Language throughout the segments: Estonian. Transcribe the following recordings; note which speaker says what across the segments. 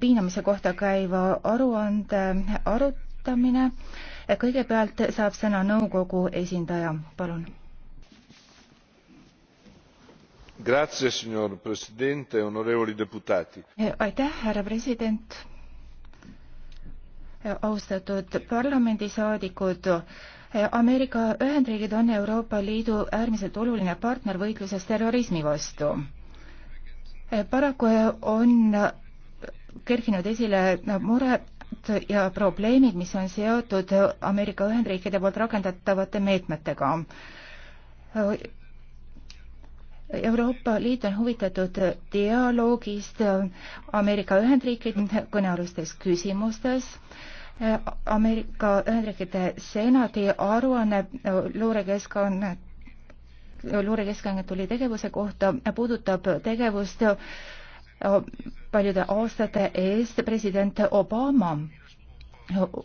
Speaker 1: piinamise kohta käiva aruande arutamine. kõigepealt saab sõna nõukogu esindaja, palun. aitäh, härra president. austatud parlamendisaadikud Ameerika Ühendriigid on Euroopa Liidu äärmiselt oluline partner võitluses terrorismi vastu. paraku on kerkinud esile mured ja probleemid, mis on seotud Ameerika Ühendriikide poolt rakendatavate meetmetega. Euroopa Liit on huvitatud dialoogist Ameerika Ühendriikide kõnealustes küsimustes. Ameerika Ühendriikide senati aruanne luurekeskkonna luurekeskkonna tuli tegevuse kohta puudutab tegevust paljude aastate eest president Obama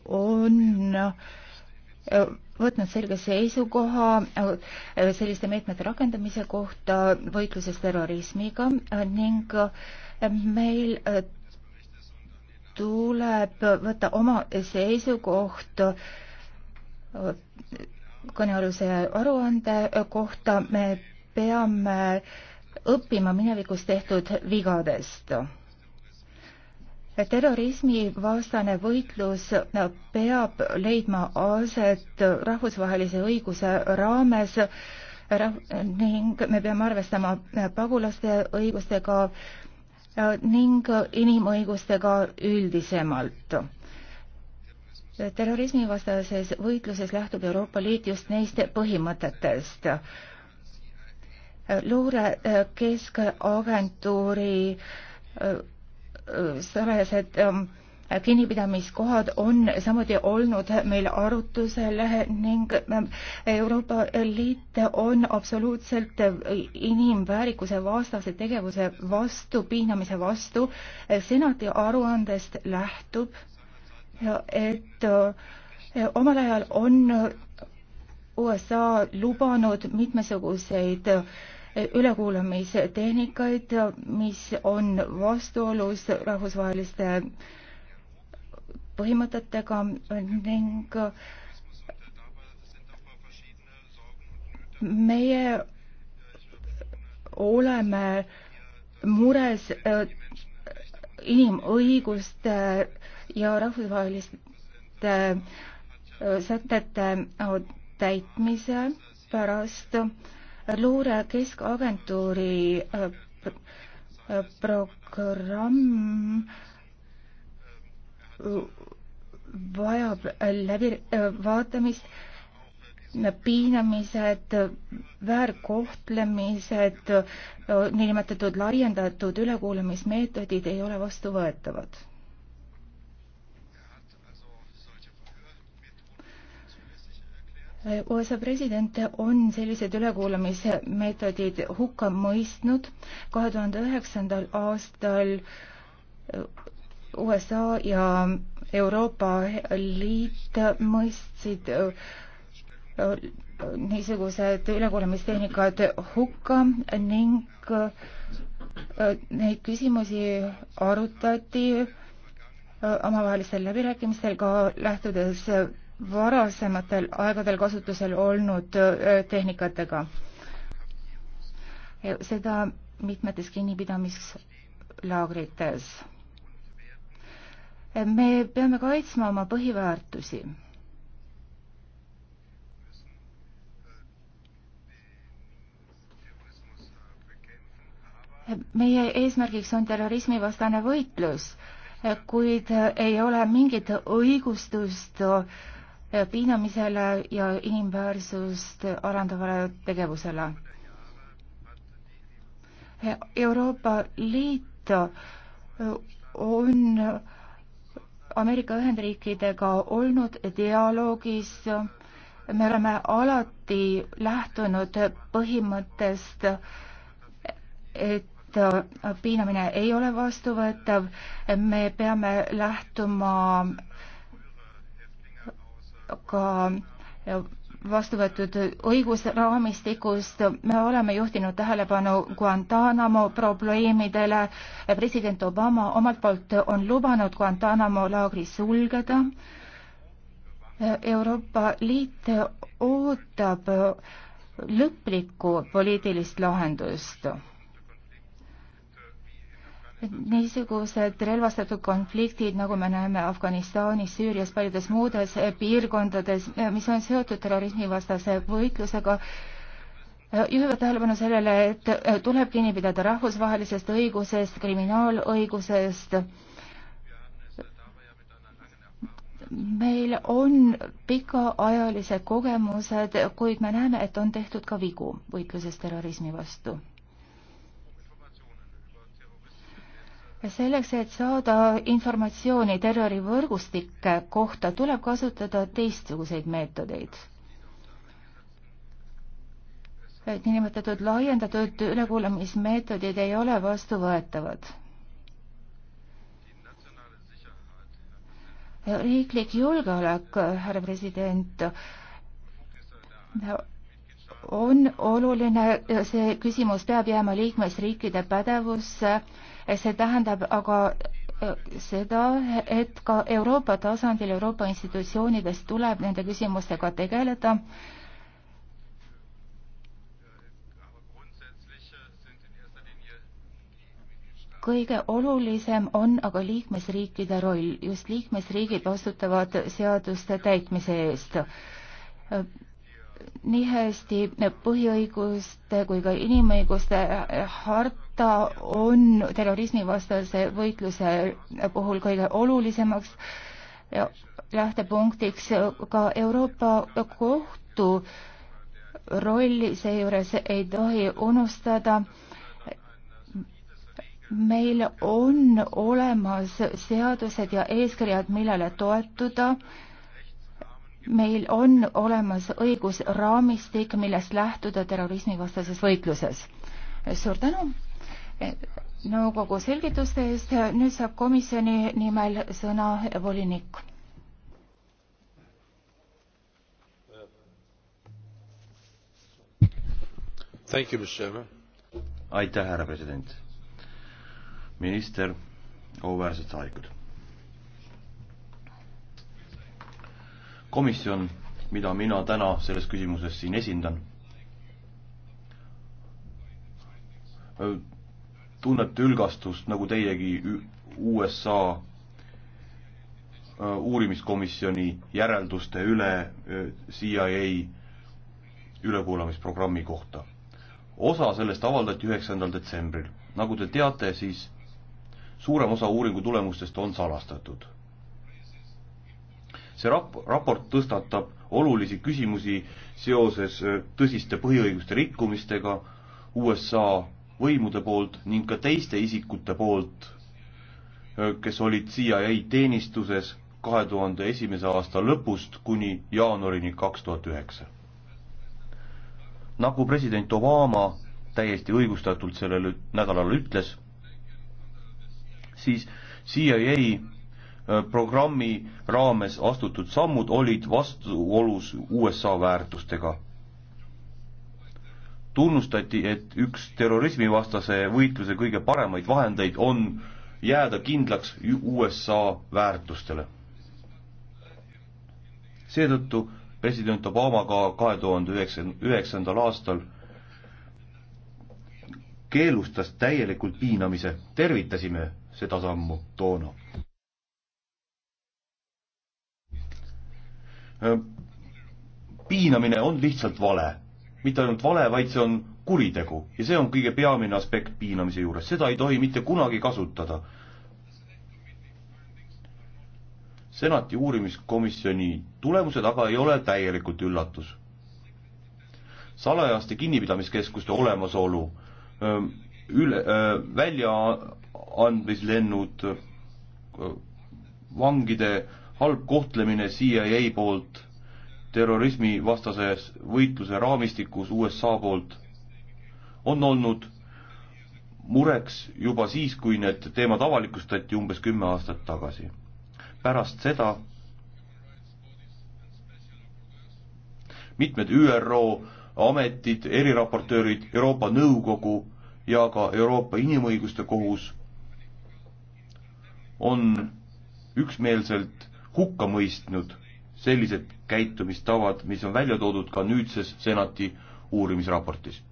Speaker 1: on äh, võtnud selge seisukoha äh, selliste meetmete rakendamise kohta võitluses terrorismiga äh, ning meil tuleb võtta oma seisukoht kõnealuse aruande kohta. Me peame õppima minevikus tehtud vigadest. terrorismivastane võitlus peab leidma aset rahvusvahelise õiguse raames ning me peame arvestama pagulaste õigustega ning inimõigustega üldisemalt terrorismivastases võitluses lähtub Euroopa Liit just neist põhimõtetest luurekeskagentuuri äh, äh, salajased ähm, kinnipidamiskohad on samuti olnud meil arutusel ning äh, Euroopa Liit on absoluutselt inimväärikuse vastase tegevuse vastu, piinamise vastu. senati aruandest lähtub, et omal ajal on USA lubanud mitmesuguseid äh, ülekuulamistehnikaid, mis on vastuolus rahvusvaheliste põhimõtetega ning meie oleme mures äh, inimõiguste ja rahvusvaheliste äh, sätete täitmise pärast äh, luure keskagentuuri äh, äh, programm äh, vajab läbi vaatamist piinamised, väärkohtlemised, niinimetatud laiendatud ülekuulamismeetodid ei ole vastuvõetavad USA president on sellised ülekuulamismeetodid hukka mõistnud. kahe tuhande üheksandal aastal äh, USA ja Euroopa Liit mõistsid äh, niisugused ülekuulamistehnikad hukka ning äh, neid küsimusi arutati omavahelistel läbirääkimistel ka lähtudes varasematel aegadel kasutusel olnud tehnikatega. seda mitmetes kinnipidamislaagrites. me peame kaitsma oma põhiväärtusi. meie eesmärgiks on terrorismivastane võitlus, kuid ei ole mingit õigustust äh, piinamisele ja inimväärsust alandavale tegevusele. Euroopa Liit on Ameerika Ühendriikidega olnud dialoogis. me oleme alati lähtunud põhimõttest, et piinamine ei ole vastuvõetav. me peame lähtuma ka vastu võetud õigusraamistikust. me oleme juhtinud tähelepanu Guantanamo probleemidele. president Obama omalt poolt on lubanud Guantanamo laagri sulgeda. Euroopa Liit ootab lõplikku poliitilist lahendust niisugused relvastatud konfliktid, nagu me näeme Afganistanis, Süürias, paljudes muudes eh, piirkondades, eh, mis on seotud terrorismivastase võitlusega, eh, juhivad tähelepanu sellele, et tuleb kinni pidada rahvusvahelisest õigusest, kriminaalõigusest. meil on pikaajalised kogemused, kuid me näeme, et on tehtud ka vigu võitluses terrorismi vastu selleks, et saada informatsiooni terrorivõrgustike kohta, tuleb kasutada teistsuguseid meetodeid. niinimetatud laiendatud ülekuulamismeetodid ei ole vastuvõetavad. riiklik julgeolek, härra president, on oluline, see küsimus peab jääma liikmesriikide pädevusse see tähendab aga äh, seda, et ka Euroopa tasandil, Euroopa institutsioonides tuleb nende küsimustega tegeleda. kõige olulisem on aga liikmesriikide roll, just liikmesriigid vastutavad seaduste täitmise eest äh, nii hästi põhiõiguste kui ka inimõiguste harta on terrorismivastase võitluse puhul kõige olulisemaks lähtepunktiks ka Euroopa kohtu rolli seejuures ei tohi unustada. Meil on olemas seadused ja eeskirjad, millele toetuda meil on olemas õigusraamistik, millest lähtuda terrorismivastases võitluses. suur tänu eh, nõukogu selgituste eest, nüüd saab komisjoni nimel sõna volinik.
Speaker 2: aitäh, härra president, minister, auväärsed saadikud komisjon, mida mina täna selles küsimuses siin esindan, tunnete ülgastust, nagu teiegi, USA äh, uurimiskomisjoni järelduste üle äh, CIA ülekuulamisprogrammi kohta. osa sellest avaldati üheksandal detsembril. nagu te teate, siis suurem osa uuringu tulemustest on salastatud see rap-, raport tõstatab olulisi küsimusi seoses äh, tõsiste põhiõiguste rikkumistega USA võimude poolt ning ka teiste isikute poolt, äh, kes olid CIA teenistuses kahe tuhande esimese aasta lõpust kuni jaanuarini kaks tuhat üheksa. nagu president Obama täiesti õigustatult sellel nädalal ütles, siis CIA Äh, programmi raames astutud sammud olid vastuolus USA väärtustega. tunnustati, et üks terrorismivastase võitluse kõige paremaid vahendeid on jääda kindlaks USA väärtustele. seetõttu president Obama ka kahe tuhande üheksa, üheksandal aastal keelustas täielikult piinamise, tervitasime seda sammu toona. piinamine on lihtsalt vale. mitte ainult vale, vaid see on kuritegu ja see on kõige peamine aspekt piinamise juures, seda ei tohi mitte kunagi kasutada. senati uurimiskomisjoni tulemuse taga ei ole täielikult üllatus. salajaste kinnipidamiskeskuste olemasolu, üle, väljaandmislennud, vangide halb kohtlemine CIA poolt, terrorismivastase võitluse raamistikus USA poolt on olnud mureks juba siis, kui need teemad avalikustati umbes kümme aastat tagasi. pärast seda mitmed ÜRO ametid, eriraportöörid, Euroopa Nõukogu ja ka Euroopa Inimõiguste Kohus on üksmeelselt hukka mõistnud sellised käitumistavad, mis on välja toodud ka nüüdses senati uurimisraportis.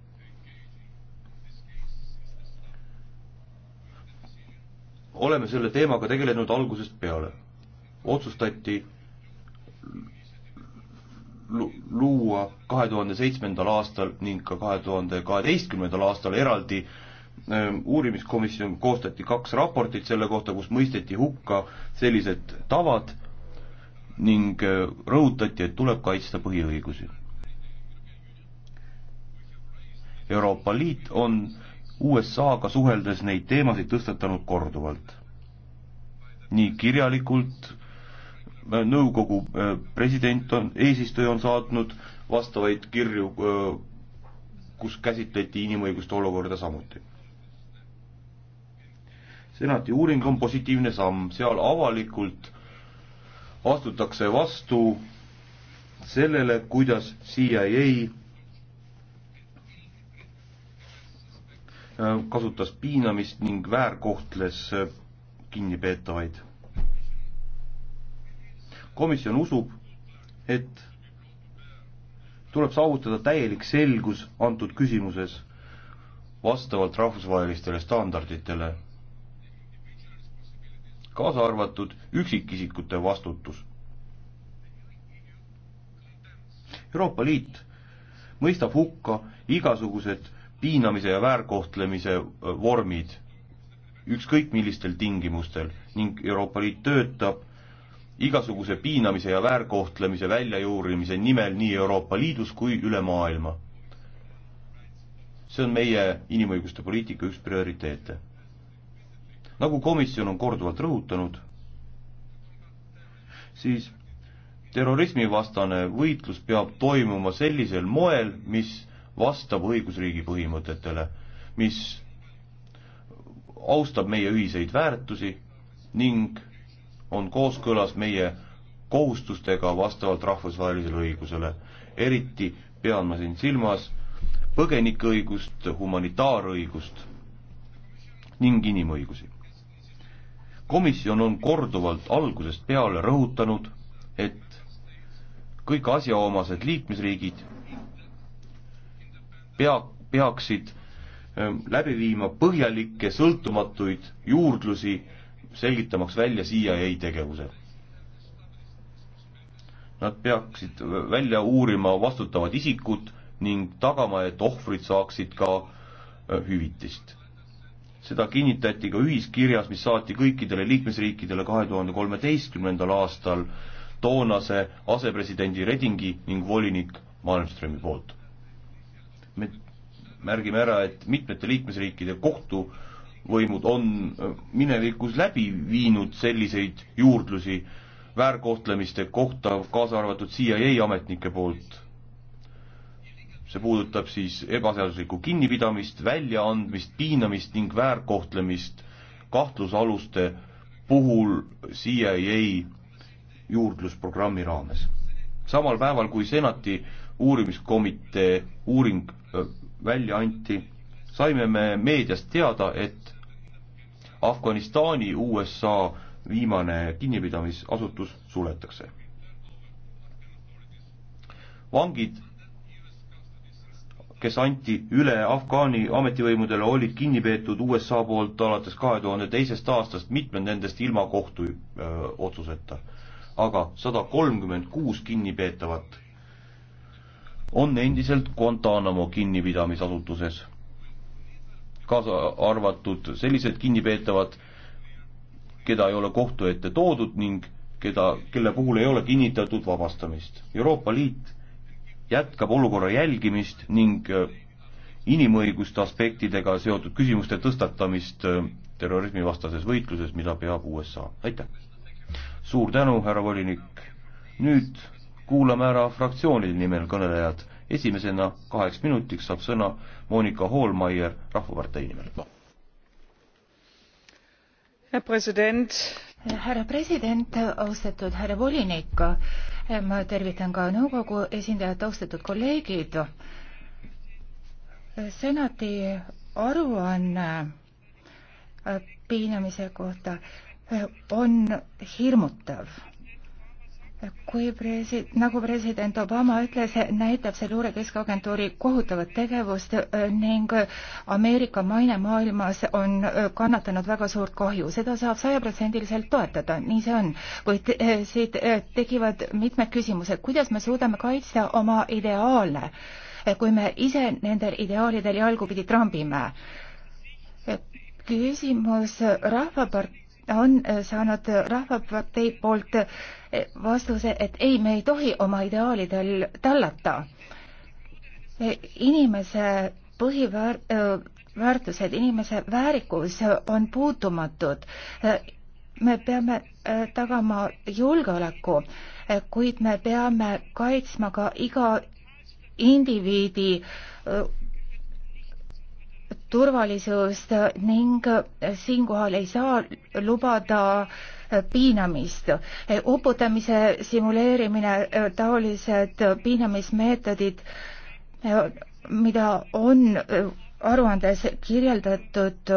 Speaker 2: oleme selle teemaga tegelenud algusest peale. otsustati luua kahe tuhande seitsmendal aastal ning ka kahe tuhande kaheteistkümnendal aastal eraldi ähm, uurimiskomisjon koostati kaks raportit selle kohta, kus mõisteti hukka sellised tavad ning äh, rõhutati, et tuleb kaitsta põhiõigusi. Euroopa Liit on USA-ga suheldes neid teemasid tõstatanud korduvalt. nii kirjalikult äh, nõukogu äh, president on, eesistuja on saatnud vastavaid kirju, kus käsitleti inimõiguste olukorda samuti. senati uuring on positiivne samm, seal avalikult astutakse vastu sellele, kuidas CIA äh, kasutas piinamist ning väärkohtles äh, kinnipeetavaid. komisjon usub, et tuleb saavutada täielik selgus antud küsimuses vastavalt rahvusvahelistele standarditele kaasa arvatud üksikisikute vastutus. Euroopa Liit mõistab hukka igasugused piinamise ja väärkohtlemise äh, vormid, ükskõik millistel tingimustel, ning Euroopa Liit töötab igasuguse piinamise ja väärkohtlemise väljajuurimise nimel nii Euroopa Liidus kui üle maailma. see on meie inimõiguste poliitika üks prioriteete nagu komisjon on korduvalt rõhutanud, siis terrorismivastane võitlus peab toimuma sellisel moel, mis vastab õigusriigi põhimõtetele, mis austab meie ühiseid väärtusi ning on kooskõlas meie kohustustega vastavalt rahvusvahelisele õigusele. eriti pean ma siin silmas põgenikeõigust, humanitaarõigust ning inimõigusi komisjon on korduvalt algusest peale rõhutanud, et kõik asjaomased liikmesriigid pea, peaksid ähm, läbi viima põhjalikke sõltumatuid juurdlusi, selgitamaks välja CIA tegevuse. Nad peaksid välja uurima vastutavad isikud ning tagama, et ohvrid saaksid ka äh, hüvitist seda kinnitati ka ühiskirjas, mis saati kõikidele liikmesriikidele kahe tuhande kolmeteistkümnendal aastal toonase asepresidendi Redingi ning volinik Malmströmi poolt. me märgime ära, et mitmete liikmesriikide kohtuvõimud on äh, minevikus läbi viinud selliseid juurdlusi väärkohtlemiste kohta, kaasa arvatud CIA ametnike poolt see puudutab siis ebaseaduslikku kinnipidamist, väljaandmist, piinamist ning väärkohtlemist kahtlusaluste puhul CIA juurdlusprogrammi raames. samal päeval, kui senati uurimiskomitee uuring välja anti, saime me meediast teada, et Afganistani USA viimane kinnipidamisasutus suletakse. vangid kes anti üle Afgaani ametivõimudele, olid kinni peetud USA poolt alates kahe tuhande teisest aastast, mitmed nendest ilma kohtu öö, otsuseta. aga sada kolmkümmend kuus kinnipeetavat on endiselt Guantanamo kinnipidamisasutuses, kaasa arvatud sellised kinnipeetavad, keda ei ole kohtu ette toodud ning keda, kelle puhul ei ole kinnitatud vabastamist. Euroopa Liit jätkab olukorra jälgimist ning äh, inimõiguste aspektidega seotud küsimuste tõstatamist äh, terrorismivastases võitluses, mida peab USA. aitäh! suur tänu, härra volinik! nüüd kuulame ära fraktsioonide nimel kõnelejad. esimesena kaheks minutiks saab sõna Monika Hoolmeier Rahvapartei nimel.
Speaker 3: härra president. härra
Speaker 1: president, austatud härra volinik ma tervitan ka nõukogu esindajat, austatud kolleegid. senati aruanne äh, piinamise kohta äh, on hirmutav kui presi-, nagu president Obama ütles, näitab see luurekeskagentuuri kohutavat tegevust äh, ning äh, Ameerika maine maailmas on äh, kannatanud väga suurt kahju. seda saab sajaprotsendiliselt toetada, nii see on. kuid siit tekivad mitmed küsimused, kuidas me suudame kaitsta oma ideaale, kui me ise nendel ideaalidel jalgupidi trambime. küsimus Rahvapartei on äh, saanud Rahvapartei poolt äh, vastuse, et ei, me ei tohi oma ideaalidel tallata. Äh, inimese põhiväär-, väärtused, inimese väärikus on puutumatud. me peame tagama julgeoleku, kuid me peame kaitsma ka iga indiviidi turvalisust ning siinkohal ei saa lubada piinamist. uputamise simuleerimine, taolised piinamismeetodid, mida on aruandes kirjeldatud,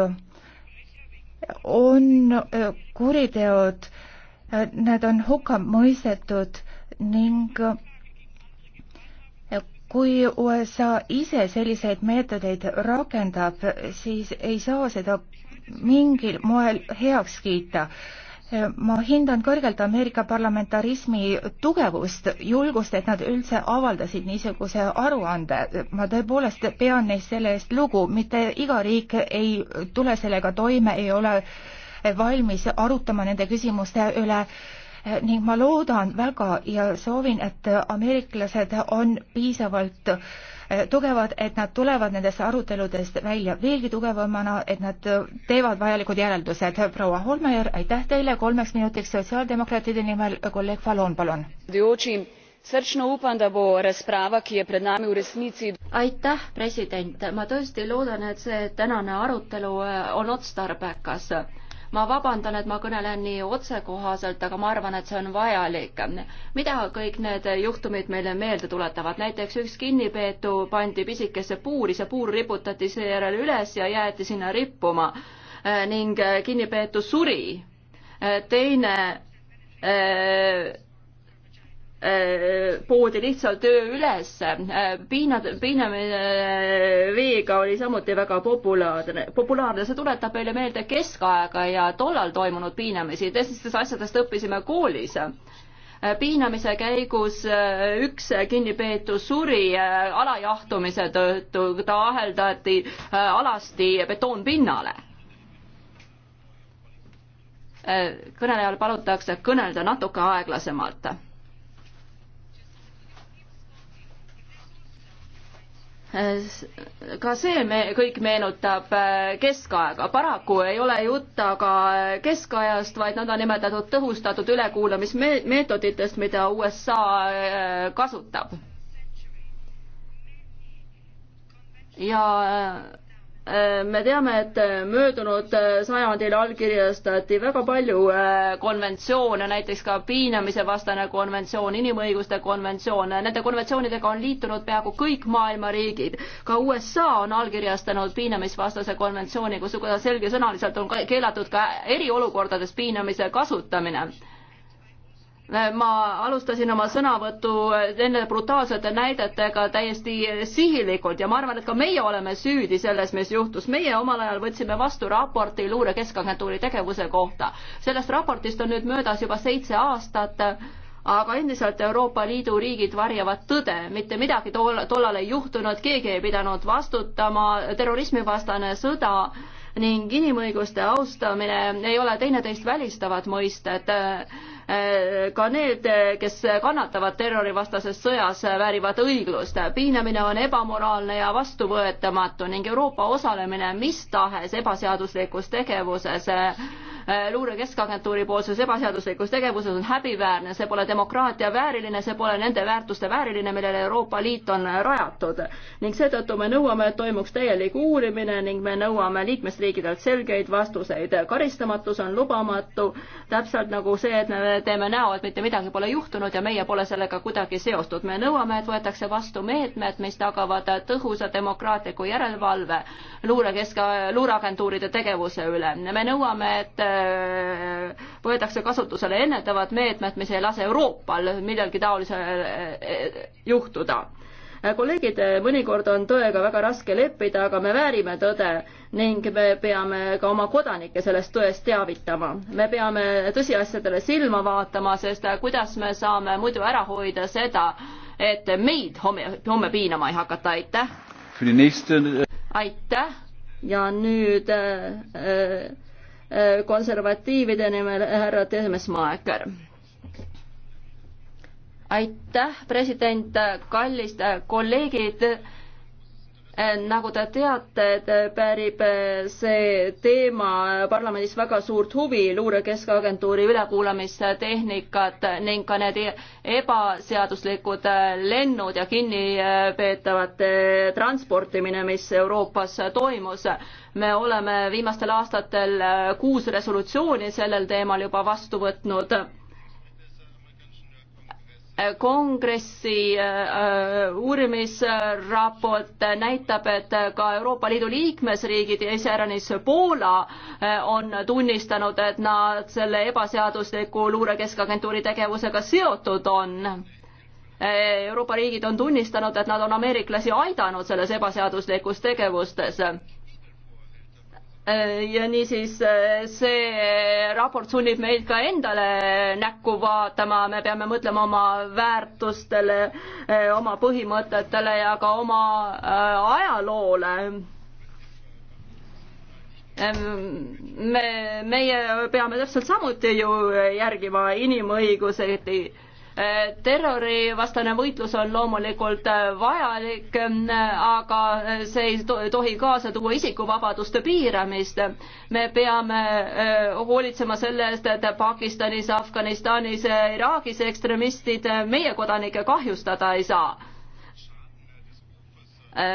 Speaker 1: on kuriteod, need on hukka mõistetud ning kui USA ise selliseid meetodeid rakendab, siis ei saa seda mingil moel heaks kiita. ma hindan kõrgelt Ameerika parlamentarismi tugevust, julgust, et nad üldse avaldasid niisuguse aruande. ma tõepoolest pean neist selle eest lugu, mitte iga riik ei tule sellega toime, ei ole valmis arutama nende küsimuste üle äh, ning ma loodan väga ja soovin, et ameeriklased on piisavalt eh, tugevad, et nad tulevad nendest aruteludest välja veelgi tugevamana, et nad teevad vajalikud järeldused. proua Holmeier, aitäh teile, kolmeks minutiks sotsiaaldemokraatide nimel kolleeg Falon, palun.
Speaker 4: Srčno upam, da bo razprava, ki je pred nami v resnici. aitäh, president, ma tõesti loodan, et see tänane arutelu eh, on otstarbekas ma vabandan, et ma kõnelen nii otsekohaselt, aga ma arvan, et see on vajalik. mida kõik need juhtumid meile meelde tuletavad, näiteks üks kinnipeetu pandi pisikesse puuri, see puur riputati seejärel üles ja jäeti sinna rippuma ning kinnipeetu suri. teine Äh, poodi lihtsalt öö üles. Äh, piinad, piinamine äh, veega oli samuti väga populaarne, populaarne, see tuletab meile meelde keskaega ja tollal toimunud piinamisi, teistest asjadest õppisime koolis piinamise käigus üks kinnipeetu suri alajahtumise tõttu, ta aheldati alasti betoonpinnale. kõnelejal palutakse kõnelda natuke aeglasemalt Äh, ka see me, kõik meenutab äh, keskaega. paraku ei ole jutt aga keskajast, vaid nõndanimetatud tõhustatud ülekuulamismeetoditest, mida USA äh, kasutab. ja Äh, me teame, et äh, möödunud äh, sajandil allkirjastati väga palju konventsioone, näiteks ka piinamise vastane konventsioon, inimõiguste konventsioon, nende konventsioonidega on liitunud peaaegu kõik maailma riigid. ka USA on allkirjastanud piinamisvastase konventsiooni, kus selgesõnaliselt on keelatud ka eriolukordades piinamise kasutamine Äh, ma alustasin oma sõnavõttu äh, nende brutaalsete näidetega täiesti äh, sihilikult ja ma arvan, et ka meie oleme süüdi selles, mis juhtus. meie omal ajal võtsime vastu raporti Luure Keskagentuuri tegevuse kohta. sellest raportist on nüüd möödas juba seitse aastat, aga endiselt Euroopa Liidu riigid varjavad tõde, mitte midagi tollal ei juhtunud, keegi ei pidanud vastutama, terrorismivastane sõda ning inimõiguste austamine ei ole teineteist välistavad mõisted. ka need, kes kannatavad terrorivastases sõjas, väärivad õiglust. piinamine on ebamoraalne ja vastuvõetamatu ning Euroopa osalemine mis tahes ebaseaduslikus tegevuses Äh, luure keskagentuuri poolses ebaseaduslikus tegevuses on häbiväärne, see pole demokraatia vääriline, see pole nende väärtuste vääriline, millele Euroopa Liit on äh, rajatud. ning seetõttu me nõuame, et toimuks täielik uurimine ning me nõuame liikmesriikidelt selgeid vastuseid. karistamatus on lubamatu, täpselt nagu see, et me teeme näo, et mitte midagi pole juhtunud ja meie pole sellega kuidagi seostud. me nõuame, et võetakse vastu meetmed, mis tagavad tõhusa demokraatliku järelevalve luurekesk-, luureagentuuride tegevuse üle. me nõuame, et äh, Äh, võetakse kasutusele ennetavad meetmed, mis ei lase Euroopal millalgi taolisel äh, äh, juhtuda kolleegid, mõnikord on tõega väga raske leppida, aga me väärime tõde ning me peame ka oma kodanikke sellest tõest teavitama. me peame tõsiasjadele silma vaatama, sest kuidas me saame muidu ära hoida seda, et meid homme, homme piinama ei hakata, aitäh! aitäh ja nüüd äh, konservatiivide nimel härra Tehmesmaeker. aitäh, president, kallid kolleegid Äh, nagu te teate, pärib äh, see teema parlamendis väga suurt huvi, luurekeskagentuuri ülekuulamistehnikat ning ka need e-, ebaseaduslikud äh, lennud ja kinnipeetavate transportimine, mis Euroopas toimus. me oleme viimastel aastatel kuus resolutsiooni sellel teemal juba vastu võtnud kongressi äh, uurimisraport näitab, et ka Euroopa Liidu liikmesriigid ja iseäranis Poola äh, on tunnistanud, et nad selle ebaseadusliku luurekeskagentuuri tegevusega seotud on. Äh, Euroopa riigid on tunnistanud, et nad on ameeriklasi aidanud selles ebaseaduslikus tegevustes Äh, ja niisiis äh, see raport sunnib meid ka endale näkku vaatama, me peame mõtlema oma väärtustele, äh, oma põhimõtetele ja ka oma ajaloole. me, meie peame täpselt samuti ju järgima inimõiguseid terrorivastane võitlus on loomulikult äh, vajalik, äh, aga äh, see ei tohi kaasa tuua isikuvabaduste piiramist. me peame hoolitsema selle eest, et Pakistanis, Afganistanis, Iraagis ekstremistid meie kodanikke kahjustada ei saa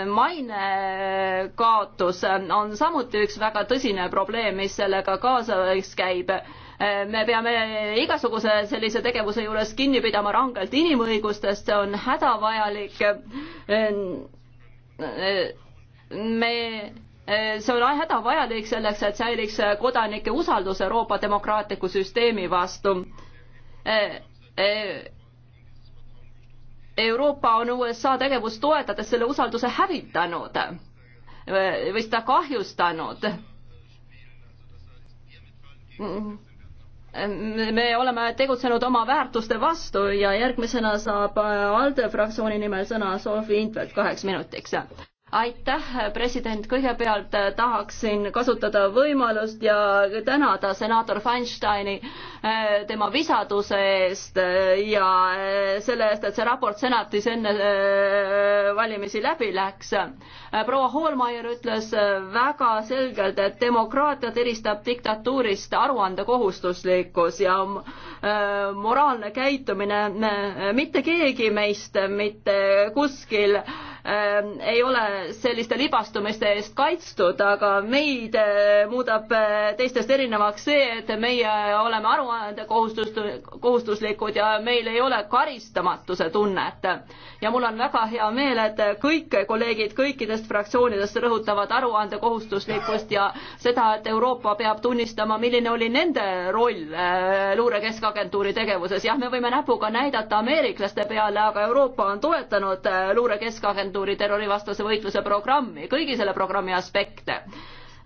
Speaker 4: maine kaotus on samuti üks väga tõsine probleem, mis sellega kaasa käib me peame igasuguse sellise tegevuse juures kinni pidama rangelt inimõigustest, see on hädavajalik. me, see on hädavajalik selleks, et säiliks kodanike usaldus Euroopa demokraatliku süsteemi vastu. Euroopa on USA tegevust toetades selle usalduse hävitanud või seda kahjustanud me oleme tegutsenud oma väärtuste vastu ja järgmisena saab ALDE fraktsiooni nimel sõna Sofi Intvelt kaheks minutiks aitäh, president, kõigepealt äh, tahaksin kasutada võimalust ja tänada senaator Feinsteini äh, tema visaduse eest äh, ja selle eest, et see raport senatis enne valimisi läbi läks. proua Hoolmeier ütles väga selgelt, et demokraatiat eristab diktatuurist aruandekohustuslikkus ja moraalne käitumine, mitte keegi meist mitte kuskil Ähm, ei ole selliste libastumiste eest kaitstud, aga meid äh, muudab äh, teistest erinevaks see, et meie oleme aruandekohustus, kohustuslikud ja meil ei ole karistamatuse tunnet ja mul on väga hea meel, et kõik kolleegid kõikidest fraktsioonidest rõhutavad aruande kohustuslikkust ja seda, et Euroopa peab tunnistama, milline oli nende roll äh, luure keskagentuuri tegevuses. jah, me võime näpuga näidata ameeriklaste peale, aga Euroopa on toetanud äh, luure keskagentuuri terrorivastase võitluse programmi, kõigi selle programmi aspekte.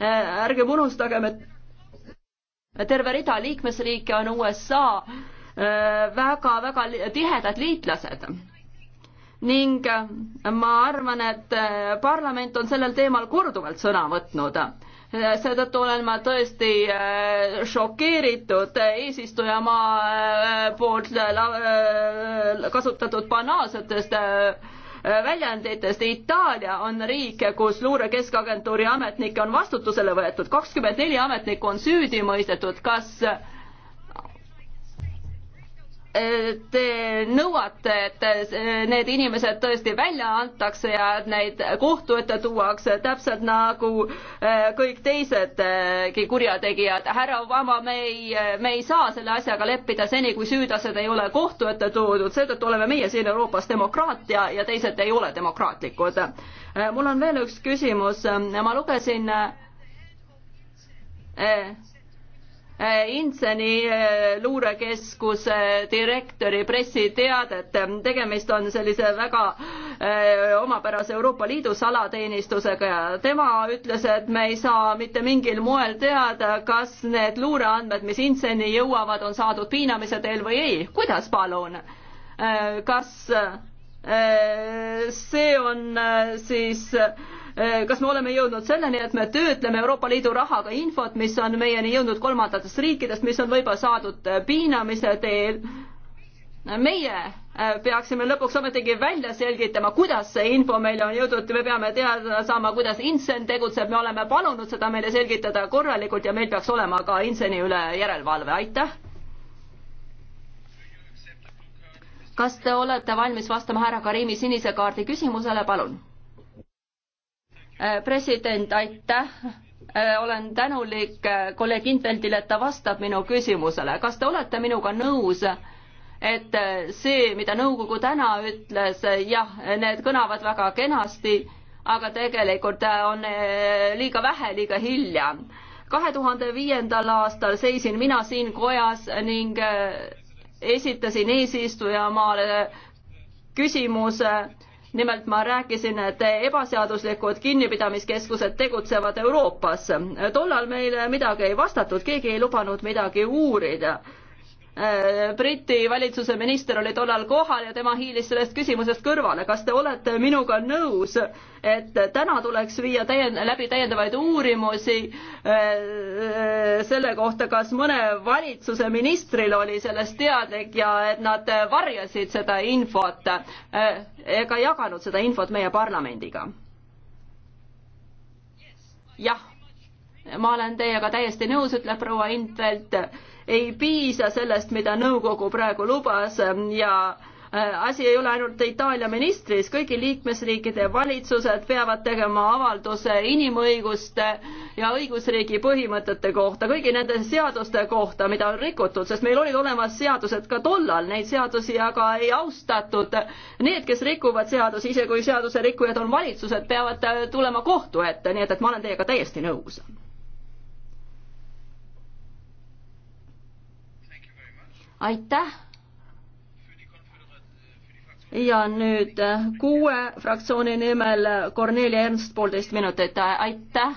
Speaker 4: Äh, ärgem unustagem, et terve rida liikmesriike on USA väga-väga tihedad liitlased ning äh, ma arvan, et äh, parlament on sellel teemal korduvalt sõna võtnud äh, seetõttu olen ma tõesti šokeeritud eesistujamaa poolt kasutatud banaalsetest väljenditest. Itaalia on riik, kus luure keskagentuuri ametnikke on vastutusele võetud, kakskümmend neli ametnikku on süüdi mõistetud, kas te nõuate, et need inimesed tõesti välja antakse ja neid kohtu ette tuuakse, täpselt nagu äh, kõik teisedki kurjategijad. härra Obama, me ei, me ei saa selle asjaga leppida seni, kui süüdlased ei ole kohtu ette toodud, seetõttu oleme meie siin Euroopas demokraatia ja teised ei ole demokraatlikud. Äh, mul on veel üks küsimus, äh, ma lugesin eh, Eh, Inseni eh, luurekeskuse direktori pressiteadet. tegemist on sellise väga eh, omapärase Euroopa Liidu salateenistusega ja tema ütles, et me ei saa mitte mingil moel teada, kas need luureandmed, mis Inseni jõuavad, on saadud piinamise teel või ei. kuidas palun? kas see on siis äh, Äh, kas me oleme jõudnud selleni, et me töötleme Euroopa Liidu rahaga infot, mis on meieni jõudnud kolmandatest riikidest, mis on võib-olla saadud äh, piinamise teel. meie äh, peaksime lõpuks ometigi välja selgitama, kuidas see info meile on jõudnud, me peame teada saama, kuidas Insen tegutseb, me oleme palunud seda meile selgitada korralikult ja meil peaks olema ka Inseni üle järelevalve, aitäh. kas te olete valmis vastama härra Karimi sinise kaardi küsimusele, palun? Äh, president, aitäh. Äh, olen tänulik äh, kolleeg Infeldile, et ta vastab minu küsimusele. kas te olete minuga nõus, et see, mida nõukogu täna ütles, jah, need kõlavad väga kenasti, aga tegelikult on liiga vähe, liiga hilja. kahe tuhande viiendal aastal seisin mina siin kojas ning esitasin eesistujamaale küsimuse nimelt ma rääkisin, et ebaseaduslikud kinnipidamiskeskused tegutsevad Euroopas. tollal meile midagi ei vastatud, keegi ei lubanud midagi uurida Äh, Briti valitsuse minister oli tollal kohal ja tema hiilis sellest küsimusest kõrvale. kas te olete minuga nõus, et täna tuleks viia täiend-, läbi täiendavaid uurimusi äh, äh, selle kohta, kas mõne valitsuse ministril oli sellest teadlik ja et nad varjasid seda infot ega jaganud seda infot meie parlamendiga? jah, ma olen teiega täiesti nõus, ütleb proua Intvelt ei piisa sellest, mida nõukogu praegu lubas ja äh, asi ei ole ainult Itaalia ministris, kõigi liikmesriikide valitsused peavad tegema avalduse inimõiguste ja õigusriigi põhimõtete kohta, kõigi nende seaduste kohta, mida on rikutud, sest meil olid olemas seadused ka tollal, neid seadusi aga ei austatud. Need, kes rikuvad seadusi, isegi kui seaduserikkujad on valitsused, peavad äh, tulema kohtu ette, nii et, et ma olen teiega täiesti nõus aitäh. ja nüüd äh, kuue fraktsiooni nimel äh, Kornelia Ernst, poolteist minutit, äh, aitäh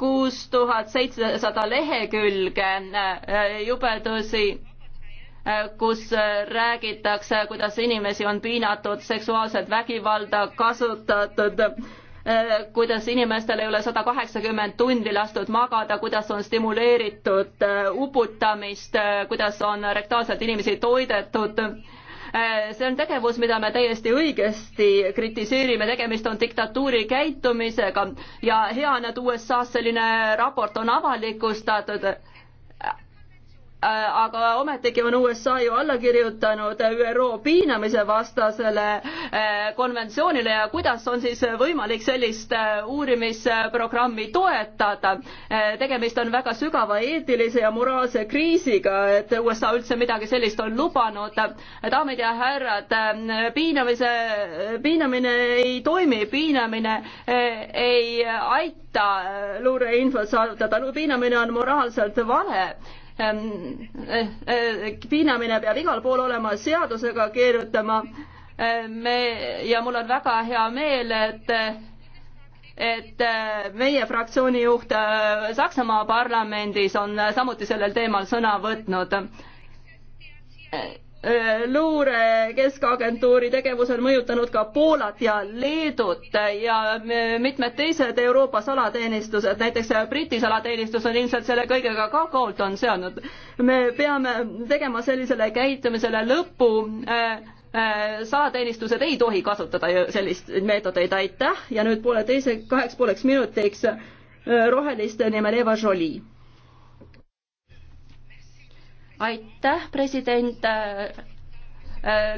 Speaker 4: kuus tuhat seitsesada lehekülge jubedusi, kus räägitakse, kuidas inimesi on piinatud, seksuaalset vägivalda kasutatud Äh, kuidas inimestel ei ole sada kaheksakümmend tundi lastud magada, kuidas on stimuleeritud äh, uputamist, äh, kuidas on rektaalselt inimesi toidetud see on tegevus, mida me täiesti õigesti kritiseerime, tegemist on diktatuuri käitumisega ja hea on, et USA-s selline raport on avalikustatud Äh, aga ometigi on USA ju alla kirjutanud ÜRO piinamise vastasele äh, konventsioonile ja kuidas on siis võimalik sellist äh, uurimisprogrammi toetada. tegemist on väga sügava eetilise ja moraalse kriisiga, et USA üldse midagi sellist on lubanud. daamid ja härrad, piinamise, piinamine ei toimi, piinamine ei aita luureinfot saavutada, piinamine on moraalselt vale Ehm, eh, eh, piinamine peab igal pool olema seadusega keerutama. Ehm, me ja mul on väga hea meel, et et eh, meie fraktsiooni juht Saksamaa parlamendis on samuti sellel teemal sõna võtnud Äh, luure keskagentuuri tegevus on mõjutanud ka Poolat ja Leedut ja äh, mitmed teised Euroopa salateenistused, näiteks äh, Briti salateenistus on ilmselt selle kõigega ka kaolt on seadnud. me peame tegema sellisele käitumisele lõpu. salateenistused ei tohi kasutada sellist meetodeid, aitäh ja nüüd pooleteise, kaheks pooleks minutiks roheliste nimel Eva Jolie aitäh, president, äh,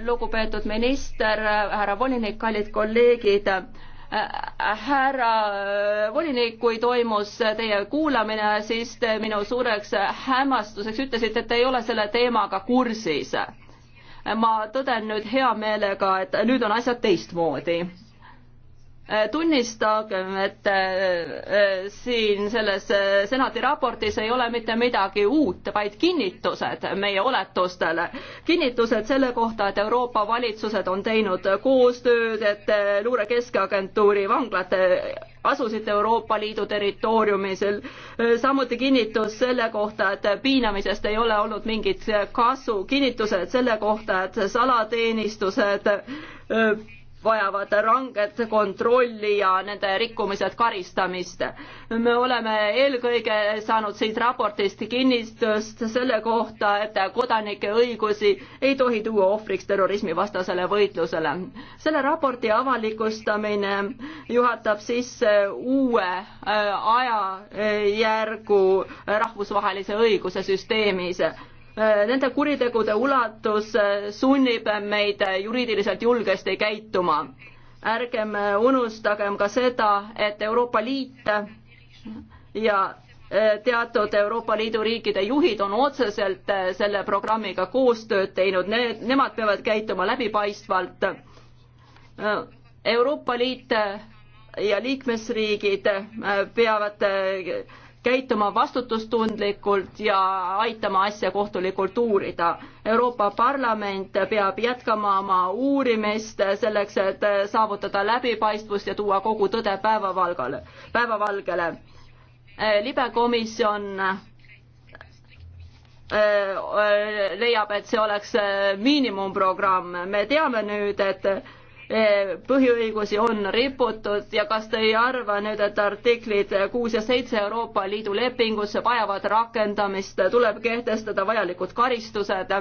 Speaker 4: lugupeetud minister, härra volinik, kallid kolleegid äh, härra äh, volinik, kui toimus teie kuulamine, siis te minu suureks hämmastuseks ütlesite, et te ei ole selle teemaga kursis. ma tõden nüüd hea meelega, et nüüd on asjad teistmoodi Äh, tunnistagem, et äh, äh, siin selles senati raportis ei ole mitte midagi uut, vaid kinnitused meie oletustele. kinnitused selle kohta, et Euroopa valitsused on teinud koostööd, et luure keskagentuuri vanglad asusid Euroopa Liidu territooriumisel. samuti kinnitus selle kohta, et piinamisest ei ole olnud mingit kasu, kinnitused selle kohta, et salateenistused vajavad ranget kontrolli ja nende rikkumised karistamist. me oleme eelkõige saanud siit raportist kinnitust selle kohta, et kodanike õigusi ei tohi tuua ohvriks terrorismivastasele võitlusele. selle raporti avalikustamine juhatab sisse uue äh, ajajärgu rahvusvahelise õiguse süsteemis Äh, nende kuritegude ulatus äh, sunnib meid äh, juriidiliselt julgesti käituma. ärgem unustagem ka seda, et Euroopa Liit ja teatud Euroopa Liidu riikide juhid on otseselt selle programmiga koostööd teinud, need, nemad peavad käituma läbipaistvalt. Euroopa Liit ja liikmesriigid peavad käituma vastutustundlikult ja aitama asja kohtulikult uurida. Euroopa Parlament peab jätkama oma uurimist selleks, et saavutada läbipaistvust ja tuua kogu tõde päevavalgale, päevavalgele. Eh, libekomisjon eh, eh, leiab, et see oleks miinimumprogramm. me teame nüüd, et Eh, põhiõigusi on riputud ja kas te ei arva nüüd, et artiklid kuus ja seitse Euroopa Liidu lepingus vajavad rakendamist, tuleb kehtestada vajalikud karistused?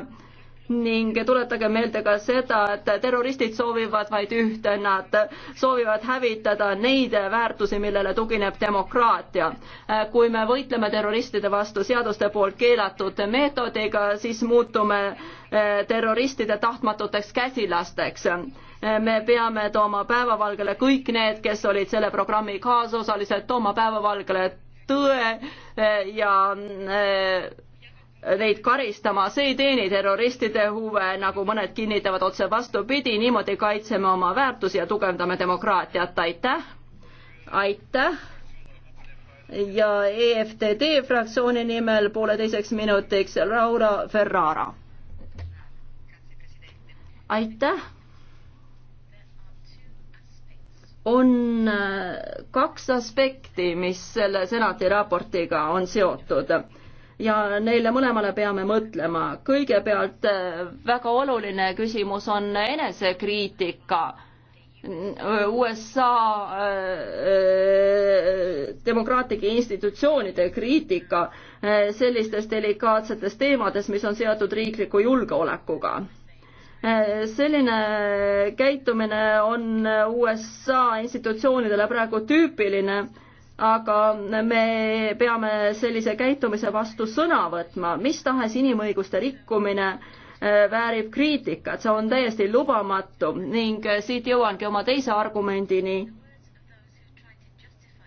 Speaker 4: ning tuletage meelde ka seda, et terroristid soovivad vaid ühte, nad soovivad hävitada neid väärtusi, millele tugineb demokraatia. Eh, kui me võitleme terroristide vastu seaduste poolt keelatud meetodiga, siis muutume eh, terroristide tahtmatuteks käsilasteks me peame tooma päevavalgele kõik need, kes olid selle programmi kaasosalised, tooma päevavalgele tõe e, ja e, neid karistama, see ei teeni terroristide huve, nagu mõned kinnitavad otse vastupidi, niimoodi kaitseme oma väärtusi ja tugevdame demokraatiat, aitäh. aitäh. ja EFTD fraktsiooni nimel pooleteiseks minutiks Laura Ferrara. aitäh on äh, kaks aspekti, mis selle senati raportiga on seotud ja neile mõlemale peame mõtlema. kõigepealt äh, väga oluline küsimus on enesekriitika. USA äh, demokraatlike institutsioonide kriitika sellistes delikaatsetes teemades, mis on seotud riikliku julgeolekuga selline käitumine on USA institutsioonidele praegu tüüpiline, aga me peame sellise käitumise vastu sõna võtma, mis tahes inimõiguste rikkumine äh, väärib kriitikat, see on täiesti lubamatu ning äh, siit jõuangi oma teise argumendini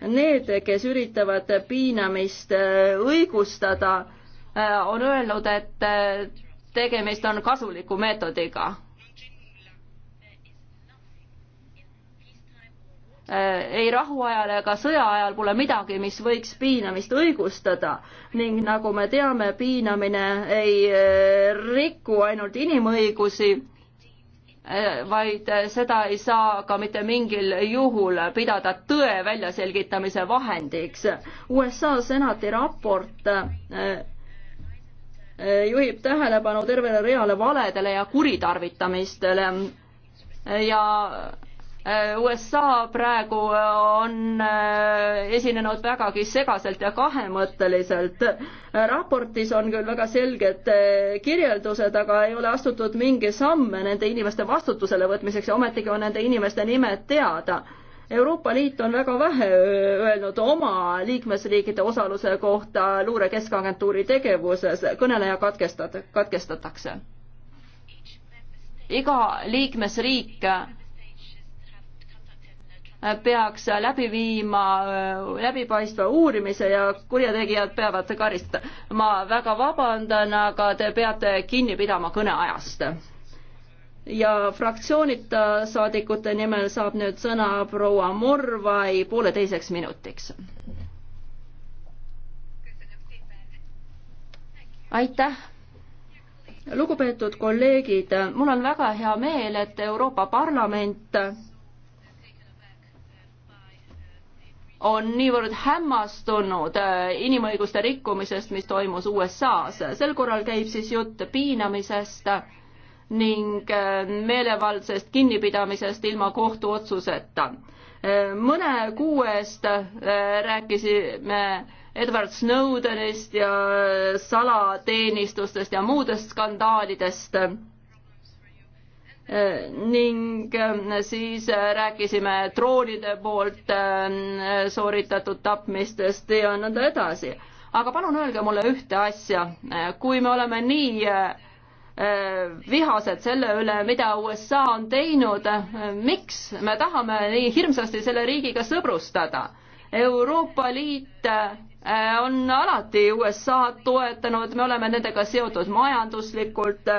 Speaker 4: need, kes üritavad piinamist äh, õigustada, on öelnud, et tegemist on kasuliku meetodiga. Äh, ei rahuajal ega sõjaajal pole midagi, mis võiks piinamist õigustada ning nagu me teame, piinamine ei äh, riku ainult inimõigusi, äh, vaid seda ei saa ka mitte mingil juhul pidada tõe väljaselgitamise vahendiks. USA senati raport Eh, juhib tähelepanu tervele reale valedele ja kuritarvitamistele ja eh, USA praegu on eh, esinenud vägagi segaselt ja kahemõtteliselt. raportis on küll väga selged kirjeldused, aga ei ole astutud mingi samme nende inimeste vastutusele võtmiseks ja ometigi on nende inimeste nimed teada Euroopa Liit on väga vähe öelnud oma liikmesriikide osaluse kohta luure keskagentuuri tegevuses, kõneleja katkestat-, katkestatakse. iga liikmesriik peaks läbi viima läbipaistva uurimise ja kurjategijad peavad karistama. ma väga vabandan, aga te peate kinni pidama kõneajast ja fraktsioonita saadikute nimel saab nüüd sõna proua Morvai pooleteiseks minutiks. aitäh. lugupeetud kolleegid, mul on väga hea meel, et Euroopa Parlament on niivõrd hämmastunud äh, inimõiguste rikkumisest, mis toimus USA-s. sel korral käib siis jutt piinamisest ning äh, meelevaldsest kinnipidamisest ilma kohtuotsuseta. Äh, mõne kuu eest äh, rääkisime Edward Snowdenist ja salateenistustest ja muudest skandaalidest ning siis rääkisime troonide poolt sooritatud tapmistest ja nõnda edasi. aga palun öelge mulle ühte asja, kui me oleme nii Äh, vihased selle üle, mida USA on teinud. miks me tahame nii hirmsasti selle riigiga sõbrustada? Euroopa Liit äh, on alati USA-d toetanud, me oleme nendega seotud majanduslikult,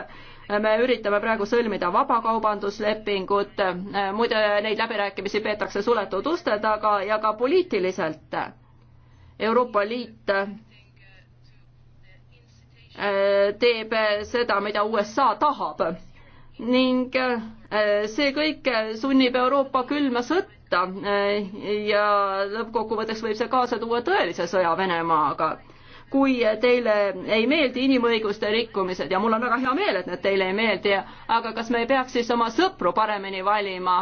Speaker 4: me üritame praegu sõlmida vabakaubanduslepingut, äh, muide neid läbirääkimisi peetakse suletud uste taga ja ka poliitiliselt. Euroopa Liit Äh, teeb seda, mida USA tahab. ning äh, see kõik sunnib Euroopa külma sõtta äh, ja lõppkokkuvõtteks võib see kaasa tuua tõelise sõja Venemaaga kui teile ei meeldi inimõiguste rikkumised ja mul on väga hea meel, et need teile ei meeldi, aga kas me ei peaks siis oma sõpru paremini valima,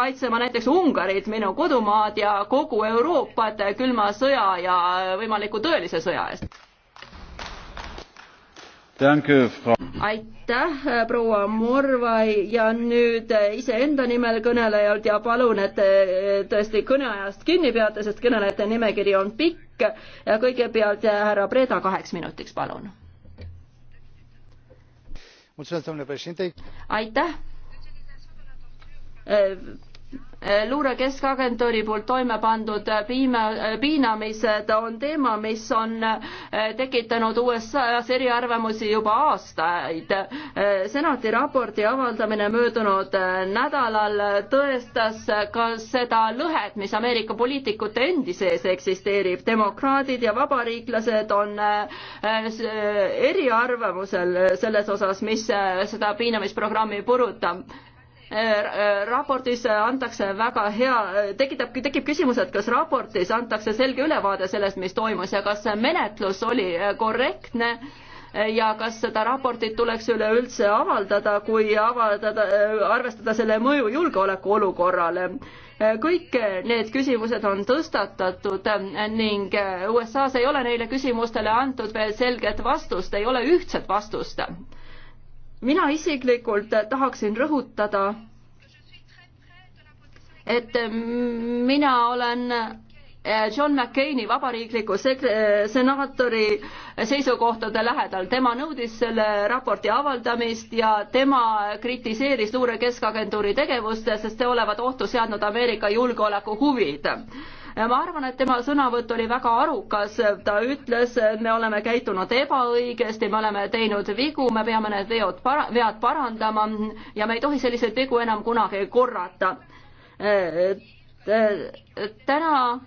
Speaker 4: kaitsema näiteks Ungarit, minu kodumaad ja kogu Euroopat külma sõja ja võimaliku tõelise sõja eest? aitäh, proua Morvai ja nüüd iseenda nimel kõnelejalt ja palun, et te tõesti kõneajast kinni peate, sest kõnelejate nimekiri on pikk ja kõigepealt härra Breda kaheks minutiks, palun. aitäh luure keskagentuuri poolt toime pandud piima, piinamised on teema, mis on äh, tekitanud USA-s eriarvamusi juba aastaid. Äh, senati raporti avaldamine möödunud äh, nädalal tõestas ka seda lõhet, mis Ameerika poliitikute endi sees eksisteerib. demokraadid ja vabariiklased on eriarvamusel selles osas, mis seda piinamisprogrammi purutab raportis antakse väga hea, tekitab, tekib küsimus, et kas raportis antakse selge ülevaade sellest, mis toimus ja kas see menetlus oli korrektne ja kas seda raportit tuleks üleüldse avaldada, kui avaldada, arvestada selle mõju julgeolekuolukorrale. kõik need küsimused on tõstatatud ning USA-s ei ole neile küsimustele antud veel selget vastust, ei ole ühtset vastust mina isiklikult tahaksin rõhutada, et mina olen äh, John McCaini vabariikliku äh, senaatori seisukohtade lähedal. tema nõudis selle raporti avaldamist ja tema kritiseeris luure keskagentuuri tegevust, sest see olevat ohtu seadnud Ameerika julgeolekuhuvid ma arvan, et tema sõnavõtt oli väga arukas, ta ütles, et me oleme käitunud ebaõigesti, me oleme teinud vigu, me peame need veod para-, vead parandama ja me ei tohi selliseid vigu enam kunagi korrata. Äh, äh, täna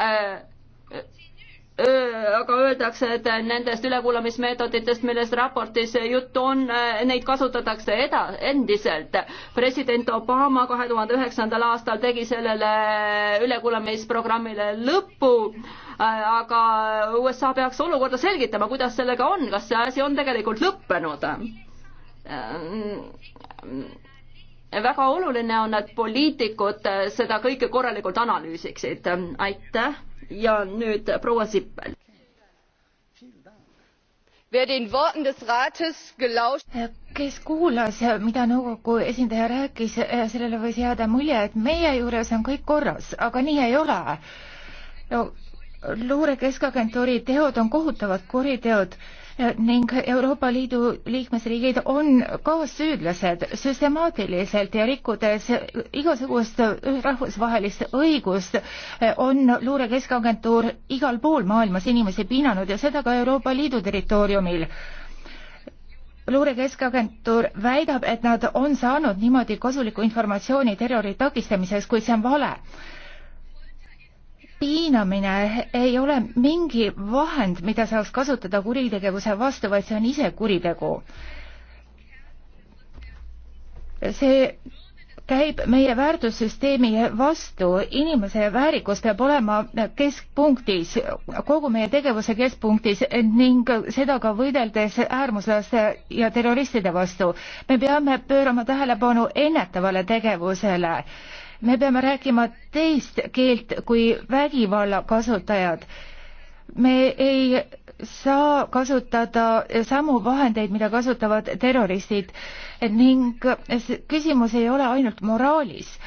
Speaker 4: äh, aga öeldakse, et nendest ülekuulamismeetoditest, millest raportis juttu on, neid kasutatakse eda-, endiselt. president Obama kahe tuhande üheksandal aastal tegi sellele ülekuulamisprogrammile lõpu, äh, aga USA peaks olukorda selgitama, kuidas sellega on, kas see asi on tegelikult lõppenud? Äh, väga oluline on, et poliitikud seda kõike korralikult analüüsiksid. aitäh ja nüüd proua Sippel.
Speaker 1: Äh, kes kuulas, äh, mida nõukogu esindaja rääkis, äh, sellele võis jääda mulje, et meie juures on kõik korras, aga nii ei ole no, luure keskagentuuri teod on kohutavad kuriteod ning Euroopa Liidu liikmesriigid on kaassüüdlased süstemaatiliselt ja rikkudes igasugust rahvusvahelist õigust, eh, on luurekeskagentuur igal pool maailmas inimesi piinanud ja seda ka Euroopa Liidu territooriumil luurekeskagentuur väidab, et nad on saanud niimoodi kasulikku informatsiooni terrori takistamiseks, kuid see on vale piinamine ei ole mingi vahend, mida saaks kasutada kuritegevuse vastu, vaid see on ise kuritegu. see käib meie väärtussüsteemi vastu, inimese väärikus peab olema keskpunktis, kogu meie tegevuse keskpunktis ning seda ka võideldes äärmuslaste ja terroristide vastu. me peame pöörama tähelepanu ennetavale tegevusele me peame rääkima teist keelt kui vägivalla kasutajad. me ei saa kasutada samu vahendeid, mida kasutavad terroristid ning küsimus ei ole ainult moraalis.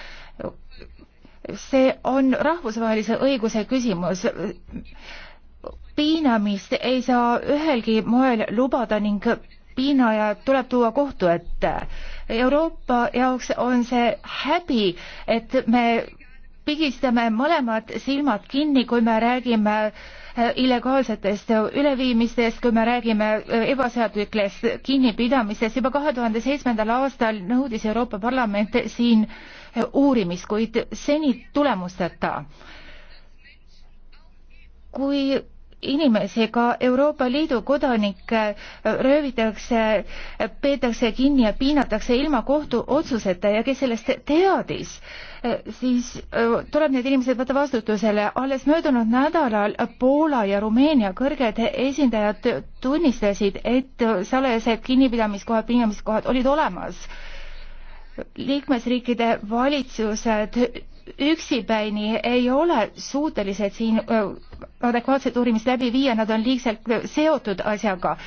Speaker 1: see on rahvusvahelise õiguse küsimus. piinamist ei saa ühelgi moel lubada ning piinajad tuleb tuua kohtu ette. Euroopa jaoks on see häbi, et me pigistame mõlemad silmad kinni, kui me räägime eh, illegaalsetest üleviimistest, kui me räägime eh, ebaseaduslikest kinnipidamistest, juba kahe tuhande seitsmendal aastal nõudis Euroopa Parlament siin eh, uurimist, kuid seni tulemusteta. kui inimesi, ka Euroopa Liidu kodanikke röövitakse, peetakse kinni ja piinatakse ilma kohtuotsuseta ja kes sellest teadis, siis tuleb need inimesed võtta vastutusele. alles möödunud nädalal Poola ja Rumeenia kõrged esindajad tunnistasid, et salajased kinnipidamiskohad, piinamiskohad olid olemas. liikmesriikide valitsused üksipäini ei ole suutelised siin adekvaatset uurimist läbi viia, nad on liigselt seotud asjaga.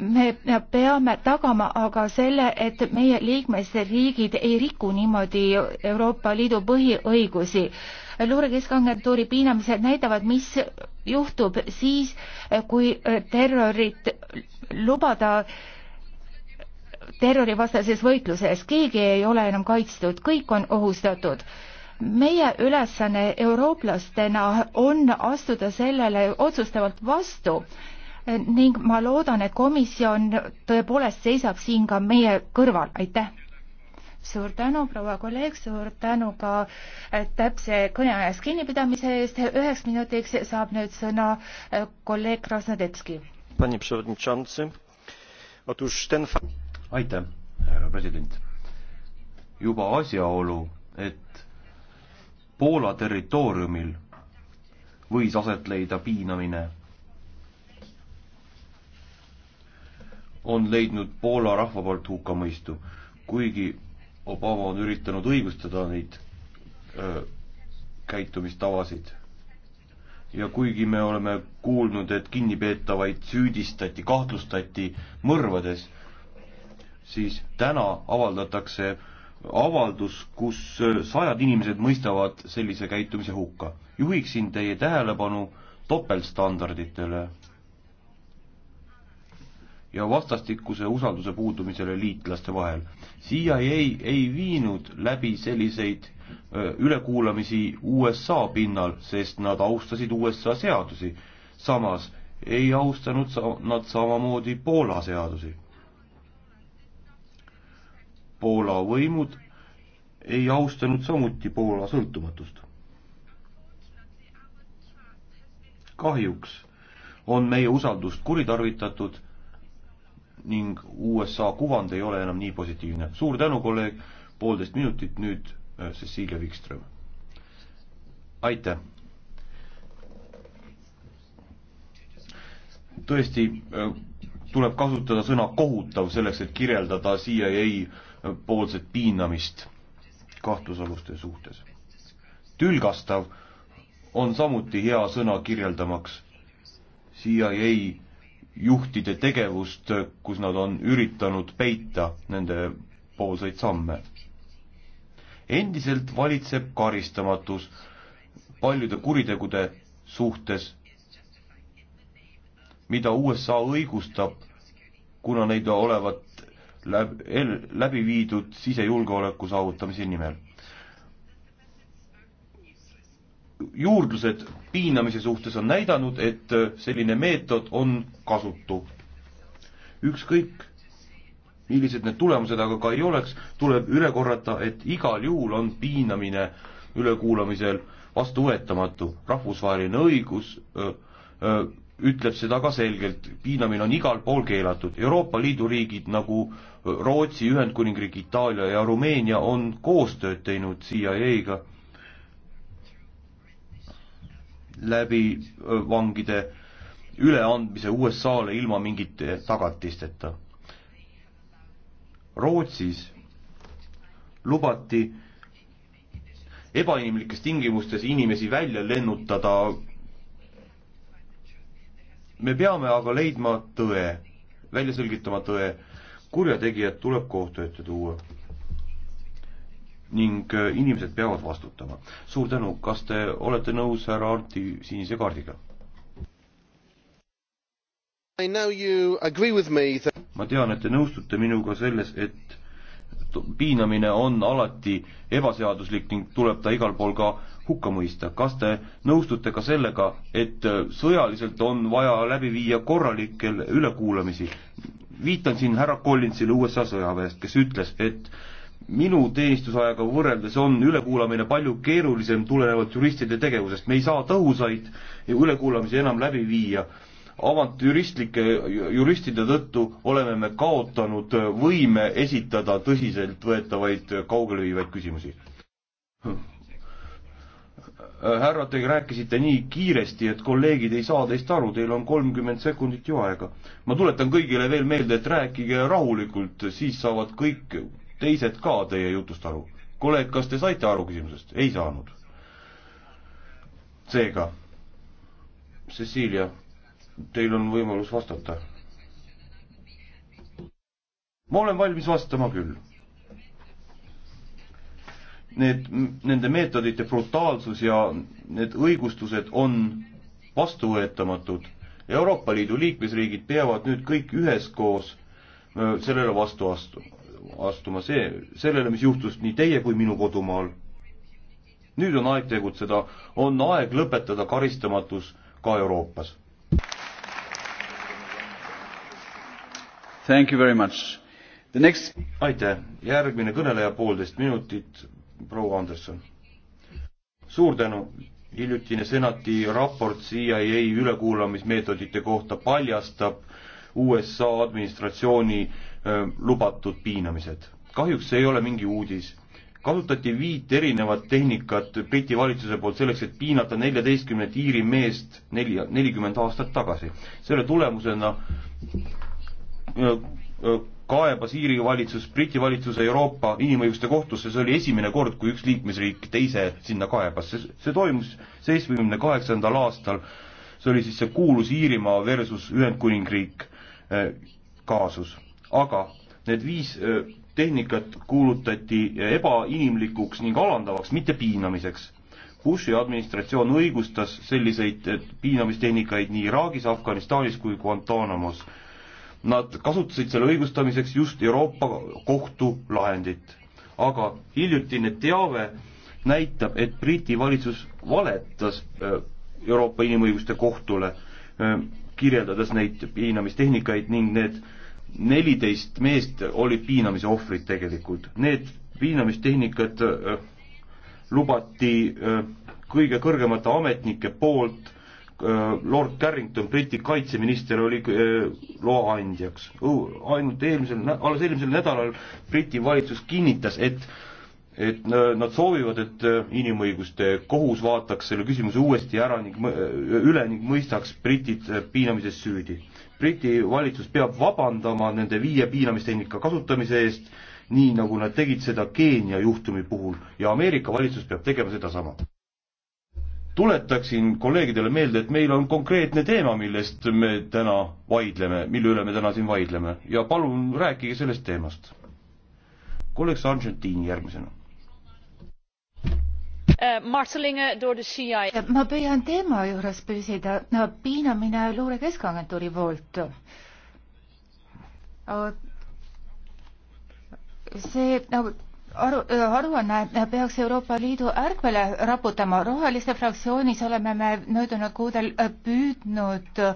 Speaker 1: me peame tagama aga selle, et meie liikmesriigid ei riku niimoodi Euroopa Liidu põhiõigusi. luurekeskagentuuri piinamised näitavad, mis juhtub siis, kui terrorit lubada terrorivastases võitluses, keegi ei ole enam kaitstud, kõik on ohustatud meie ülesanne eurooplastena on astuda sellele otsustavalt vastu ning ma loodan, et komisjon tõepoolest seisab siin ka meie kõrval, aitäh! suur tänu, proua kolleeg, suur tänu ka äh, täpse kõneajast kinnipidamise eest, üheks minutiks saab nüüd sõna äh, kolleeg Krasnodebski.
Speaker 2: aitäh, härra president! juba asjaolu, et Poola territooriumil võis aset leida piinamine, on leidnud Poola rahva poolt hukkamõistu, kuigi Obama on üritanud õigustada neid öö, käitumistavasid. ja kuigi me oleme kuulnud, et kinnipeetavaid süüdistati, kahtlustati mõrvades, siis täna avaldatakse öö, avaldus, kus äh, sajad inimesed mõistavad sellise käitumise hukka. juhiksin teie tähelepanu topeltstandarditele ja vastastikuse usalduse puudumisele liitlaste vahel. CIA ei, ei viinud läbi selliseid öö, äh, ülekuulamisi USA pinnal, sest nad austasid USA seadusi. samas ei austanud sa-, nad samamoodi Poola seadusi Poola võimud ei austanud samuti Poola sõltumatust. kahjuks on meie usaldust kuritarvitatud ning USA kuvand ei ole enam nii positiivne. suur tänu, kolleeg, poolteist minutit nüüd äh, Cecilia Wikström. aitäh! tõesti, äh, tuleb kasutada sõna kohutav selleks, et kirjeldada CIA poolset piinamist kahtlusaluste suhtes. tülgastav on samuti hea sõna kirjeldamaks CIA juhtide tegevust, kus nad on üritanud peita nende poolseid samme. endiselt valitseb karistamatus paljude kuritegude suhtes, mida USA õigustab, kuna neid olevat läb-, läbi viidud sisejulgeoleku saavutamise nimel. juurdlused piinamise suhtes on näidanud, et selline meetod on kasutu. ükskõik, millised need tulemused aga ka ei oleks, tuleb üle korrata, et igal juhul on piinamine ülekuulamisel vastuvõetamatu, rahvusvaheline õigus öö, öö, ütleb seda ka selgelt, piinamine on igal pool keelatud, Euroopa Liidu riigid nagu Rootsi, Ühendkuningriik, Itaalia ja Rumeenia on koostööd teinud CIA-ga läbi vangide üleandmise USA-le ilma mingite tagatisteta. Rootsis lubati ebainimlikes tingimustes inimesi välja lennutada me peame aga leidma tõe, välja selgitama tõe. kurjategijad tuleb kohtu ette tuua. ning äh, inimesed peavad vastutama. suur tänu, kas te olete nõus härra Arti sinise kaardiga? ma tean, et te nõustute minuga selles, et piinamine on alati ebaseaduslik ning tuleb ta igal pool ka hukka mõista. kas te nõustute ka sellega, et äh, sõjaliselt on vaja läbi viia korralikke ülekuulamisi? viitan siin härra Collinsile USA sõjaväest, kes ütles, et minu teenistusajaga võrreldes on ülekuulamine palju keerulisem tulenevalt juristide tegevusest, me ei saa tõhusaid ülekuulamisi enam läbi viia avantüristlike juristide tõttu oleme me kaotanud äh, võime esitada tõsiseltvõetavaid äh, kaugeleviivaid küsimusi. Hm. Äh, härra, te rääkisite nii kiiresti, et kolleegid ei saa teist aru, teil on kolmkümmend sekundit ju aega. ma tuletan kõigile veel meelde, et rääkige rahulikult, siis saavad kõik teised ka teie jutust aru. kolleeg, kas te saite aru küsimusest? ei saanud. seega, Cecilia, teil on võimalus vastata. ma olen valmis vastama küll need, nende meetodite brutaalsus ja need õigustused on vastuvõetamatud. Euroopa Liidu liikmesriigid peavad nüüd kõik üheskoos sellele vastu astu-, astuma, see, sellele, mis juhtus nii teie kui minu kodumaal. nüüd on aeg tegutseda, on aeg lõpetada karistamatus ka Euroopas. Thank you very much. The next aitäh, järgmine kõneleja poolteist minutit proua Anderson. suur tänu. hiljutine senati raport CIA ülekuulamismeetodite kohta paljastab USA administratsiooni öö, lubatud piinamised. kahjuks see ei ole mingi uudis kasutati viit erinevat tehnikat Briti valitsuse poolt selleks, et piinata neljateistkümnet Iiri meest neli, nelikümmend aastat tagasi. selle tulemusena öö, öö, kaebas Iiri valitsus Briti valitsuse Euroopa Inimõiguste Kohtusse, see oli esimene kord, kui üks liikmesriik teise sinna kaebas, see, see toimus seitsmekümne kaheksandal aastal, see oli siis see kuulus Iirimaa versus Ühendkuningriik eh, kaasus. aga need viis eh, tehnikat kuulutati eh, ebainimlikuks ning alandavaks, mitte piinamiseks. Bushi administratsioon õigustas selliseid piinamistehnikaid nii Iraagis, Afganistanis kui Guantanamos Nad kasutasid selle õigustamiseks just Euroopa Kohtu lahendit. aga hiljutine teave näitab, et Briti valitsus valetas äh, Euroopa Inimõiguste Kohtule, äh, kirjeldades neid piinamistehnikaid ning need neliteist meest olid piinamise ohvrid tegelikult. Need piinamistehnikad äh, lubati kõige kõrgemate ametnike poolt Äh, Lord Carrington, Briti kaitseminister, oli äh, loa andjaks. ainult eelmisel, alles eelmisel nädalal Briti valitsus kinnitas, et et äh, nad soovivad, et inimõiguste kohus vaataks selle küsimuse uuesti ära ning üle ning mõistaks britid piinamises süüdi. Briti valitsus peab vabandama nende viie piinamistehnika kasutamise eest, nii nagu nad tegid seda Keenia juhtumi puhul ja Ameerika valitsus peab tegema sedasama tuletaksin kolleegidele meelde, et meil on konkreetne teema, millest me täna vaidleme, mille üle me täna siin vaidleme ja palun rääkige sellest teemast. kolleeg Sargentini järgmisena.
Speaker 3: Äh, ma püüan teema juures
Speaker 1: püsida no,, piinamine Luure Keskagentuuri poolt. Äh, see no, nagu aru, äh, aruanne peaks Euroopa Liidu ärkvele raputama. roheliste fraktsioonis oleme me möödunud kuudel äh, püüdnud äh,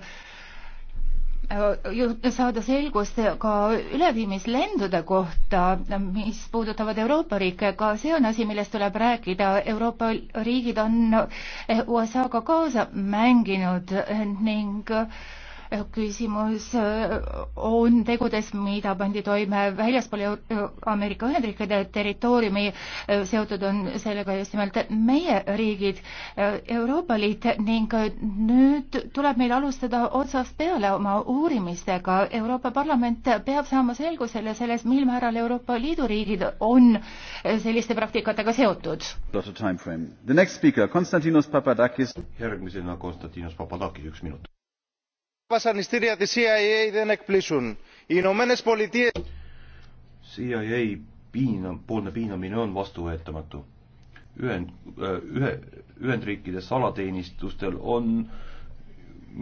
Speaker 1: saada selgust ka üleviimislendude kohta, mis puudutavad Euroopa riike, ka see on asi, millest tuleb rääkida. Euroopa riigid on USA-ga kaasa mänginud ning äh, küsimus äh, on tegudes, mida pandi toime väljaspool äh, Ameerika Ühendriikide territooriumi. Äh, seotud on sellega just nimelt meie riigid, Euroopa Liit ning nüüd tuleb meil alustada otsast peale oma uurimistega. Euroopa Parlament peab saama selgusele selles, mil määral Euroopa Liidu riigid on selliste praktikatega seotud.
Speaker 2: järgmisena Konstantinos Papadakis, üks minut
Speaker 5: βασανιστήρια της CIA δεν εκπλήσουν. Οι Ηνωμένες Πολιτείες...
Speaker 2: CIA piinam, poolne piinamine on vastuvõetamatu. Ühend, äh, ühe, Ühendriikide salateenistustel on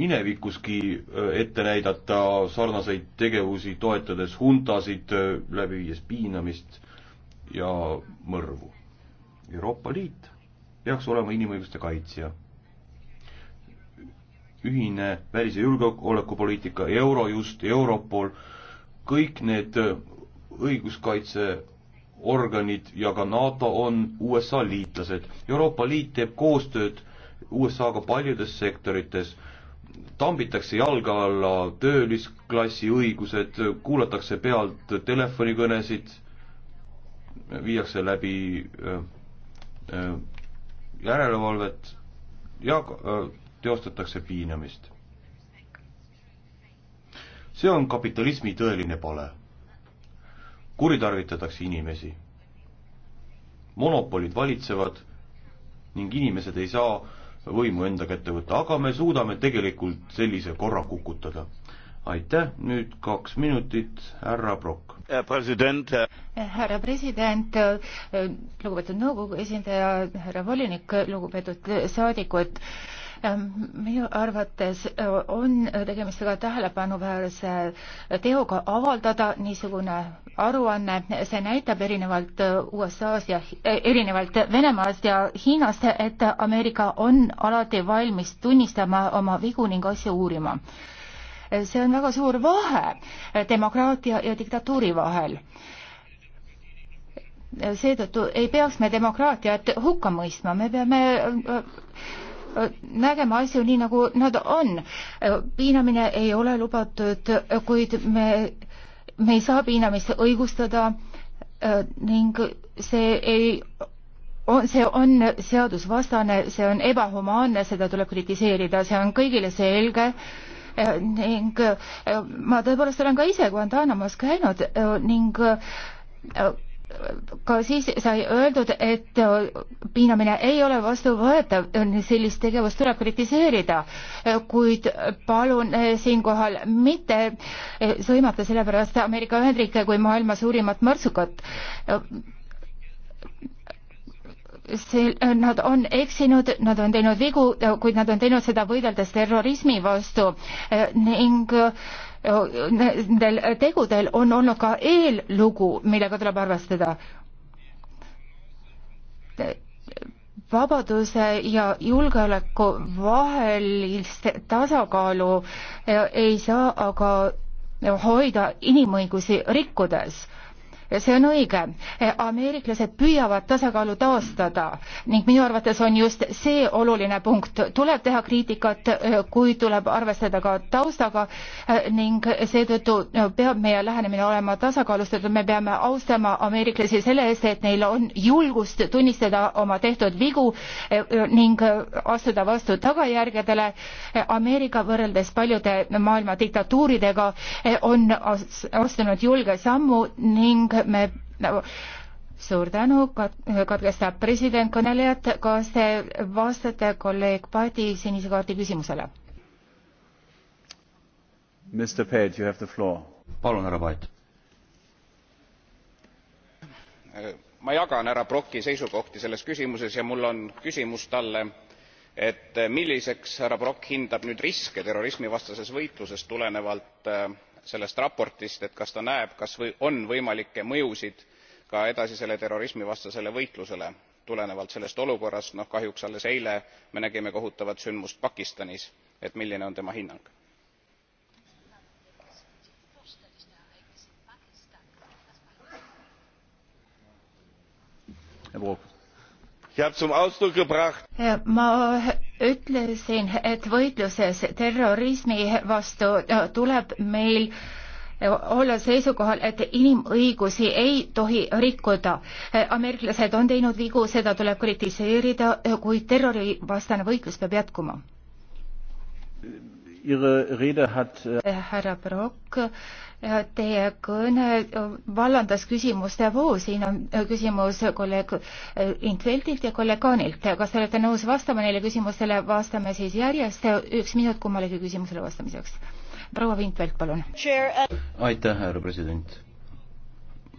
Speaker 2: minevikuski äh, ette näidata sarnaseid tegevusi, toetades huntasid, äh, läbi viies piinamist ja mõrvu. Euroopa Liit peaks olema inimõiguste kaitsja ühine välis- ja julgeolekupoliitika, Eurojust, Europol, kõik need õiguskaitseorganid ja ka NATO on USA liitlased. Euroopa Liit teeb koostööd USA-ga paljudes sektorites, tambitakse jalge alla töölisklassi õigused, kuulatakse pealt telefonikõnesid, viiakse läbi äh, äh, järelevalvet ja äh, teostatakse piinamist. see on kapitalismi tõeline pale. kuritarvitatakse inimesi. monopolid valitsevad ning inimesed ei saa võimu enda kätte võtta, aga me suudame tegelikult sellise korra kukutada. aitäh, nüüd kaks minutit, härra Brock. president.
Speaker 1: härra president, lugupeetud nõukogu esindaja, härra volinik, lugupeetud saadikud Ehm, minu arvates eh, on tegemist väga tähelepanuväärse teoga avaldada niisugune aruanne, see näitab erinevalt eh, USA-s ja eh, erinevalt Venemaast ja Hiinast, et Ameerika on alati valmis tunnistama oma vigu ning asju uurima see on väga suur vahe demokraatia ja diktatuuri vahel. seetõttu ei peaks me demokraatiat hukka mõistma, me peame nägema asju nii, nagu nad on. piinamine ei ole lubatud, kuid me, me ei saa piinamist õigustada ning see ei on, see on seadusvastane, see on ebahumaanne, seda tuleb kritiseerida, see on kõigile selge ning ma tõepoolest olen ka ise Guantanamos käinud ning ka siis sai öeldud, et piinamine ei ole vastuvõetav, sellist tegevust tuleb kritiseerida, kuid palun siinkohal mitte sõimata selle pärast Ameerika Ühendriike kui maailma suurimat mõrtsukat see, nad on eksinud, nad on teinud vigu, kuid nad on teinud seda võideldes terrorismi vastu ning nendel tegudel on olnud ka eellugu, millega tuleb arvestada. vabaduse ja julgeoleku vahelist tasakaalu ei saa aga hoida inimõigusi rikkudes see on õige. E, ameeriklased püüavad tasakaalu taastada ning minu arvates on just see oluline punkt. tuleb teha kriitikat, e, kuid tuleb arvestada ka taustaga e, ning seetõttu peab meie lähenemine olema tasakaalustatud. me peame austama ameeriklasi selle eest, et neil on julgust tunnistada oma tehtud vigu ning astuda vastu tagajärgedele. Ameerika võrreldes paljude maailma diktatuuridega on astunud julge sammu ning me nagu suur tänu, katkestab president kõnelejat, kas te vastate kolleeg Padi sinise kaardi
Speaker 2: küsimusele? Mr Pate, you have the floor. palun, härra Pate. ma jagan härra Brocki seisukohti selles küsimuses ja mul on küsimus talle et milliseks härra Brock hindab nüüd riske terrorismivastases võitluses tulenevalt äh, sellest raportist et kas ta näeb kas on võimalikke mõjusid ka edasisele terrorismivastasele võitlusele tulenevalt sellest olukorrast noh, kahjuks alles eile me nägime kohutavat sündmust pakistanis et milline on tema hinnang?
Speaker 1: ma ütlesin, et võitluses terrorismi vastu äh, tuleb meil äh, olla seisukohal, et inimõigusi ei tohi rikkuda. Äh, ameeriklased on teinud vigu, seda tuleb kritiseerida, kuid terrorivastane võitlus peab jätkuma.
Speaker 5: Hat... Äh, äh,
Speaker 1: härra Brock, äh, teie kõne vallandas küsimuste voo, siin on küsimus kolleeg Intveldilt ja kolleeg Kaanilt. kas te olete nõus vastama neile küsimustele, vastame siis järjest, üks minut kummalegi küsimusele vastamiseks. proua Vintvelt, palun. Uh
Speaker 2: aitäh, härra president.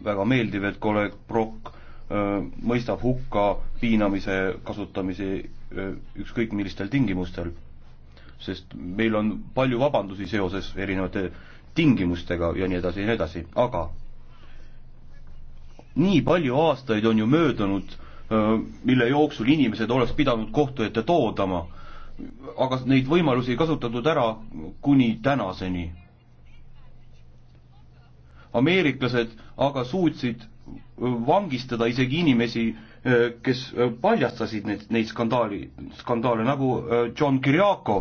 Speaker 2: väga meeldiv, et kolleeg Brock mõistab hukka piinamise kasutamise ükskõik millistel tingimustel sest meil on palju vabandusi seoses erinevate tingimustega ja nii edasi ja nii edasi, aga nii palju aastaid on ju möödunud, mille jooksul inimesed oleks pidanud kohtu ette toodama, aga neid võimalusi ei kasutatud ära kuni tänaseni. ameeriklased aga suutsid vangistada isegi inimesi, kes paljastasid neid, neid skandaali, skandaale nagu John Kiriako,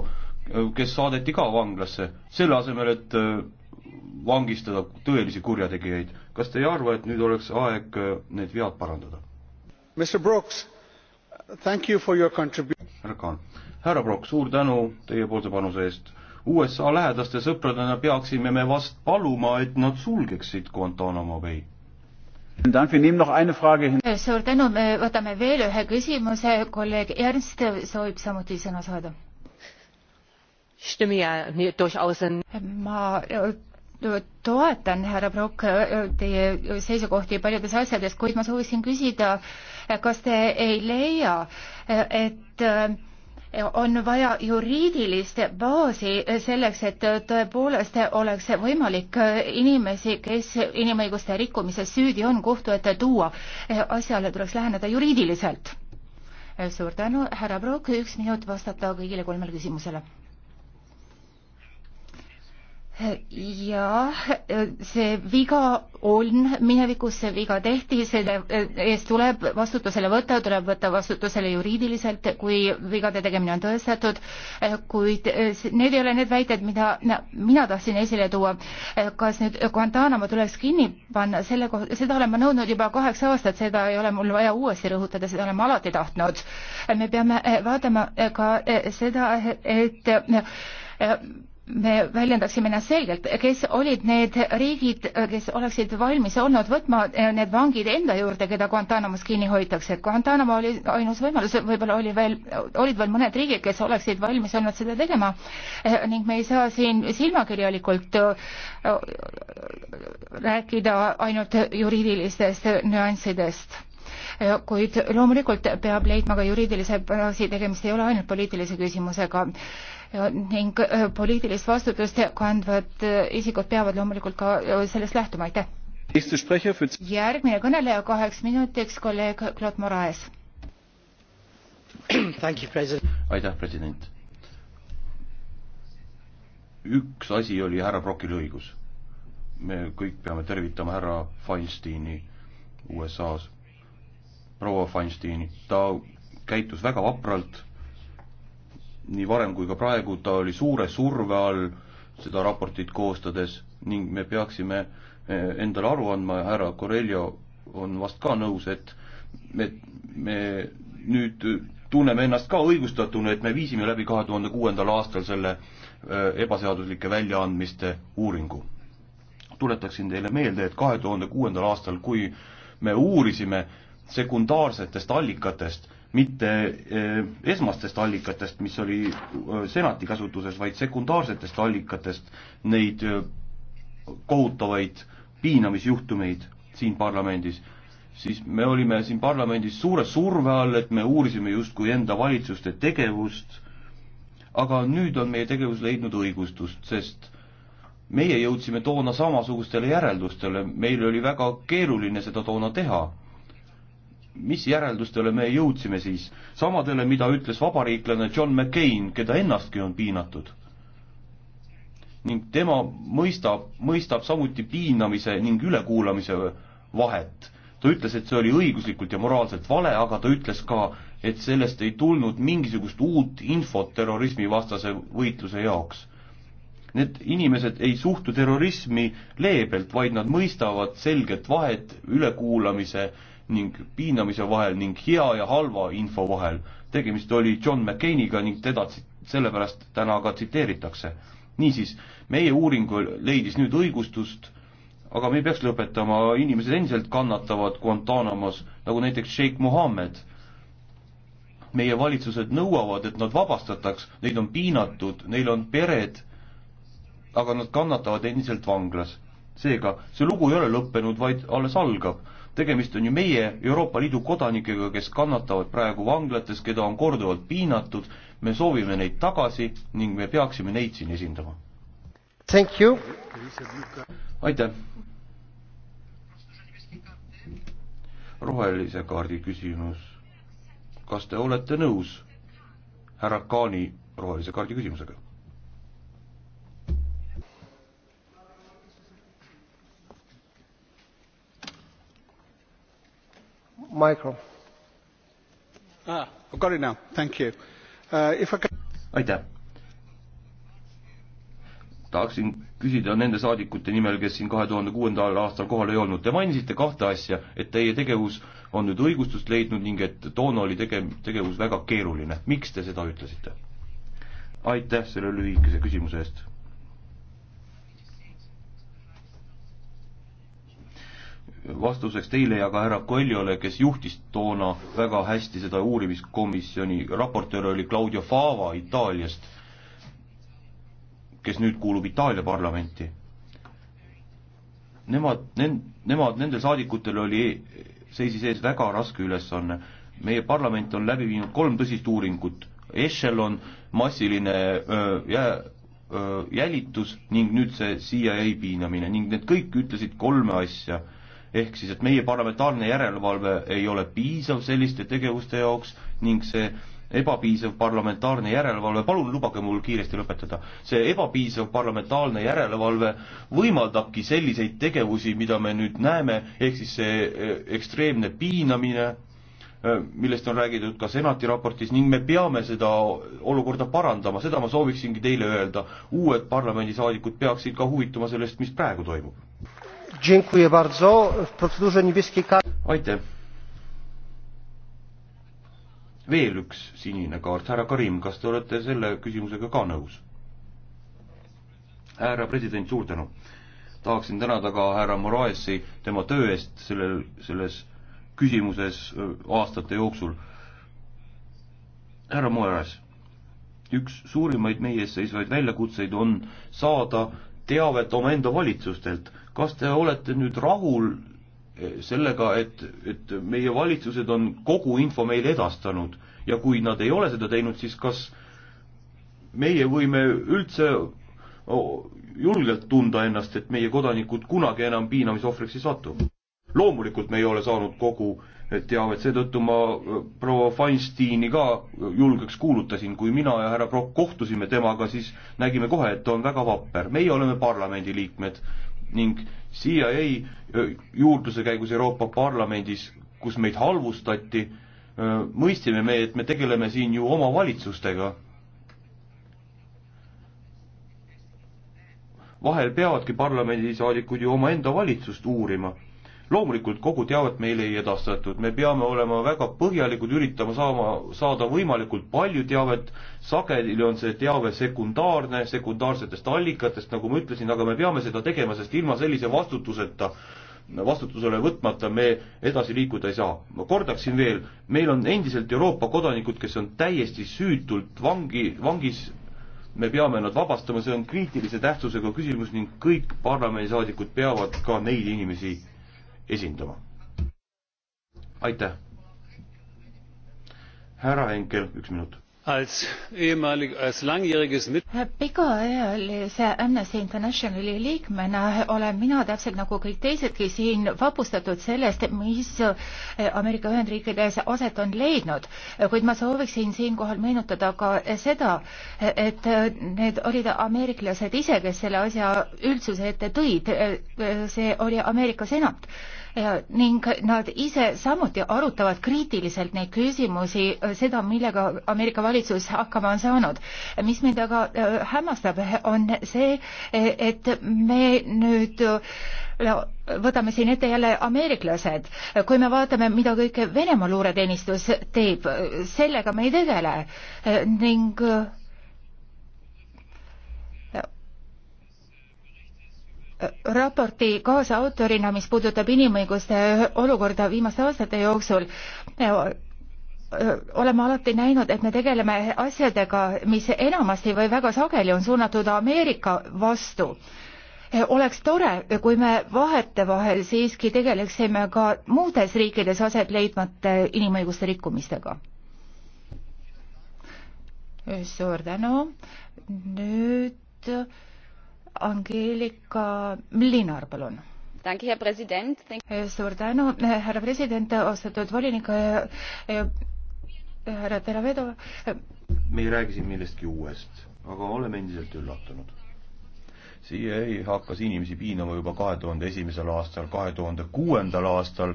Speaker 2: Äh, kes saadeti ka vanglasse, selle asemel, et äh, vangistada tõelisi kurjategijaid. kas te ei arva, et nüüd oleks aeg äh, need vead parandada? härra Kaan, härra Brock, suur tänu teiepoolse panuse eest. USA lähedaste sõpradena peaksime me vast paluma, et nad sulgeksid Guantanamo Bay
Speaker 1: suur tänu, me võtame veel ühe küsimuse, kolleeg Ernst soovib samuti sõna saada ma äh, toetan, härra Brock, äh, teie seisukohti paljudes asjades, kuid ma soovisin küsida, äh, kas te ei leia, et on vaja juriidilist baasi selleks, et tõepoolest oleks võimalik inimesi, kes inimõiguste rikkumises süüdi on, kohtu ette tuua. asjale tuleks läheneda juriidiliselt. suur tänu, härra Brock, üks minut vastata kõigile kolmele küsimusele jah, see viga on minevikus, see viga tehti, selle eest tuleb vastutusele võtta, tuleb võtta vastutusele juriidiliselt, kui vigade tegemine on tõestatud, kuid need ei ole need väited, mida mina tahtsin esile tuua. kas nüüd Guantanamo tuleks kinni panna, selle kohta, seda olen ma nõudnud juba kaheksa aastat, seda ei ole mul vaja uuesti rõhutada, seda olen ma alati tahtnud. me peame vaatama ka seda, et me väljendaksime ennast selgelt, kes olid need riigid, kes oleksid valmis olnud võtma eh, need vangid enda juurde, keda Guantanamos kinni hoitakse. Guantanamo oli ainus võimalus, võib-olla oli veel, olid veel mõned riigid, kes oleksid valmis olnud seda tegema eh, ning me ei saa siin silmakirjalikult eh, rääkida ainult juriidilistest nüanssidest kuid loomulikult peab leidma ka juriidilise baasi, tegemist ei ole ainult poliitilise küsimusega ning äh, poliitilist vastutust kandvad äh, isikud peavad loomulikult ka äh, sellest lähtuma, aitäh. järgmine kõneleja kaheks minutiks, kolleeg Claude Moraes.
Speaker 2: aitäh, president. üks asi oli härra Brokil õigus. me kõik peame tervitama härra Feinsteini USA-s, proua Feinsteini, ta käitus väga vapralt nii varem kui ka praegu, ta oli suure surve all seda raportit koostades ning me peaksime eh, endale aru andma ja härra Corello on vast ka nõus, et me, me nüüd tunneme ennast ka õigustatuna, et me viisime läbi kahe tuhande kuuendal aastal selle eh, ebaseaduslike väljaandmiste uuringu. tuletaksin teile meelde, et kahe tuhande kuuendal aastal, kui me uurisime sekundaarsetest allikatest mitte eh, esmastest allikatest, mis oli eh, senati kasutuses, vaid sekundaarsetest allikatest neid eh, kohutavaid piinamisjuhtumeid siin parlamendis, siis me olime siin parlamendis suure surve all, et me uurisime justkui enda valitsuste tegevust, aga nüüd on meie tegevus leidnud õigustust, sest meie jõudsime toona samasugustele järeldustele, meil oli väga keeruline seda toona teha mis järeldustele me jõudsime siis? samadele, mida ütles vabariiklane John McCain, keda ennastki on piinatud. ning tema mõistab, mõistab samuti piinamise ning ülekuulamise vahet. ta ütles, et see oli õiguslikult ja moraalselt vale, aga ta ütles ka, et sellest ei tulnud mingisugust uut infot terrorismivastase võitluse jaoks need inimesed ei suhtu terrorismi leebelt, vaid nad mõistavad selget vahet ülekuulamise ning piinamise vahel ning hea ja halva info vahel. tegemist oli John McCainiga ning teda sellepärast täna ka tsiteeritakse. niisiis, meie uuring leidis nüüd õigustust, aga me ei peaks lõpetama, inimesed endiselt kannatavad Guantanamos, nagu näiteks Sheikh Mohammed. meie valitsused nõuavad, et nad vabastataks, neid on piinatud, neil on pered, aga nad kannatavad endiselt vanglas seega see lugu ei ole lõppenud, vaid alles algab tegemist on ju meie Euroopa Liidu kodanikega, kes kannatavad praegu vanglates, keda on korduvalt piinatud, me soovime neid tagasi ning me peaksime neid siin esindama. aitäh. rohelise kaardi küsimus. kas te olete nõus härra Kaani rohelise kaardi küsimusega?
Speaker 5: Ah, uh, can...
Speaker 2: aitäh! tahaksin küsida nende saadikute nimel, kes siin kahe tuhande kuuendal aastal kohal ei olnud. Te mainisite kahte asja, et teie tegevus on nüüd õigustust leidnud ning et toona oli tege-, tegevus väga keeruline. miks te seda ütlesite? aitäh selle lühikese küsimuse eest vastuseks teile ja ka härra Koljole, kes juhtis toona väga hästi seda uurimiskomisjoni, raportöör oli Claudio Fava Itaaliast, kes nüüd kuulub Itaalia parlamenti. Nemad, nend-, nemad, nendel saadikutel oli, e-, seisis ees väga raske ülesanne. meie parlament on läbi viinud kolm tõsist uuringut, Echelon, massiline öö, jää, öö, jälitus ning nüüd see CIA piinamine ning need kõik ütlesid kolme asja ehk siis, et meie parlamentaarne järelevalve ei ole piisav selliste tegevuste jaoks ning see ebapiisav parlamentaarne järelevalve, palun lubage mul kiiresti lõpetada, see ebapiisav parlamentaarne järelevalve võimaldabki selliseid tegevusi, mida me nüüd näeme, ehk siis see e, ekstreemne piinamine, e, millest on räägitud ka senati raportis ning me peame seda olukorda parandama, seda ma sooviksingi teile öelda. uued parlamendisaadikud peaksid ka huvituma sellest, mis praegu toimub aitäh. veel üks sinine kaart, härra Karim, kas te olete selle küsimusega ka nõus? härra president, suur tänu. tahaksin tänada ka härra Moraesi tema töö eest sellel, selles küsimuses aastate jooksul. härra Moraes, üks suurimaid meie ees seisvaid väljakutseid on saada teavet omaenda valitsustelt kas te olete nüüd rahul eh, sellega, et, et meie valitsused on kogu info meile edastanud ja kui nad ei ole seda teinud, siis kas meie võime üldse julgelt tunda ennast, et meie kodanikud kunagi enam piinamise ohvriks ei satu? loomulikult me ei ole saanud kogu teavet, seetõttu ma eh, proua Feinsteini ka julgeks kuulutasin, kui mina ja härra Prokk kohtusime temaga, siis nägime kohe, et ta on väga vapper, meie oleme parlamendiliikmed, ning CIA juurdluse käigus Euroopa Parlamendis, kus meid halvustati, mõistsime me, et me tegeleme siin ju omavalitsustega. vahel peavadki parlamendisaadikud ju omaenda valitsust uurima loomulikult kogu teavet meile ei edastatud, me peame olema väga põhjalikud, üritama saama, saada võimalikult palju teavet, sageli on see teave sekundaarne, sekundaarsetest allikatest, nagu ma ütlesin, aga me peame seda tegema, sest ilma sellise vastutuseta vastutusele võtmata me edasi liikuda ei saa. ma kordaksin veel, meil on endiselt Euroopa kodanikud, kes on täiesti süütult vangi, vangis me peame nad vabastama, see on kriitilise tähtsusega küsimus ning kõik parlamendisaadikud peavad ka neid inimesi esindama. aitäh. härra Henkel, üks minut als langjähriges
Speaker 1: pikaajalise Amnesty Internationali liikmena olen mina täpselt nagu kõik teisedki siin vapustatud sellest, mis eh, Ameerika Ühendriikides aset on leidnud, kuid ma sooviksin siinkohal meenutada ka seda, et need olid ameeriklased ise, kes selle asja üldsuse ette tõid. see oli Ameerika senat Ja, ning nad ise samuti arutavad kriitiliselt neid küsimusi, seda, millega Ameerika valitsus hakkama on saanud. mis mind aga äh, hämmastab, on see, et me nüüd no, võtame siin ette jälle ameeriklased, kui me vaatame, mida kõike Venemaa luureteenistus teeb, sellega me ei tegele ning äh, raporti kaasautorina, mis puudutab inimõiguste olukorda viimaste aastate jooksul, äh, oleme alati näinud, et me tegeleme asjadega, mis enamasti või väga sageli on suunatud Ameerika vastu. oleks tore, kui me vahetevahel siiski tegeleksime ka muudes riikides aset leidmate inimõiguste rikkumistega. suur tänu. nüüd Angeelika Mlinar, palun suur tänu härra president austatud volinik härra Teravedo. Äh,
Speaker 2: me ei räägi siin millestki uuest, aga oleme endiselt üllatunud. CIA hakkas inimesi piinama juba kahe tuhande esimesel aastal, kahe tuhande kuuendal aastal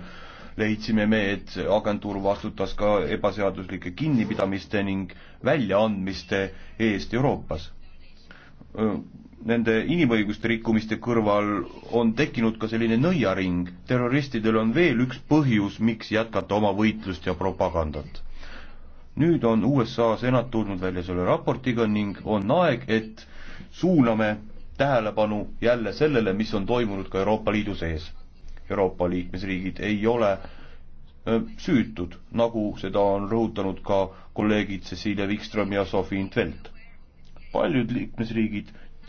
Speaker 2: leidsime me, et agentuur vastutas ka ebaseaduslike kinnipidamiste ning väljaandmiste eest Euroopas. Nende inimõiguste rikkumiste kõrval on tekkinud ka selline nõiaring, terroristidel on veel üks põhjus, miks jätkata oma võitlust ja propagandat nüüd on USA senat tulnud välja selle raportiga ning on aeg, et suuname tähelepanu jälle sellele, mis on toimunud ka Euroopa Liidu sees. Euroopa liikmesriigid ei ole süütud, nagu seda on rõhutanud ka kolleegid Cecilia Wikström ja Sophie Intvelt. paljud liikmesriigid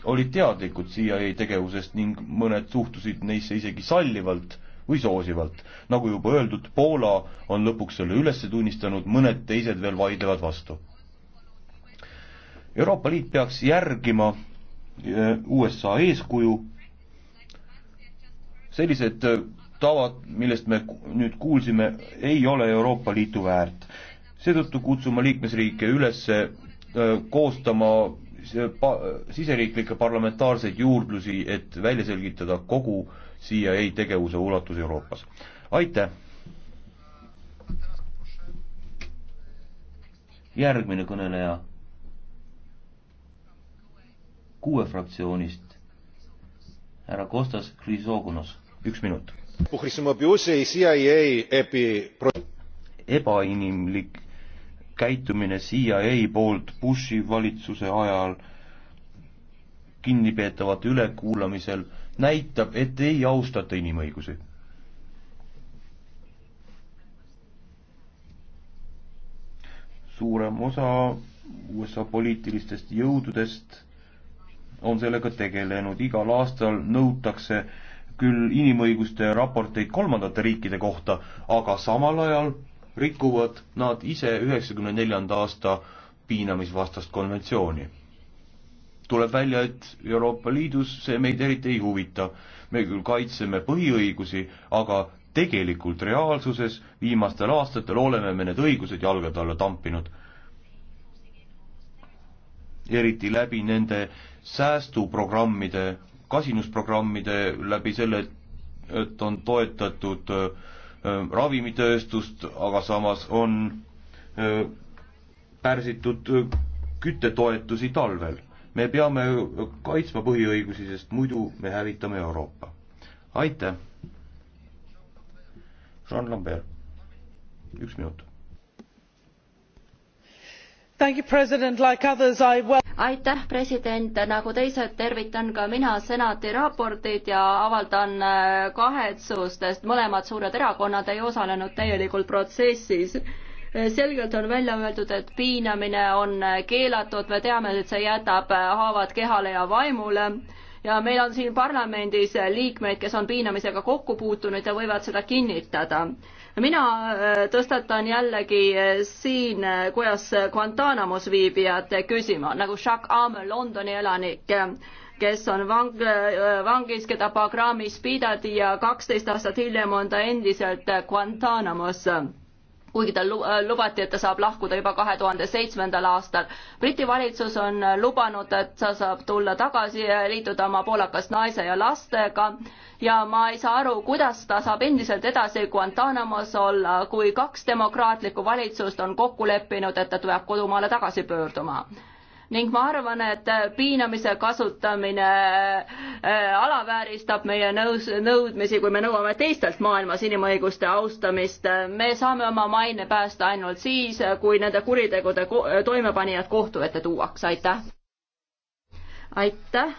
Speaker 2: olid teadlikud CIA tegevusest ning mõned suhtusid neisse isegi sallivalt või soosivalt. nagu juba öeldud, Poola on lõpuks selle üles tunnistanud, mõned teised veel vaidlevad vastu. Euroopa Liit peaks järgima eh, USA eeskuju, sellised eh, tavad, millest me nüüd kuulsime, ei ole Euroopa Liitu väärt. seetõttu kutsuma liikmesriike üles eh, koostama siseriiklikke parlamentaarseid juurdlusi, et välja selgitada kogu äh, CIA tegevuse ulatus Euroopas. aitäh! järgmine kõneleja kuue fraktsioonist, härra Kostas Krisogonos, üks minut. ebainimlik käitumine CIA poolt Bushi valitsuse ajal kinnipeetavate ülekuulamisel näitab, et ei austata inimõigusi. suurem osa USA poliitilistest jõududest on sellega tegelenud, igal aastal nõutakse küll inimõiguste raporteid kolmandate riikide kohta, aga samal ajal rikuvad nad ise üheksakümne neljanda aasta piinamisvastast konventsiooni tuleb välja, et Euroopa Liidus see meid eriti ei huvita. me küll kaitseme põhiõigusi, aga tegelikult reaalsuses viimastel aastatel oleme me need õigused jalgade alla tampinud. eriti läbi nende säästuprogrammide, kasinusprogrammide, läbi selle, et on toetatud äh, ravimitööstust, aga samas on äh, pärsitud äh, küttetoetusi talvel me peame kaitsma põhiõigusi, sest muidu me hävitame Euroopa. aitäh. Jean
Speaker 3: Lambert, üks minut. Like others, I... aitäh president
Speaker 4: nagu teised tervitan ka mina senati raportit ja avaldan äh, kahetsust sest mõlemad suured erakonnad ei osalenud täielikult protsessis selgelt on välja öeldud, et piinamine on keelatud, me teame, et see jätab haavad kehale ja vaimule ja meil on siin parlamendis liikmeid, kes on piinamisega kokku puutunud ja võivad seda kinnitada. mina äh, tõstatan jällegi äh, siin äh, kojas Guantanamos viibijate küsima, nagu Jacques Amel, Londoni elanik, kes on vang, vangis, keda Bagramis pidati ja kaksteist aastat hiljem on ta endiselt Guantanamos kuigi tal äh, lubati, et ta saab lahkuda juba kahe tuhande seitsmendal aastal. Briti valitsus on äh, lubanud, et ta saab tulla tagasi ja äh, liituda oma poolakas naise ja lastega ja ma ei saa aru, kuidas ta saab endiselt edasi Guantanamos olla, kui kaks demokraatlikku valitsust on kokku leppinud, et ta peab kodumaale tagasi pöörduma ning ma arvan, et piinamise kasutamine äh, alavääristab meie nõus, nõudmisi, kui me nõuame teistelt maailmas inimõiguste austamist. me saame oma maine päästa ainult siis, kui nende kuritegude toimepanijad kohtu ette tuuakse, aitäh. aitäh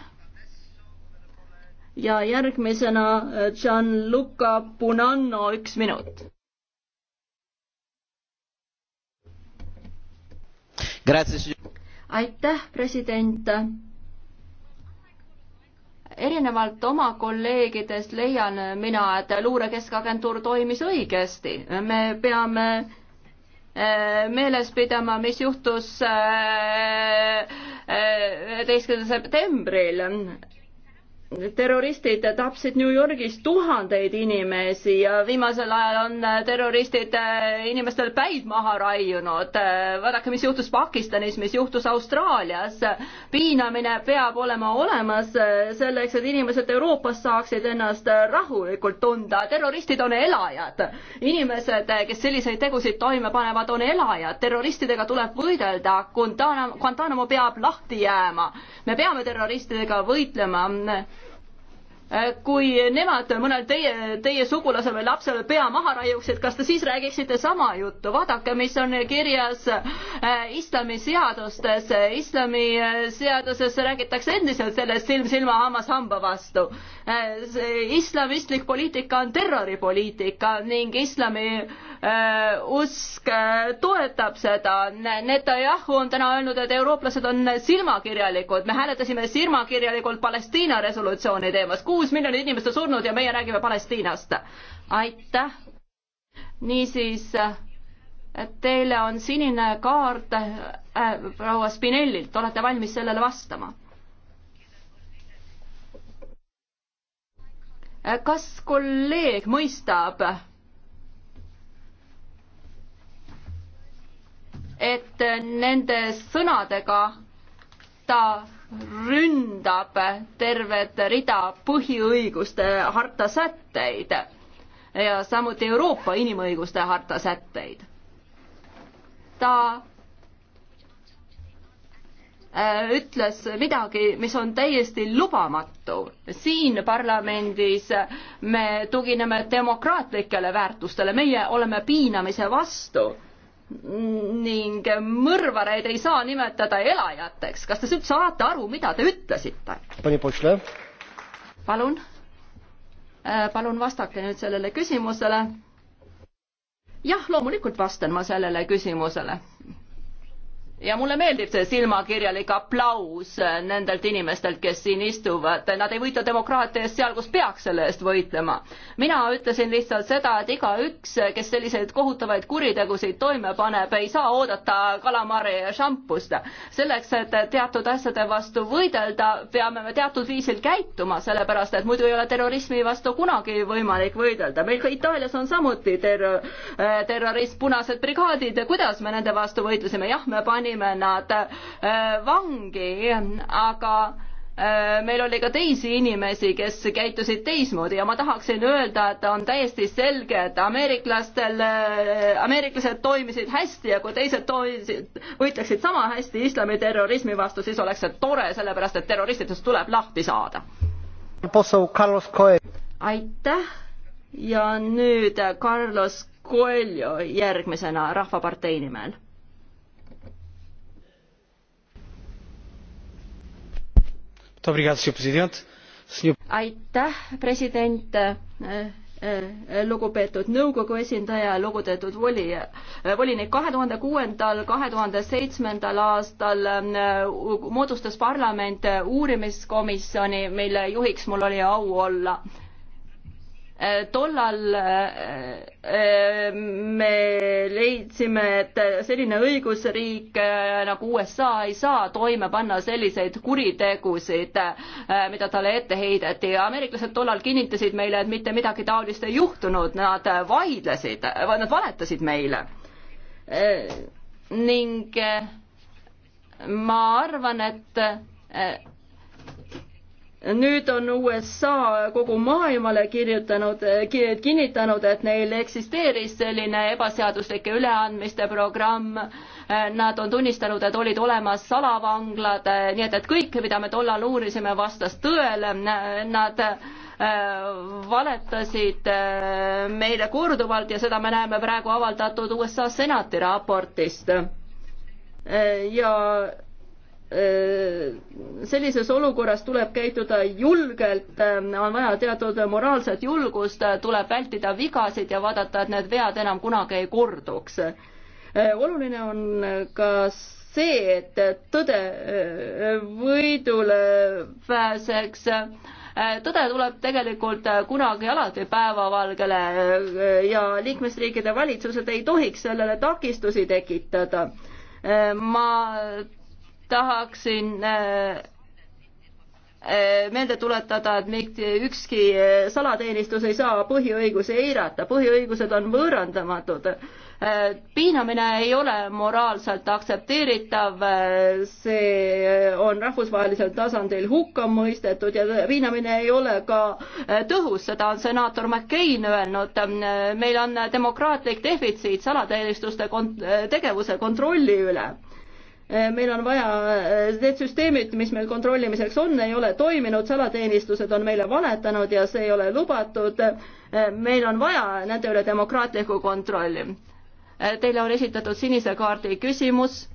Speaker 4: ja järgmisena äh, Gianluca Punanno, üks minut aitäh, president. erinevalt oma kolleegidest leian mina, et luurekeskagentuur toimis õigesti. me peame eh, meeles pidama, mis juhtus eh, eh, üheteistkümnendal septembril terroristid tapsid New Yorgis tuhandeid inimesi ja viimasel ajal on terroristid äh, inimestel päid maha raiunud. Äh, vaadake, mis juhtus Pakistanis, mis juhtus Austraalias. piinamine peab olema olemas äh, selleks, et inimesed Euroopas saaksid ennast rahulikult tunda. terroristid on elajad. inimesed, kes selliseid tegusid toime panevad, on elajad. terroristidega tuleb võidelda. Guantanamo, Guantanamo peab lahti jääma. me peame terroristidega võitlema Äh, kui nemad mõnel teie, teie sugulasel või lapsel pea maha raiuksid, kas te siis räägiksite sama juttu? vaadake, mis on kirjas äh, islamiseadustes. islamiseaduses räägitakse endiselt sellest silm silma, hammas hamba vastu. Äh, islamistlik poliitika on terroripoliitika ning islami usk toetab seda. Netanyahu on täna öelnud, et eurooplased on silmakirjalikud. me hääletasime silmakirjalikult Palestiina resolutsiooni teemas kuus miljonit inimest on surnud ja meie räägime Palestiinast. aitäh. niisiis, teile on sinine kaart äh, proua Spinellilt, olete valmis sellele vastama? Äh, kas kolleeg mõistab, et nende sõnadega ta ründab tervet rida põhiõiguste harta sätteid ja samuti Euroopa inimõiguste harta sätteid. ta äh, ütles midagi, mis on täiesti lubamatu. siin parlamendis me tugineme demokraatlikele väärtustele, meie oleme piinamise vastu ning mõrvareid ei saa nimetada elajateks. kas te üldse saate aru, mida te
Speaker 5: ütlesite?
Speaker 4: palun, äh, palun vastake nüüd sellele küsimusele. jah, loomulikult vastan ma sellele küsimusele ja mulle meeldib see silmakirjalik aplaus nendelt inimestelt, kes siin istuvad, nad ei võitle demokraatia eest seal, kus peaks selle eest võitlema. mina ütlesin lihtsalt seda, et igaüks, kes selliseid kohutavaid kuritegusid toime paneb, ei saa oodata kalamari ja šampust. selleks, et teatud asjade vastu võidelda, peame me teatud viisil käituma, sellepärast et muidu ei ole terrorismi vastu kunagi võimalik võidelda. meil ka Itaalias on samuti terror, terrorism, punased brigaadid, kuidas me nende vastu võitlesime, jah, me panime panime nad äh, vangi, aga äh, meil oli ka teisi inimesi, kes käitusid teistmoodi ja ma tahaksin öelda, et on täiesti selge, et ameeriklastel, äh, ameeriklased toimisid hästi ja kui teised toimisid, võitleksid sama hästi islamiterrorismi vastu, siis oleks see tore, sellepärast et terroristidest tuleb lahti saada.
Speaker 5: aitäh
Speaker 4: ja nüüd Carlos Coelho järgmisena Rahvapartei nimel aitäh, president äh, äh, äh, lugupeetud nõukogu esindaja, lugupeetud voli, volinik. kahe tuhande kuuendal, kahe tuhande seitsmendal aastal moodustas parlament uurimiskomisjoni, mille juhiks mul oli au olla Eh, tollal eh, eh, me leidsime, et selline õigusriik nagu USA ei saa toime panna selliseid kuritegusid, mida talle ette heideti. ameeriklased tollal kinnitasid meile, et mitte midagi taolist ei juhtunud, nad vaidlesid, nad valetasid meile. ning ma arvan, et nüüd on USA kogu maailmale kirjutanud, kinnitanud, et neil eksisteeris selline ebaseaduslike üleandmiste programm. Nad on tunnistanud, et olid olemas salavanglad, nii et, et kõik, mida me tollal uurisime, vastas tõele. Nad äh, valetasid äh, meile korduvalt ja seda me näeme praegu avaldatud USA senati raportist. Äh, ja Äh, sellises olukorras tuleb käituda julgelt, äh, on vaja teatud moraalset julgust, äh, tuleb vältida vigasid ja vaadata, et need vead enam kunagi ei korduks. oluline on ka see, et tõde võidule pääseks. tõde tuleb tegelikult kunagi alati päevavalgele ja liikmesriikide valitsused ei tohiks sellele takistusi tekitada. ma tahaksin äh, äh, meelde tuletada, et mitte ükski äh, salateenistus ei saa põhiõigusi eirata, põhiõigused on võõrandamatud. piinamine ei ole moraalselt aktsepteeritav, see on rahvusvahelisel tasandil hukka mõistetud ja piinamine ei ole ka tõhus, seda on senaator McCain öelnud. meil on demokraatlik defitsiit salateenistuste kont-, tegevuse kontrolli üle Äh, meil on vaja, äh, need süsteemid, mis meil kontrollimiseks on, ei ole toiminud, salateenistused on meile valetanud ja see ei ole lubatud. Äh, meil on vaja nende üle demokraatlikku kontrolli. Teile on esitatud sinise kaardi küsimus.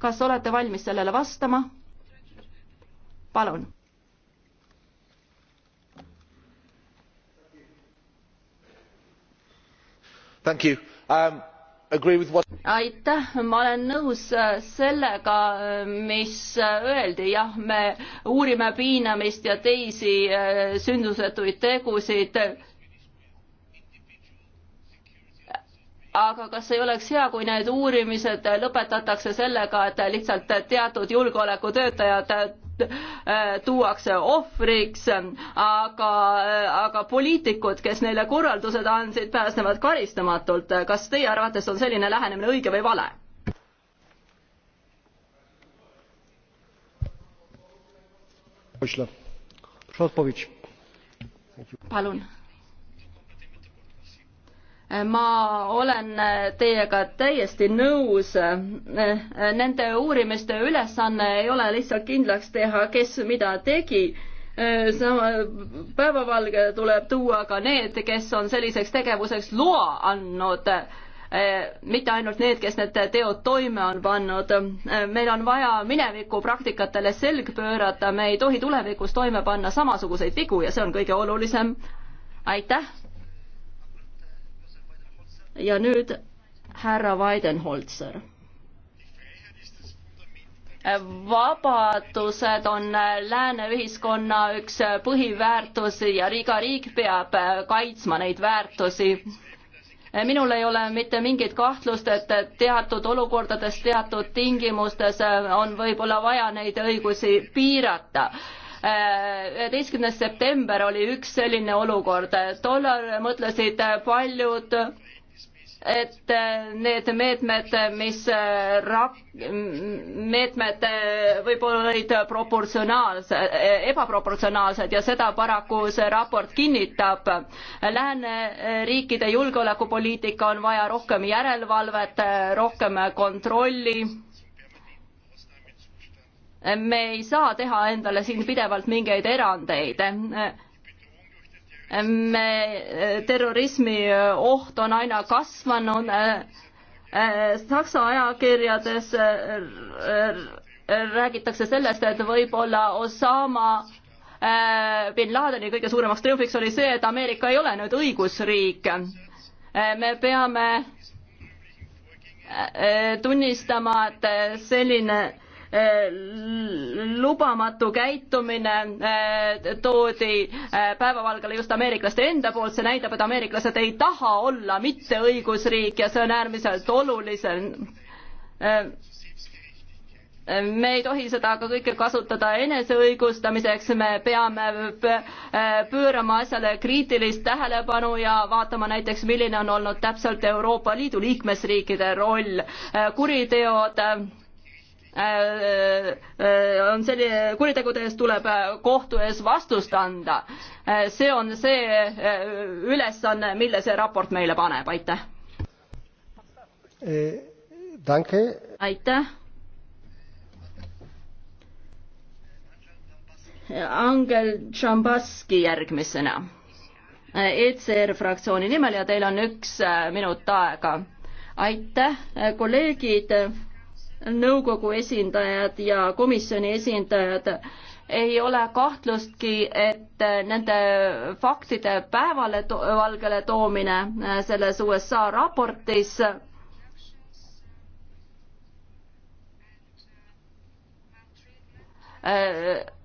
Speaker 4: kas olete valmis sellele vastama?
Speaker 2: palun Um,
Speaker 4: aitäh, ma olen nõus äh, sellega, äh, mis äh, öeldi, jah, me uurime piinamist ja teisi sündmusetuid tegusid aga kas ei oleks hea, kui need uurimised lõpetatakse sellega, et lihtsalt teatud julgeolekutöötajad äh, tuuakse ohvriks, aga, aga poliitikud, kes neile korraldused andsid, pääsevad karistamatult. kas teie arvates on selline lähenemine õige või vale? palun ma olen teiega täiesti nõus. Nende uurimiste ülesanne ei ole lihtsalt kindlaks teha, kes mida tegi. sama päevavalge tuleb tuua ka need, kes on selliseks tegevuseks loa andnud. mitte ainult need, kes need teod toime on pannud. meil on vaja mineviku praktikatele selg pöörata, me ei tohi tulevikus toime panna samasuguseid vigu ja see on kõige olulisem. aitäh ja nüüd härra Weidenholzer vabadused on lääne ühiskonna üks põhiväärtusi ja iga riik peab kaitsma neid väärtusi. minul ei ole mitte mingit kahtlust, et teatud olukordades, teatud tingimustes on võib-olla vaja neid õigusi piirata üheteistkümnes september oli üks selline olukord. tollal mõtlesid paljud et äh, need meetmed, mis äh, rak-, meetmed äh, võib-olla olid proportsionaalse, ebaproportsionaalsed ja seda paraku see raport kinnitab. lääneriikide julgeolekupoliitika on vaja rohkem järelevalvet, rohkem kontrolli me ei saa teha endale siin pidevalt mingeid erandeid me, eh, terrorismi eh, oht on aina kasvanud. Eh, Saksa ajakirjades räägitakse sellest, et võib-olla Osama bin Ladeni kõige suuremaks triumfiks oli see, et Ameerika ei ole nüüd õigusriik. me peame tunnistama, et selline Äh, lubamatu käitumine äh, toodi äh, päevavalgele just ameeriklaste enda poolt, see näitab, et ameeriklased ei taha olla mitte õigusriik ja see on äärmiselt olulisem. me ei tohi seda ka kõike kasutada eneseõigustamiseks, me peame pöörama asjale kriitilist tähelepanu ja vaatama näiteks, milline on olnud täpselt Euroopa Liidu liikmesriikide roll. kuriteod Äh, äh, on selline, kuritegude eest tuleb äh, kohtu ees vastust anda. see on see ülesanne, mille see raport meile paneb, aitäh.
Speaker 5: Eh,
Speaker 4: aitäh. Angel Tšambaski järgmisena. ECR fraktsiooni nimel ja teil on üks minut aega. aitäh, kolleegid nõukogu esindajad ja komisjoni esindajad ei ole kahtlustki, et nende faktide päevale to valgele toomine äh, selles USA raportis äh,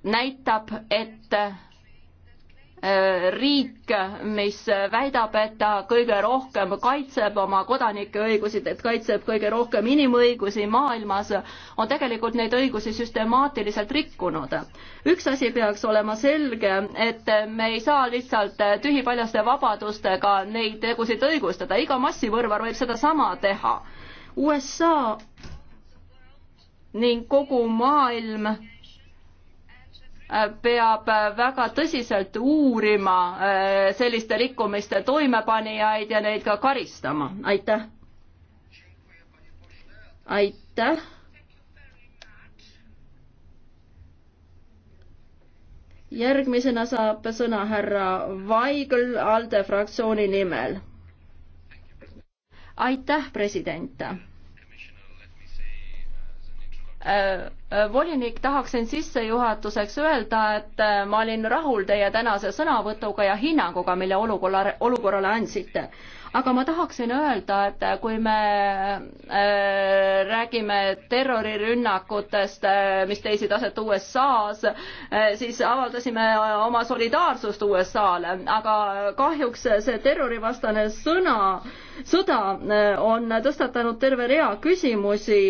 Speaker 4: näitab, et Äh, riik, mis väidab, et ta kõige rohkem kaitseb oma kodanike õigusi, et kaitseb kõige rohkem inimõigusi maailmas, on tegelikult neid õigusi süstemaatiliselt rikkunud. üks asi peaks olema selge, et me ei saa lihtsalt tühipaljaste vabadustega neid tegusid õigustada, iga massivõrvar võib sedasama teha. USA ning kogu maailm peab äh, väga tõsiselt uurima äh, selliste rikkumiste toimepanijaid ja neid ka karistama. aitäh. aitäh. järgmisena saab sõna härra Vaigel ALDE fraktsiooni nimel. aitäh, president Äh, äh, volinik, tahaksin sissejuhatuseks öelda, et äh, ma olin rahul teie tänase sõnavõtuga ja hinnanguga, mille olukorra, olukorrale andsite. aga ma tahaksin öelda, et kui me äh, räägime terrorirünnakutest, mis leidsid aset USA-s äh,, siis avaldasime oma solidaarsust USA-le, aga kahjuks see terrorivastane sõna, sõda on tõstatanud terve rea küsimusi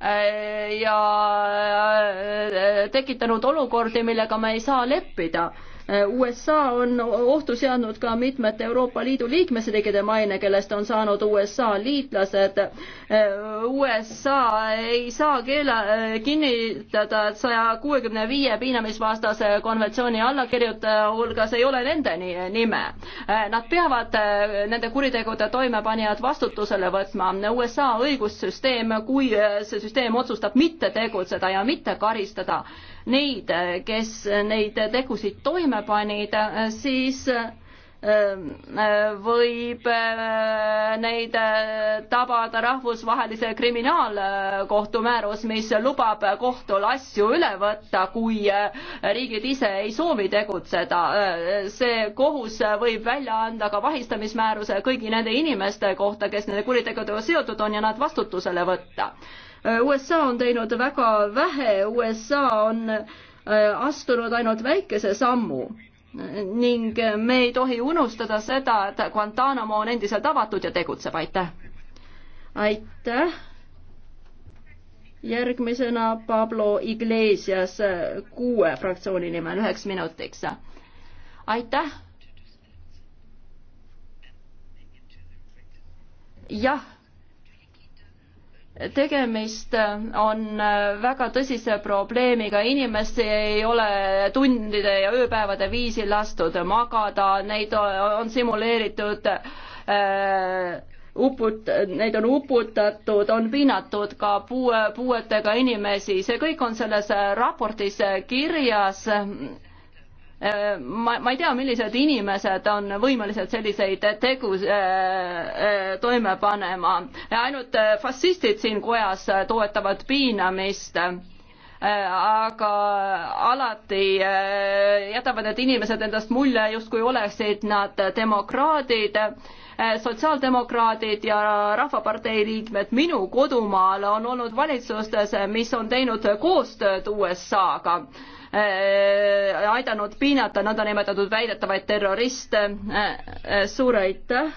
Speaker 4: ja äh, äh, tekitanud olukordi, millega me ei saa leppida USA on ohtu seadnud ka mitmed Euroopa Liidu liikmesriikide maine, kellest on saanud USA liitlased. USA ei saa keela, kinnitada, et saja kuuekümne viie piinamisvastase konventsiooni allakirjutaja hulgas ei ole nende nime. Nad peavad eh, nende kuritegude toimepanijad vastutusele võtma. USA õigussüsteem, kui see süsteem otsustab mitte tegutseda ja mitte karistada, neid, kes neid tegusid toime panid, siis ähm, võib äh, neid äh, tabada rahvusvahelise kriminaalkohtu määrus, mis lubab kohtul asju üle võtta, kui äh, riigid ise ei soovi tegutseda. see kohus võib välja anda ka vahistamismääruse kõigi nende inimeste kohta, kes nende kuritegudega seotud on ja nad vastutusele võtta Äh, USA on teinud väga vähe, USA on äh, astunud ainult väikese sammu ning äh, me ei tohi unustada seda, et Guantanamo on endiselt avatud ja tegutseb, aitäh. aitäh. järgmisena Pablo Iglesias kuue fraktsiooni nimel üheks minutiks. aitäh. jah tegemist on väga tõsise probleemiga, inimesi ei ole tundide ja ööpäevade viisi lastud magada, neid on simuleeritud äh, uput-, neid on uputatud, on piinatud ka puue, puuetega inimesi, see kõik on selles raportis kirjas ma, ma ei tea, millised inimesed on võimelised selliseid tegus äh, äh toime panema. ainult äh, fašistid siin kojas toetavad piinamist äh,, aga alati äh, jätavad need inimesed endast mulje, justkui oleksid nad demokraadid äh, sotsiaaldemokraadid ja Rahvapartei liikmed minu kodumaal on olnud valitsustes, mis on teinud koostööd USA-ga Äh, äh, aidanud piinata nõndanimetatud väidetavaid terroriste. Äh, suur aitäh!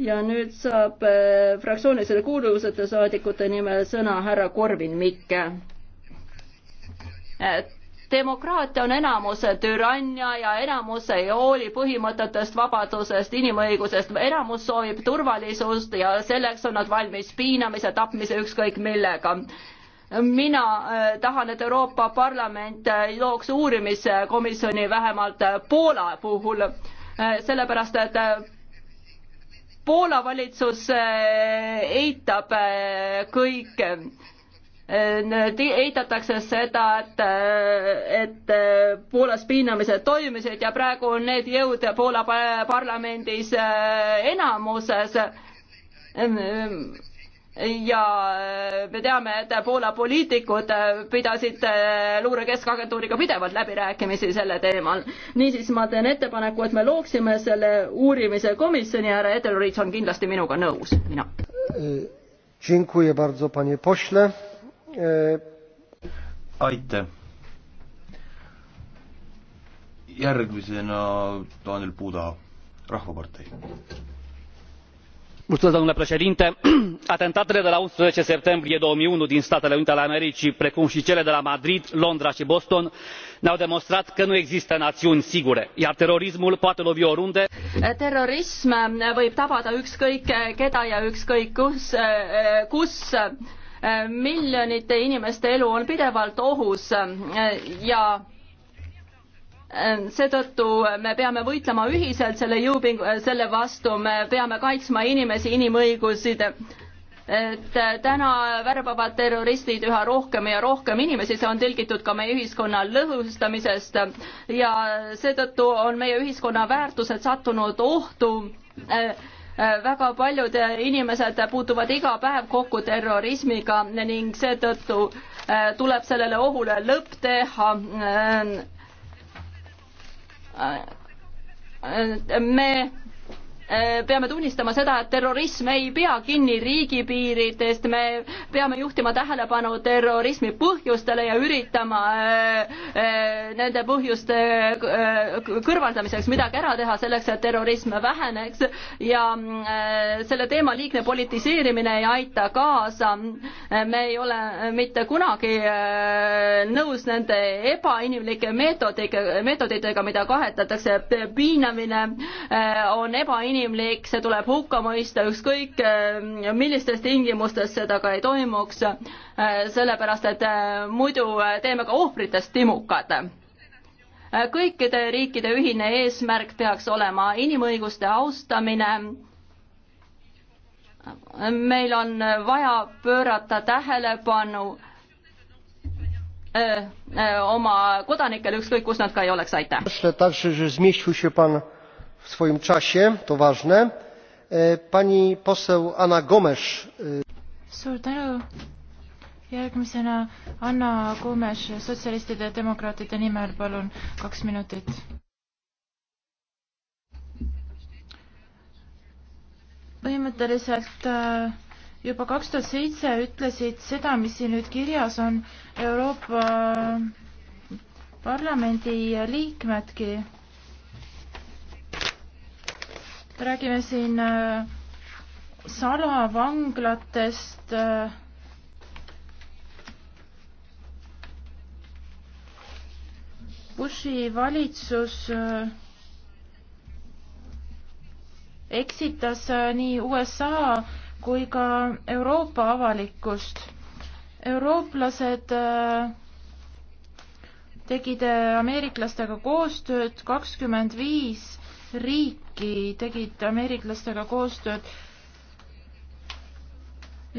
Speaker 4: ja nüüd saab fraktsioonilise kuuluvuseta saadikute nimel sõna härra Korvin Mikke. demokraatia on enamuse türannia ja enamus ei hooli põhimõtetest, vabadusest, inimõigusest, enamus soovib turvalisust ja selleks on nad valmis piinamise, tapmise, ükskõik millega mina äh, tahan, et Euroopa Parlament äh, looks uurimiskomisjoni vähemalt äh, Poola puhul, sellepärast et Poola valitsus eitab kõike eitatakse seda, et, et Poolas piinamised toimusid ja praegu on need jõud Poola parlamendis enamuses. Ehm, ehm, ja äh, me teame, et Poola poliitikud äh, pidasid äh, luurekeskagentuuriga pidevalt läbirääkimisi selle teemal. niisiis ma teen ettepaneku, et me looksime selle uurimise komisjoni, härra Edelriits on kindlasti minuga nõus, mina.
Speaker 5: aitäh.
Speaker 2: järgmisena Daniel Puda, Rahvapartei
Speaker 5: domnule președinte atentatele de la unsprezece septembrie două mii unu din statele unite ale americii precum și cele de la madrid londra și boston ne au demonstrat că nu există națiuni sigure iar terorismul poate lovi oriunde.
Speaker 4: terrorism eh, võib tabada ükskõik eh, keda ja ükskõik kus, eh, kus. miljonite inimeste elu on pidevalt ohus ja Ehm, seetõttu me peame võitlema ühiselt selle jõuping-, selle vastu, me peame kaitsma inimesi, inimõigusi, et eh, täna värbavad terroristid üha rohkem ja rohkem inimesi, see on tõlgitud ka meie ühiskonna lõhustamisest ja seetõttu on meie ühiskonna väärtused sattunud ohtu eh, eh, väga paljud inimesed puutuvad iga päev kokku terrorismiga ning seetõttu tuleb sellele ohule lõpp teha me Äh, peame tunnistama seda, et terrorism ei pea kinni riigipiiridest, me peame juhtima tähelepanu terrorismi põhjustele ja üritama äh, äh, nende põhjuste kõrvaldamiseks midagi ära teha, selleks et terrorism väheneks ja selle teema liigne politiseerimine ei aita kaasa. me ei ole mitte kunagi nõus nende ebainimlike meetoditega, meetoditega, mida kahetatakse, piinamine on ebainimlik ebainimlik, see tuleb hukka mõista, ükskõik eh, millistes tingimustes seda ka ei toimuks, eh, sellepärast et eh, muidu teeme ka ohvritest timukad. kõikide riikide ühine eesmärk peaks olema inimõiguste austamine, meil on vaja pöörata tähelepanu oma kodanikele, ükskõik kus nad ka ei oleks, aitäh
Speaker 5: w swoim czasie to ważne. E, pani poseł anna gomes.
Speaker 6: E, suur tänu järgmisena anna gomes sotsialistide ja demokraatide nimel palun kaks minutit. põhimõtteliselt äh, juba kaks tuhat seitse ütlesid seda, mis siin nüüd kirjas on Euroopa äh, Parlamendi liikmedki räägime siin äh, salavanglatest. Äh, Bushi valitsus äh, eksitas nii USA kui ka Euroopa avalikkust. eurooplased tegid ameeriklastega koostööd, kakskümmend viis riiki riigi tegid ameeriklastega koostööd.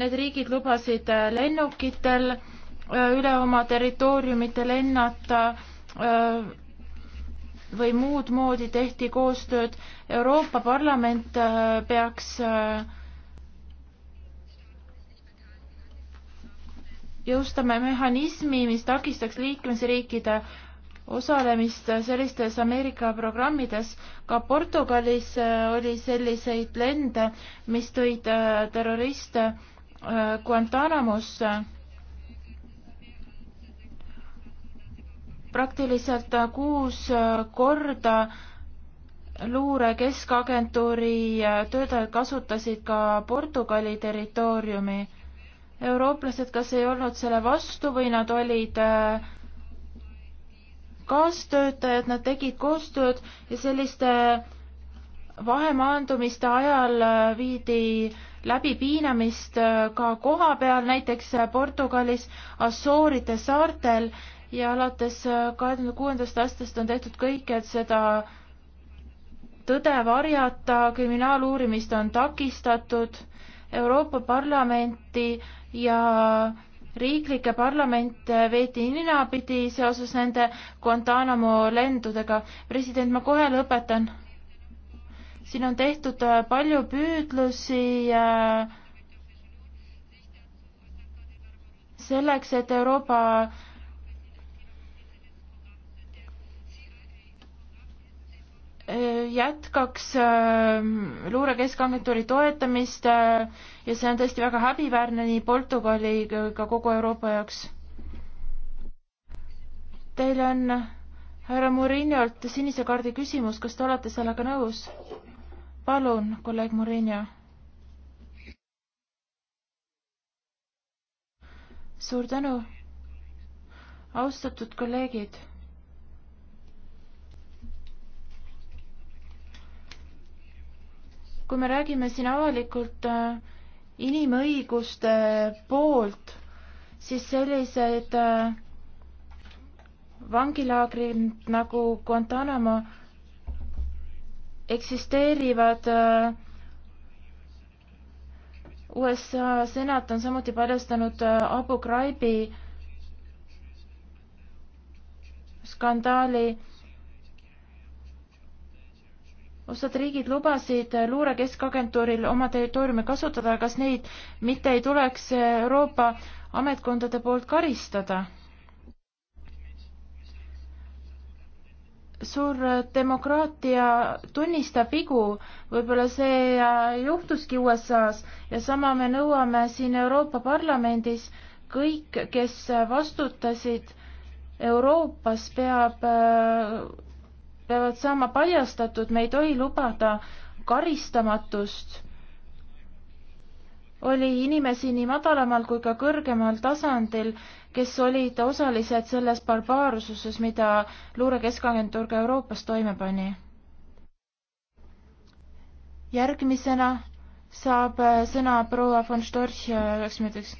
Speaker 6: Need riigid lubasid lennukitel äh, üle oma territooriumite lennata äh, või muud moodi tehti koostööd. Euroopa Parlament äh, peaks jõustame mehhanismi, mis takistaks liikmesriikide osalemist sellistes Ameerika programmides. ka Portugalis äh, oli selliseid lende, mis tõid äh, terroriste äh, Guantanamosse. praktiliselt kuus korda luure keskagentuuri töötajad kasutasid ka Portugali territooriumi. eurooplased kas ei olnud selle vastu või nad olid äh, kaastöötajad, nad tegid koostööd ja selliste vahemaandumiste ajal äh, viidi läbi piinamist äh, ka koha peal, näiteks äh, Portugalis Assooride saartel ja alates kahekümne kuuendast aastast on tehtud kõik, et seda tõde varjata, kriminaaluurimist on takistatud, Euroopa Parlamenti ja riiklikke parlamente veeti ninapidi seoses nende Guantanamo lendudega. president, ma kohe lõpetan. siin on tehtud äh, palju püüdlusi äh, selleks, et Euroopa jätkaks ähm, Luure Keskagentuuri toetamist äh, ja see on tõesti väga häbiväärne nii Portugali kui ka kogu Euroopa jaoks. Teil on härra Murinolt sinise kaardi küsimus, kas te olete sellega nõus? palun, kolleeg Murino. suur tänu, austatud kolleegid kui me räägime siin avalikult äh, inimõiguste poolt, siis sellised äh, vangilaagrid nagu Guantanamo eksisteerivad äh, USA senat on samuti paljastanud Abu Ghraibi skandaali osad riigid lubasid luure keskagentuuril oma territooriumi kasutada, kas neid mitte ei tuleks Euroopa ametkondade poolt karistada? suur demokraatia tunnistab vigu, võib-olla see juhtuski USA-s ja sama me nõuame siin Euroopa Parlamendis, kõik, kes vastutasid Euroopas, peab äh, peavad saama paljastatud, me ei tohi lubada karistamatust. oli inimesi nii madalamal kui ka kõrgemal tasandil, kes olid osalised selles barbaarsuses, mida luurekeskagentuur ka Euroopas toime pani. järgmisena saab äh, sõna proua von Storch äh, üheks minutiks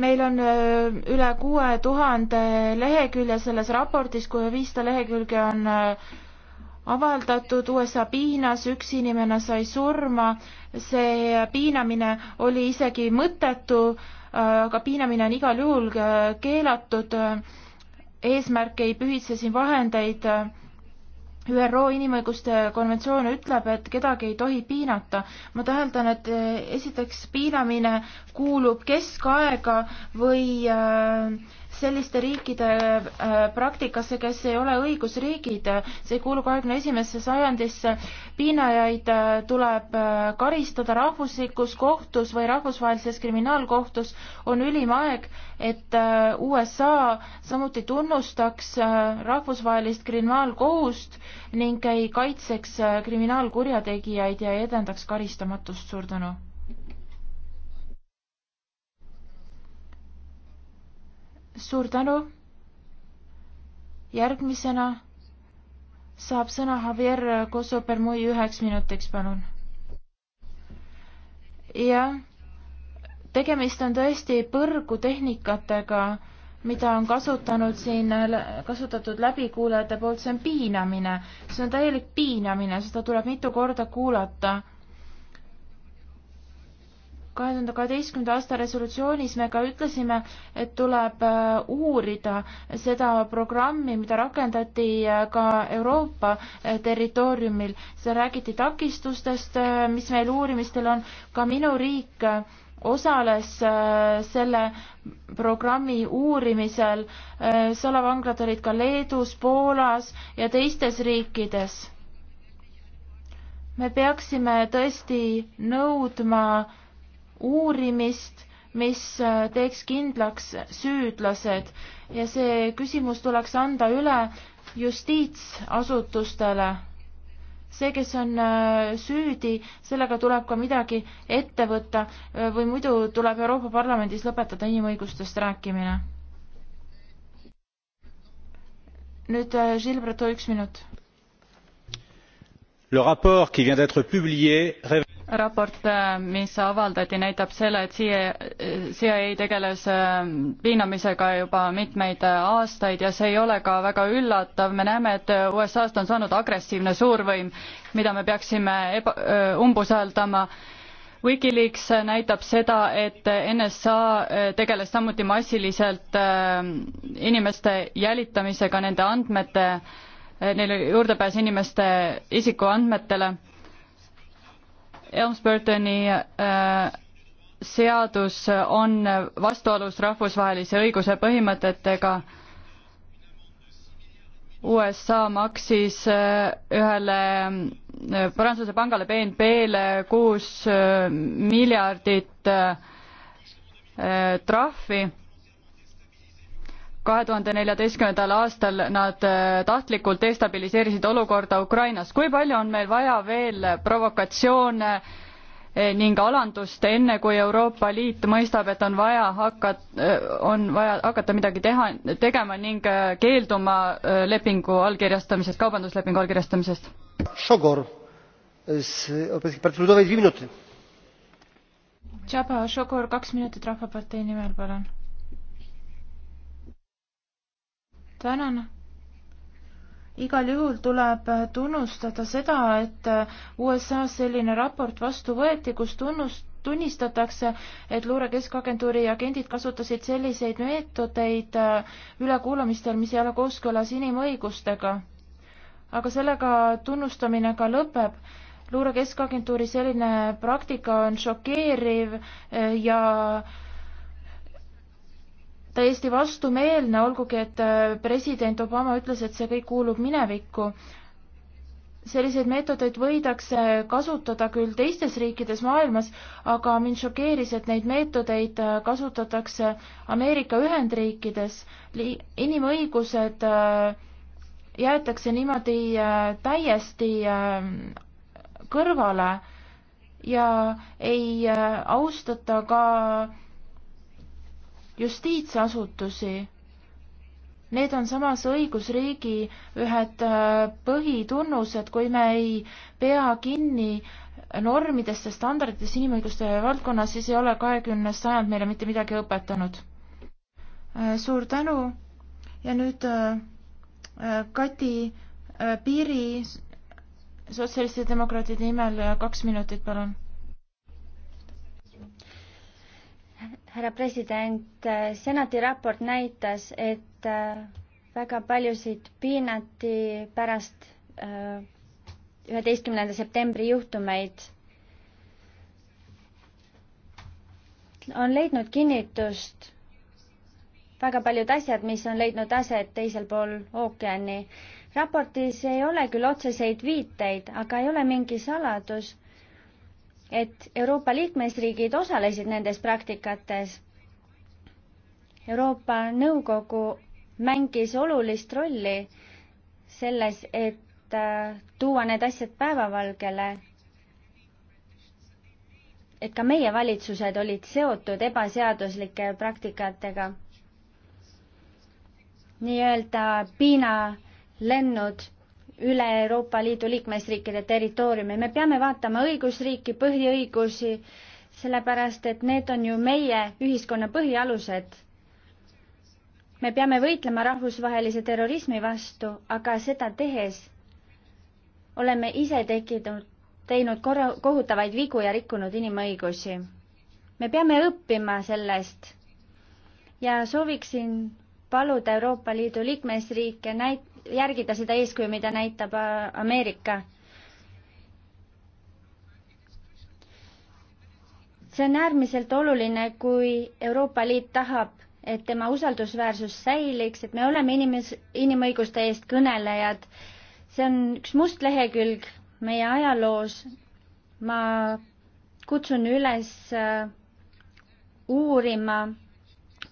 Speaker 6: meil on äh, üle kuue tuhande lehekülje selles raportis, kui viissada lehekülge on äh, avaldatud USA piinas, üks inimene sai surma, see piinamine oli isegi mõttetu, äh, aga piinamine on igal juhul keelatud, eesmärk ei pühitse siin vahendeid ÜRO inimõiguste konventsioon ütleb, et kedagi ei tohi piinata. ma täheldan, et eh, esiteks piinamine kuulub keskaega või äh, selliste riikide äh, praktikasse, kes ei ole õigusriigid, see ei kuulu kahekümne esimesse sajandisse. piinajaid äh, tuleb äh, karistada rahvuslikus kohtus või rahvusvahelises kriminaalkohtus. on ülim aeg, et USA samuti tunnustaks rahvusvahelist kriminaalkohust ning ei kaitseks kriminaalkurjategijaid ja edendaks karistamatust. suur tänu! suur tänu. järgmisena saab sõna Javier Kosopermui üheks minutiks, palun. jah, tegemist on tõesti põrgutehnikatega, mida on kasutanud siin, kasutatud läbikuulajate poolt, see on piinamine, see on täielik piinamine, seda tuleb mitu korda kuulata kahe tuhande kaheteistkümnenda aasta resolutsioonis me ka ütlesime, et tuleb äh, uurida seda programmi, mida rakendati äh, ka Euroopa äh, territooriumil. seal räägiti takistustest, mis meil uurimistel on, ka minu riik osales selle programmi uurimisel, salavanglad olid ka Leedus, Poolas ja teistes riikides. me peaksime tõesti nõudma uurimist, mis äh, teeks kindlaks süüdlased ja see küsimus tuleks anda üle justiitsasutustele. see, kes on äh, süüdi, sellega tuleb ka midagi ette võtta äh, või muidu tuleb Euroopa Parlamendis lõpetada inimõigustest rääkimine.
Speaker 3: nüüd Gilles Breton, üks minut.
Speaker 5: Le rapport qui vient d'être publié révèle
Speaker 3: raport, äh, mis avaldati, näitab selle, et CIA, CIA tegeles äh, piinamisega juba mitmeid äh, aastaid ja see ei ole ka väga üllatav, me näeme, et USA-st on saanud agressiivne suurvõim, mida me peaksime eba-, umbusaldama. Wikileaks näitab seda, et NSA tegeles samuti massiliselt inimeste jälitamisega, nende andmete, neil oli juurdepääs inimeste isikuandmetele Elmsburtoni äh, seadus on vastuolus rahvusvahelise õiguse põhimõtetega. USA maksis äh, ühele äh, Prantsuse pangale BNP-le kuus miljardit trahvi kahe tuhande neljateistkümnendal aastal nad äh, tahtlikult destabiliseerisid olukorda Ukrainas. kui palju on meil vaja veel provokatsioone äh, ning alandust, enne kui Euroopa Liit mõistab, et on vaja hakata, äh, on vaja hakata midagi teha, tegema ning keelduma lepingu allkirjastamisest, kaubanduslepingu allkirjastamisest? Šogor, Tšaba
Speaker 6: Šogor, kaks minutit Rahvapartei nimel, palun tänan. igal juhul tuleb tunnustada seda, et USA-s selline raport vastu võeti, kus tunnust, tunnistatakse, et Luure Keskagentuuri agendid kasutasid selliseid meetodeid äh, ülekuulamistel, mis ei ole kooskõlas inimõigustega. aga sellega tunnustamine ka lõpeb. luure keskagentuuri selline praktika on šokeeriv äh, ja täiesti vastumeelne, olgugi et äh, president Obama ütles, et see kõik kuulub minevikku. selliseid meetodeid võidakse kasutada küll teistes riikides maailmas, aga mind šokeeris, et neid meetodeid äh, kasutatakse Ameerika Ühendriikides. inimõigused äh, jäetakse niimoodi täiesti kõrvale ja ei austata ka justiitsasutusi. Need on samas õigusriigi ühed äh, põhitunnused, kui me ei pea kinni normidest ja standarditest inimõiguste valdkonnas, siis ei ole kahekümnes sajand meile mitte midagi õpetanud. Äh, suur tänu ja nüüd äh, Kati Piiri sotsialistide
Speaker 7: demokraatide nimel kaks minutit, palun härra president, senati raport näitas, et äh, väga paljusid piinati pärast äh, üheteistkümnenda septembri juhtumeid. on leidnud kinnitust väga paljud asjad, mis on leidnud aset teisel pool ookeani. raportis ei ole küll otseseid viiteid, aga ei ole mingi saladus, et Euroopa liikmesriigid osalesid nendes praktikates. Euroopa Nõukogu mängis olulist rolli selles, et äh, tuua need asjad päevavalgele. et ka meie valitsused olid seotud ebaseaduslike praktikatega. nii-öelda piinalennud üle Euroopa Liidu liikmesriikide territooriumi, me peame vaatama õigusriiki, põhiõigusi, sellepärast et need on ju meie ühiskonna põhialused. me peame võitlema rahvusvahelise terrorismi vastu, aga seda tehes oleme ise tekitanud, teinud korra-, kohutavaid vigu ja rikkunud inimõigusi. me peame õppima sellest ja sooviksin paluda Euroopa Liidu liikmesriike näit-, järgida seda eeskuju, mida näitab äh, Ameerika. see on äärmiselt oluline, kui Euroopa Liit tahab, et tema usaldusväärsus säiliks, et me oleme inimes-, inimõiguste eest kõnelejad. see on üks must lehekülg meie ajaloos. ma kutsun üles äh, uurima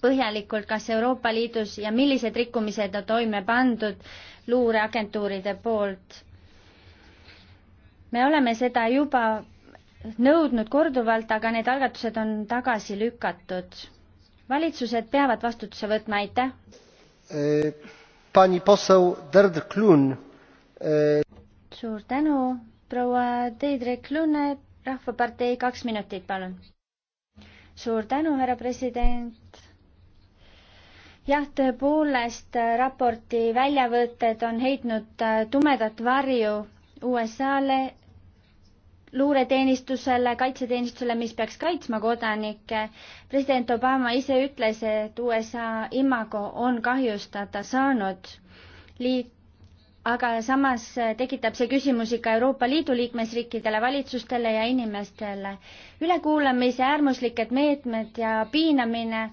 Speaker 7: põhjalikult, kas Euroopa Liidus ja millised rikkumised on toime pandud luureagentuuride poolt. me oleme seda juba nõudnud korduvalt, aga need algatused on tagasi lükatud. valitsused peavad vastutuse võtma, aitäh.
Speaker 5: Pani poseu Derd Klun. E,
Speaker 7: suur tänu, proua Deidrek Lune, Rahvapartei, kaks minutit, palun. suur tänu, härra president jah, tõepoolest äh, raporti väljavõtted on heitnud äh, tumedat varju USA-le, luureteenistusele, kaitseteenistusele, mis peaks kaitsma kodanikke. president Obama ise ütles, et USA imago on kahjustada saanud. liit, aga samas äh, tekitab see küsimusi ka Euroopa Liidu liikmesriikidele, valitsustele ja inimestele. ülekuulamise äärmuslikud meetmed ja piinamine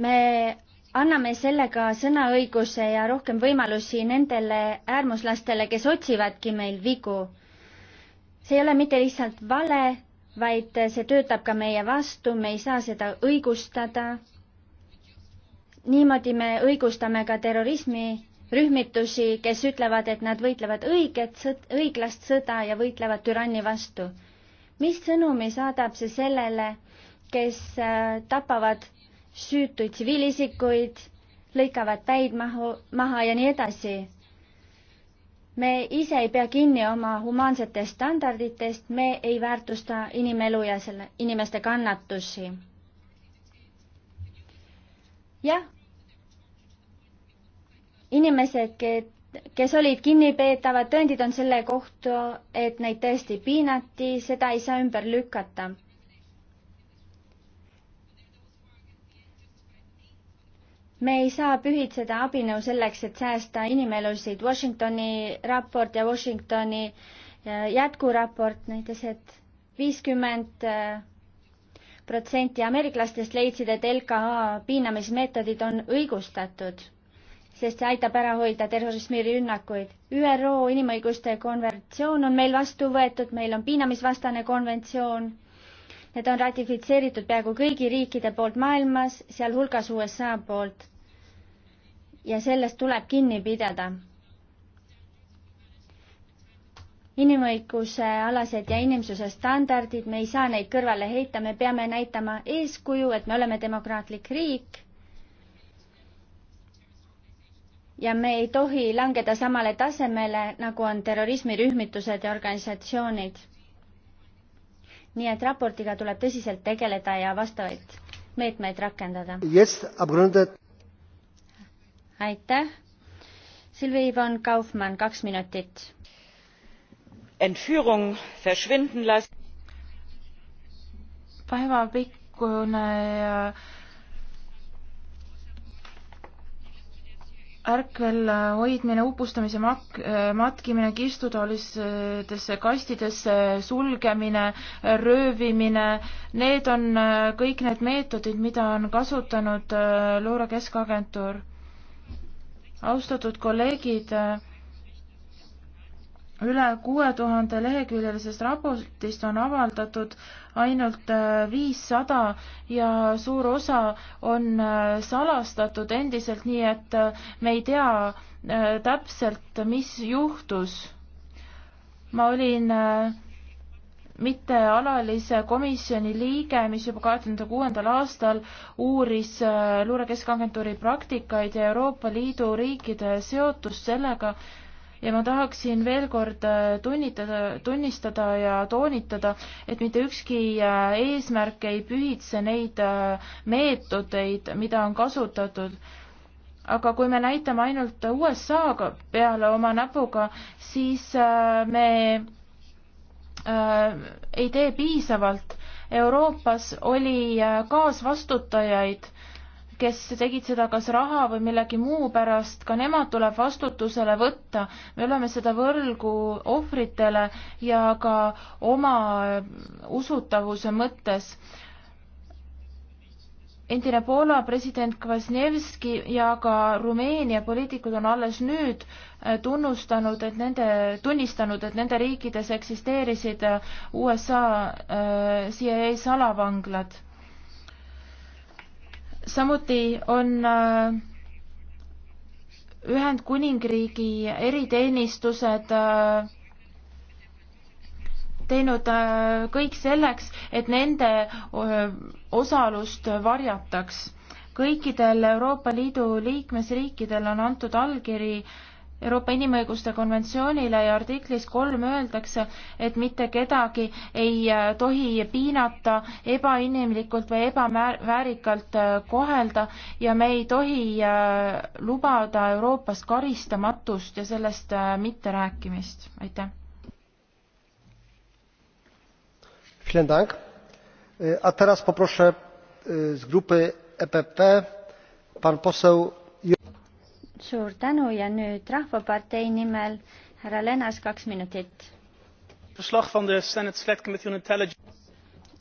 Speaker 7: me anname sellega sõnaõiguse ja rohkem võimalusi nendele äärmuslastele, kes otsivadki meil vigu. see ei ole mitte lihtsalt vale, vaid see töötab ka meie vastu, me ei saa seda õigustada. niimoodi me õigustame ka terrorismi rühmitusi, kes ütlevad, et nad võitlevad õiget, õiglast sõda ja võitlevad türanni vastu. mis sõnumi saadab see sellele, kes äh, tapavad süütuid tsiviilisikuid, lõikavad päid mahu, maha ja nii edasi. me ise ei pea kinni oma humaansetest standarditest, me ei väärtusta inimelu ja selle, inimeste kannatusi. jah, inimesed, kes olid kinnipeetavad, tõendid on selle kohta, et neid tõesti piinati, seda ei saa ümber lükata me ei saa pühitseda abinõu selleks, et säästa inimelusid. Washingtoni raport ja Washingtoni äh, jätkuraport näitas, et viiskümmend äh, protsenti ameeriklastest leidsid, et LKA piinamismeetodid on õigustatud, sest see aitab ära hoida terrorismirünnakuid. ÜRO inimõiguste konventsioon on meil vastu võetud, meil on piinamisvastane konventsioon. Need on ratifitseeritud peaaegu kõigi riikide poolt maailmas, sealhulgas USA poolt ja sellest tuleb kinni pidada. inimõiguse alased ja inimsuse standardid, me ei saa neid kõrvale heita, me peame näitama eeskuju, et me oleme demokraatlik riik. ja me ei tohi langeda samale tasemele, nagu on terrorismirühmitused ja organisatsioonid. nii et raportiga tuleb tõsiselt tegeleda ja vastavaid meetmeid rakendada aitäh. Silvi Ivan Kaufmann, kaks minutit. Entführung verschwinden las-.
Speaker 6: päevapikkune äh, ärkvel hoidmine, upustamise mak-, äh, matkimine, kistutolistesse kastidesse sulgemine, röövimine, need on äh, kõik need meetodid, mida on kasutanud luurekeskagentuur austatud kolleegid, üle kuue tuhande leheküljelisest raportist on avaldatud ainult viissada ja suur osa on salastatud endiselt, nii et me ei tea äh, täpselt, mis juhtus. ma olin äh, mittealalise komisjoni liige, mis juba kahe tuhande kuuendal aastal uuris äh, luurekeskagentuuri praktikaid ja Euroopa Liidu riikide seotust sellega ja ma tahaksin veel kord äh, tunnitada, tunnistada ja toonitada, et mitte ükski äh, eesmärk ei pühitse neid meetodeid, mida on kasutatud aga kui me näitame ainult USA peale oma näpuga, siis me Äh, ei tee piisavalt. Euroopas oli äh, kaasvastutajaid, kes tegid seda kas raha või millegi muu pärast, ka nemad tuleb vastutusele võtta. me oleme seda võlgu ohvritele ja ka oma äh, usutavuse mõttes endine Poola president Kvasnevski ja ka Rumeenia poliitikud on alles nüüd äh, tunnustanud, et nende, tunnistanud, et nende riikides eksisteerisid äh, USA äh, CIA salavanglad. samuti on äh, Ühendkuningriigi eriteenistused äh, teinud äh, kõik selleks, et nende osalust varjataks. kõikidel Euroopa Liidu liikmesriikidel on antud allkiri Euroopa Inimõiguste konventsioonile ja artiklis kolm öeldakse, et mitte kedagi ei äh, tohi piinata, ebainimlikult või ebaväärikalt äh, kohelda ja me ei tohi lubada Euroopas karistamatust ja sellest mitterääkimist. aitäh!
Speaker 5: Äh, e
Speaker 7: suur tänu ja nüüd rahvapartei nimel härra Lennas kaks minutit.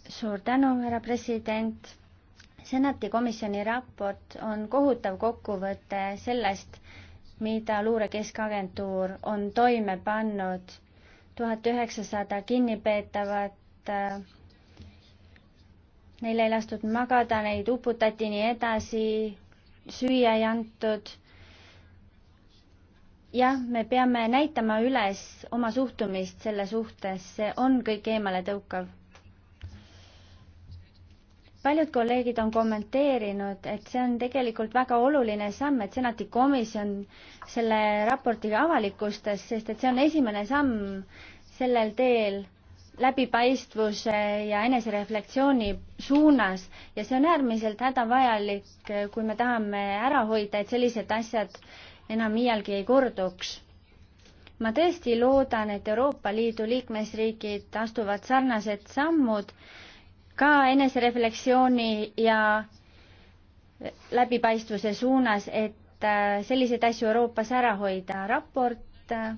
Speaker 7: suur tänu, härra president. senati komisjoni raport on kohutav kokkuvõte sellest, mida luurekeskagentuur on toime pannud. tuhat üheksasada kinnipeetavat et äh, neile ei lastud magada, neid uputati nii edasi, süüa ei antud. jah, me peame näitama üles oma suhtumist selle suhtes, see on kõik eemaletõukav. paljud kolleegid on kommenteerinud, et see on tegelikult väga oluline samm, et senati komisjon selle raporti avalikustas, sest et see on esimene samm sellel teel läbipaistvuse ja enesereflektsiooni suunas ja see on äärmiselt hädavajalik, kui me tahame ära hoida, et sellised asjad enam iialgi ei korduks. ma tõesti loodan, et Euroopa Liidu liikmesriigid astuvad sarnased sammud ka enesereflektsiooni ja läbipaistvuse suunas, et äh, selliseid asju Euroopas ära hoida. raport äh,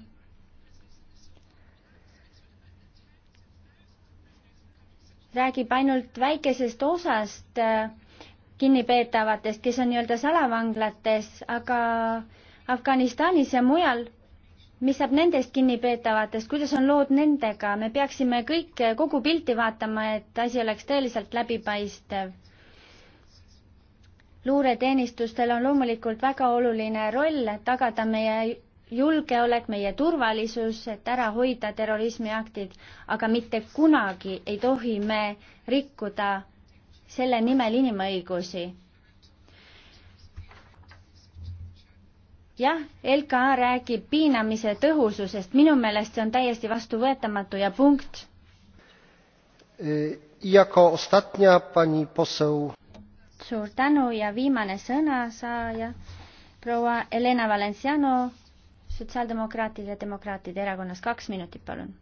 Speaker 7: räägib ainult väikesest osast äh, kinnipeetavatest, kes on nii-öelda salavanglates, aga Afganistanis ja mujal, mis saab nendest kinnipeetavatest, kuidas on lood nendega, me peaksime kõik, äh, kogu pilti vaatama, et asi oleks tõeliselt läbipaistev. luureteenistustel on loomulikult väga oluline roll tagada meie julgeolek, meie turvalisus, et ära hoida terrorismiaktid, aga mitte kunagi ei tohi me rikkuda selle nimel inimõigusi. jah, LKA räägib piinamise tõhususest, minu meelest see on täiesti vastuvõetamatu ja punkt. E, suur tänu ja viimane sõnasaaja proua Helena Valenciano sotsiaaldemokraatide ja demokraatide erakonnas kaks minutit, palun.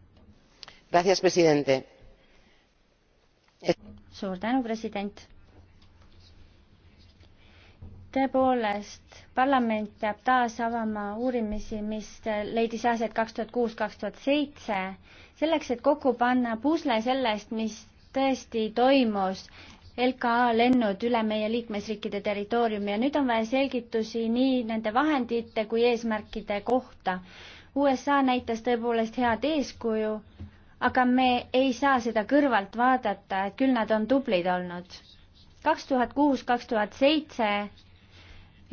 Speaker 7: suur tänu, president. tõepoolest, parlament peab taas avama uurimisi, mis leidis aset kaks tuhat kuus, kaks tuhat seitse, selleks, et kokku panna pusle sellest, mis tõesti toimus LKA lennud üle meie liikmesriikide territooriumi ja nüüd on vaja selgitusi nii nende vahendite kui eesmärkide kohta. USA näitas tõepoolest head eeskuju, aga me ei saa seda kõrvalt vaadata, et küll nad on tublid olnud. kaks tuhat kuus, kaks tuhat seitse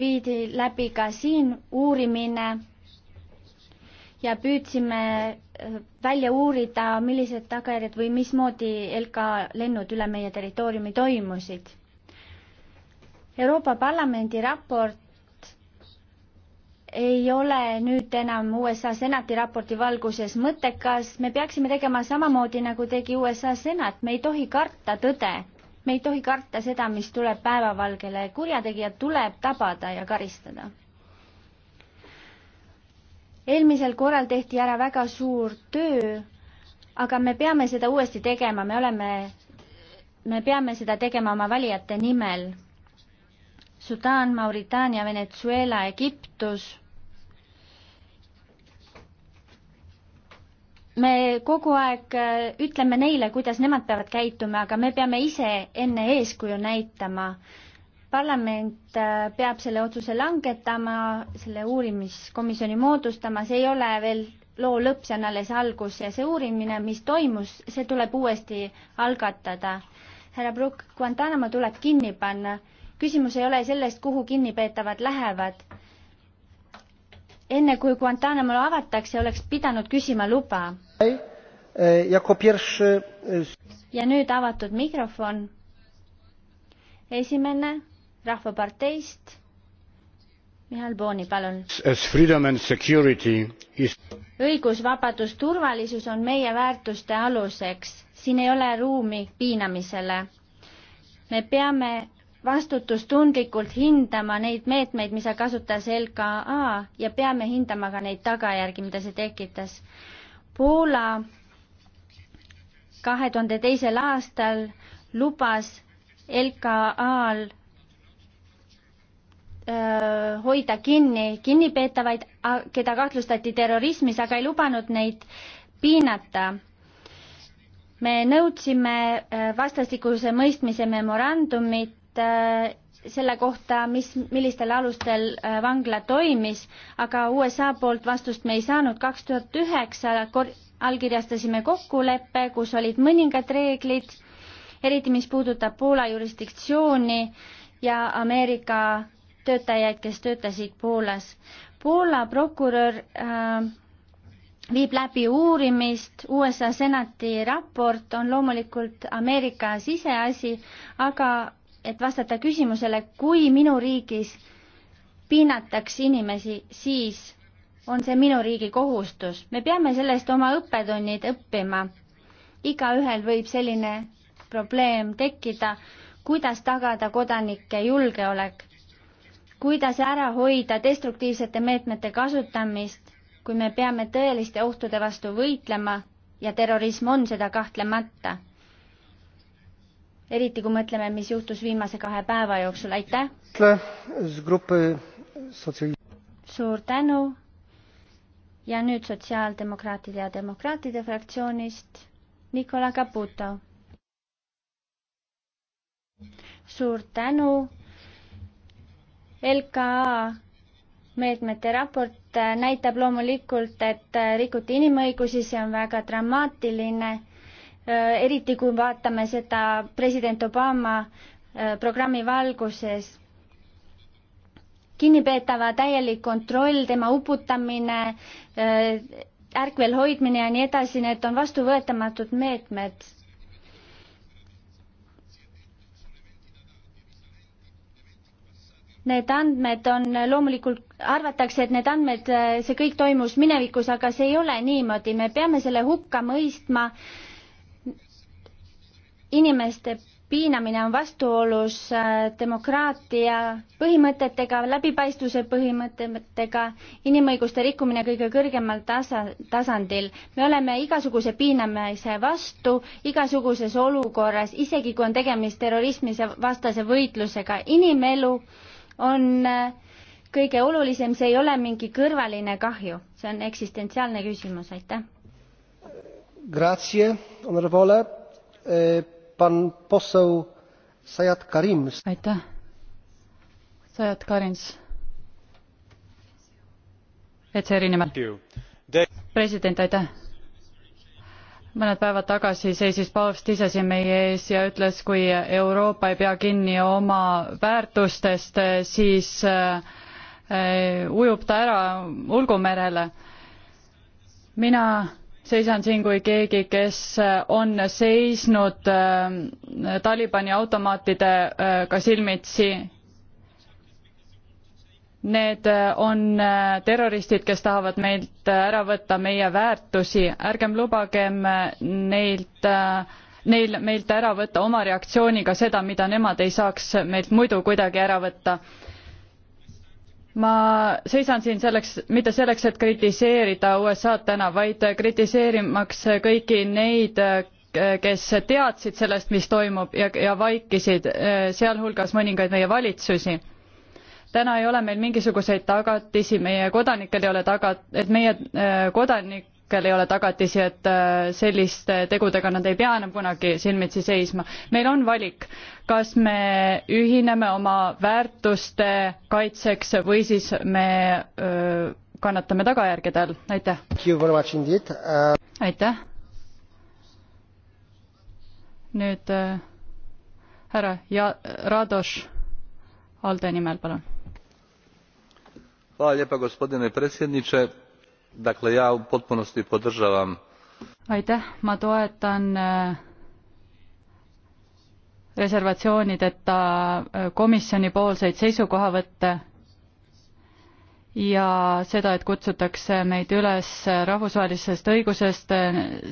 Speaker 7: viidi läbi ka siin uurimine ja püüdsime äh, välja uurida, millised tagajärjed või mismoodi LK lennud üle meie territooriumi toimusid. Euroopa Parlamendi raport ei ole nüüd enam USA senati raporti valguses mõttekas, me peaksime tegema samamoodi, nagu tegi USA senat, me ei tohi karta tõde. me ei tohi karta seda, mis tuleb päevavalgele, kurjategijad tuleb tabada ja karistada eelmisel korral tehti ära väga suur töö, aga me peame seda uuesti tegema, me oleme, me peame seda tegema oma valijate nimel. Sudaan, Mauritaania, Venezuela, Egiptus. me kogu aeg äh, ütleme neile, kuidas nemad peavad käituma, aga me peame ise enne eeskuju näitama parlament äh, peab selle otsuse langetama, selle uurimiskomisjoni moodustama, see ei ole veel loo lõpp, see on alles algus ja see uurimine, mis toimus, see tuleb uuesti algatada. härra Brook, Guantanamo tuleb kinni panna. küsimus ei ole sellest, kuhu kinnipeetavad lähevad. enne kui Guantanamo avatakse, oleks pidanud küsima luba.
Speaker 5: E,
Speaker 7: ja nüüd avatud mikrofon. esimene rahvaparteist. Mihhail Booni, palun. Is... õigus, vabadus, turvalisus on meie väärtuste aluseks, siin ei ole ruumi piinamisele. me peame vastutustundlikult hindama neid meetmeid, mida kasutas LKA ja peame hindama ka neid tagajärgi, mida see tekitas. Poola kahe tuhande teisel aastal lubas LKA-l Äh, hoida kinni kinnipeetavaid, keda kahtlustati terrorismis, aga ei lubanud neid piinata. me nõudsime äh, vastastikuse mõistmise memorandumit äh, selle kohta, mis, millistel alustel vangla toimis, aga USA poolt vastust me ei saanud. kaks tuhat üheksa allkirjastasime kokkuleppe, kus olid mõningad reeglid, eriti mis puudutab Poola jurisdiktsiooni ja Ameerika töötajaid, kes töötasid Poolas. Poola prokurör äh, viib läbi uurimist, USA senati raport on loomulikult Ameerika siseasi, aga et vastata küsimusele, kui minu riigis piinatakse inimesi, siis on see minu riigi kohustus. me peame sellest oma õppetunnid õppima. igaühel võib selline probleem tekkida, kuidas tagada kodanike julgeolek kuidas ära hoida destruktiivsete meetmete kasutamist, kui me peame tõeliste ohtude vastu võitlema ja terrorism on seda kahtlemata. eriti kui mõtleme, mis juhtus viimase kahe päeva jooksul, aitäh! suur tänu ja nüüd Sotsiaaldemokraatide ja Demokraatide fraktsioonist Nicola Caputo. suur tänu, LKA meetmete raport äh, näitab loomulikult, et äh, rikuti inimõigusi, see on väga dramaatiline, äh, eriti kui vaatame seda president Obama programmi valguses. kinnipeetava täielik kontroll, tema uputamine, ärkvel hoidmine ja nii edasi, need on vastuvõetamatud meetmed need andmed on loomulikult, arvatakse, et need andmed, see kõik toimus minevikus, aga see ei ole niimoodi, me peame selle hukka mõistma. inimeste piinamine on vastuolus äh, demokraatia põhimõtetega, läbipaistvuse põhimõtetega, inimõiguste rikkumine kõige kõrgemal tasa, tasandil. me oleme igasuguse piinamise vastu igasuguses olukorras, isegi kui on tegemist terrorismi vastase võitlusega, inimelu äh, on äh, kõige olulisem, see ei ole mingi kõrvaline kahju, see on eksistentsiaalne küsimus, aitäh.
Speaker 5: Grazie, honorable eh,, pan poseł Sajat Karims. aitäh,
Speaker 3: Sajat Karims. ECR-i nimel. president, aitäh mõned päevad tagasi seisis paavst ise siin meie ees ja ütles, kui Euroopa ei pea kinni oma väärtustest, siis eh, ujub ta ära ulgumerele. mina seisan siin kui keegi, kes on seisnud eh, Talibani automaatidega eh, silmitsi Need äh, on äh, terroristid, kes tahavad meilt äh, ära võtta meie väärtusi, ärgem lubagem neilt, neil meilt ära võtta oma reaktsiooniga seda, mida nemad ei saaks meilt muidu kuidagi ära võtta. ma seisan siin selleks, mitte selleks, et kritiseerida USA-d täna, vaid kritiseerimaks kõiki neid, kes teadsid sellest, mis toimub ja, ja vaikisid, sealhulgas mõningaid meie valitsusi täna ei ole meil mingisuguseid tagatisi, meie kodanikel ei ole taga, et meie äh, kodanikel ei ole tagatisi, et äh, selliste tegudega nad ei pea enam kunagi silmitsi seisma. meil on valik, kas me ühineme oma väärtuste kaitseks või siis me öö, äh, kannatame tagajärgede all, aitäh.
Speaker 5: Uh,
Speaker 3: aitäh. nüüd härra ja- Radoš Alde nimel, palun
Speaker 2: gospodine predsjedniče dakle ja u potpunosti podržavam
Speaker 3: aitäh ma toetan äh, reservatsioonideta äh, komisjoni poolseid seisukohavõtte ja seda et kutsutakse meid üles äh, rahvusvahelisest õigusest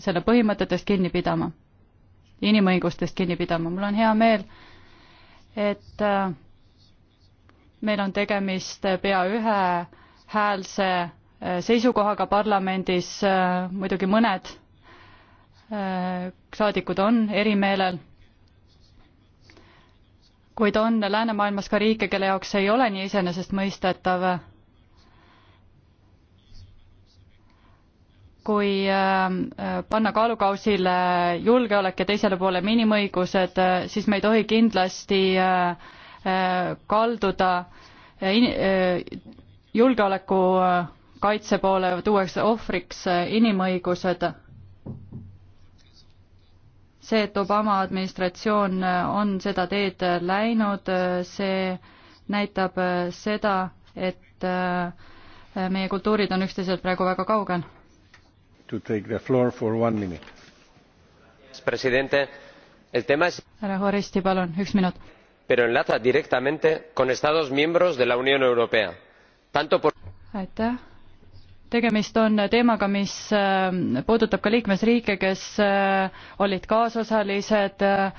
Speaker 3: selle põhimõtetest kinni pidama inimõigustest kinni pidama mul on hea meel et äh, meil on tegemist pea ühehäälse äh, seisukohaga parlamendis, äh, muidugi mõned äh, saadikud on erimeelel, kuid on läänemaailmas ka riike, kelle jaoks see ei ole nii iseenesestmõistetav kui panna kaalukausile julgeolek ja teisele poole inimõigused, siis me ei tohi kindlasti Äh, kalduda äh, äh, julgeoleku kaitse poole, tuuakse ohvriks inimõigused. see, et Obama administratsioon on seda teed läinud, see näitab seda, et meie kultuurid on üksteiselt praegu väga kaugel. härra Horisti, palun, üks minut
Speaker 5: pero enlaza directamente con estados miembros de la unión europea tanto por.
Speaker 3: aitäh tegemist on teemaga mis äh, puudutab ka liikmesriike kes äh, olid kaasosalised äh,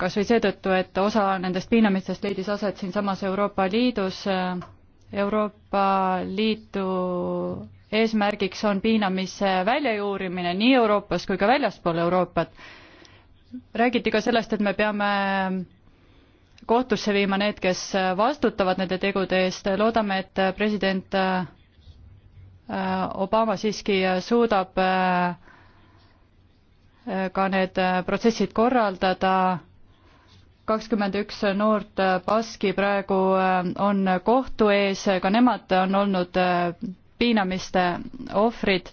Speaker 3: kas või seetõttu et osa nendest piinamistest leidis aset siinsamas euroopa liidus euroopa liitu eesmärgiks on piinamise väljajuurimine nii euroopas kui ka väljaspool euroopat räägiti ka sellest, et me peame kohtusse viima need, kes vastutavad nende tegude eest, loodame, et president äh, Obama siiski suudab äh, ka need protsessid korraldada, kakskümmend üks noort baski praegu äh, on kohtu ees, ka nemad on olnud piinamiste ohvrid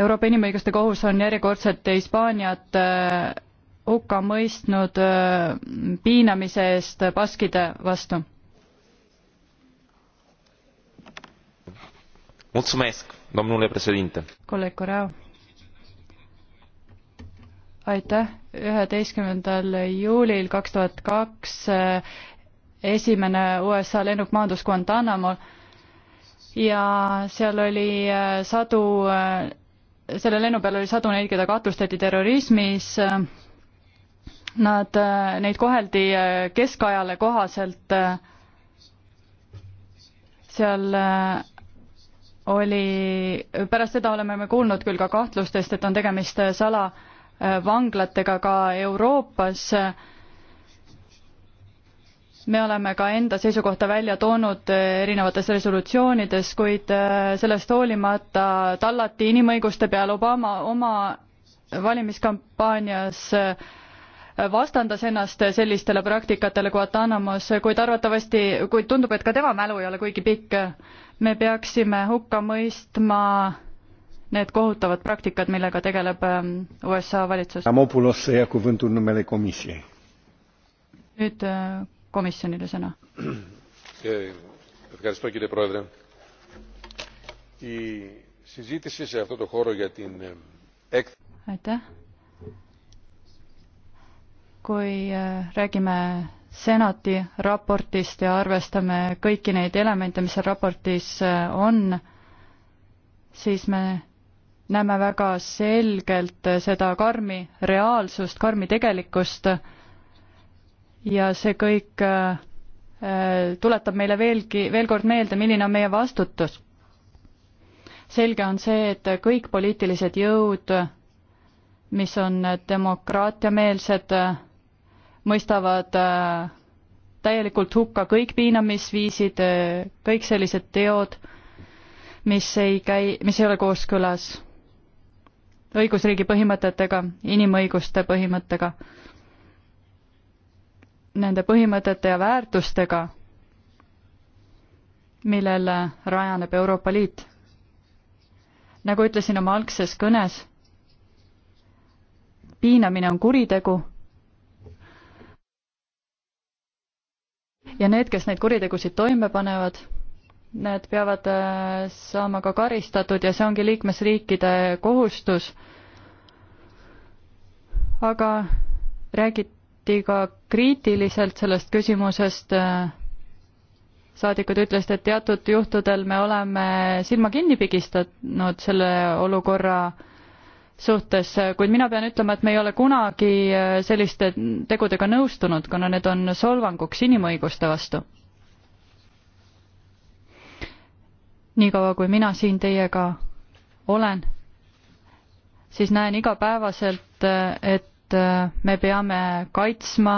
Speaker 3: Euroopa Inimõiguste Kohus on järjekordselt Hispaaniat äh, hukka mõistnud äh, piinamise eest baskide vastu. kolleeg Corrao. aitäh, üheteistkümnendal juulil kaks tuhat kaks äh, esimene USA lennuk maandus Guantanamo ja seal oli sadu selle lennu peal oli sadu neid, keda kahtlustati terrorismis. Nad, neid koheldi äh, keskajale kohaselt. seal äh, oli, pärast seda oleme me kuulnud küll ka kahtlustest, et on tegemist äh, salavanglatega ka Euroopas me oleme ka enda seisukohta välja toonud eh, erinevates resolutsioonides, kuid eh, sellest hoolimata tallati inimõiguste peale Obama oma valimiskampaanias eh, vastandas ennast sellistele praktikatele Guantanamos, kuid arvatavasti, kuid tundub, et ka tema mälu ei ole kuigi pikk. me peaksime hukka mõistma need kohutavad praktikad, millega tegeleb USA valitsus. nüüd komisjonile sõna. Eh, aitäh. kui räägime senati raportist ja arvestame kõiki neid elemente, mis seal raportis äh, on, siis me näeme väga selgelt äh, seda karmi reaalsust, karmi tegelikkust, ja see kõik äh, äh, tuletab meile veelgi, veel kord meelde, milline on meie vastutus. selge on see, et kõik poliitilised jõud, mis on demokraatiameelsed, mõistavad äh, täielikult hukka kõik piinamisviisid, kõik sellised teod, mis ei käi, mis ei ole kooskõlas õigusriigi põhimõtetega, inimõiguste põhimõttega nende põhimõtete ja väärtustega, millele rajaneb Euroopa Liit. nagu ütlesin oma algses kõnes, piinamine on kuritegu ja need, kes neid kuritegusid toime panevad, need peavad äh, saama ka karistatud ja see ongi liikmesriikide kohustus. aga räägid räägiti ka kriitiliselt sellest küsimusest. saadikud ütlesid, et teatud juhtudel me oleme silma kinni pigistanud selle olukorra suhtes, kuid mina pean ütlema, et me ei ole kunagi selliste tegudega nõustunud, kuna need on solvanguks inimõiguste vastu. niikaua, kui mina siin teiega olen, siis näen igapäevaselt, et et äh, me peame kaitsma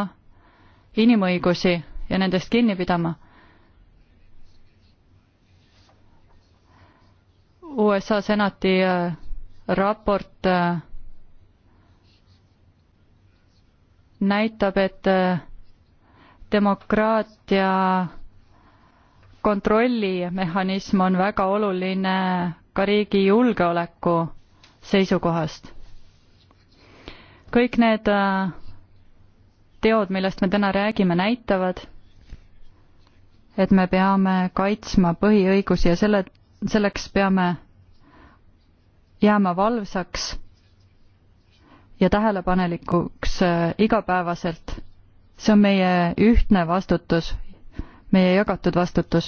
Speaker 3: inimõigusi ja nendest kinni pidama. USA senati äh, raport äh, näitab, et demokraatia kontrollimehhanism on väga oluline ka riigi julgeoleku seisukohast kõik need äh, teod, millest me täna räägime, näitavad, et me peame kaitsma põhiõigusi ja selle, selleks peame jääma valvsaks ja tähelepanelikuks äh, igapäevaselt. see on meie ühtne vastutus, meie jagatud vastutus.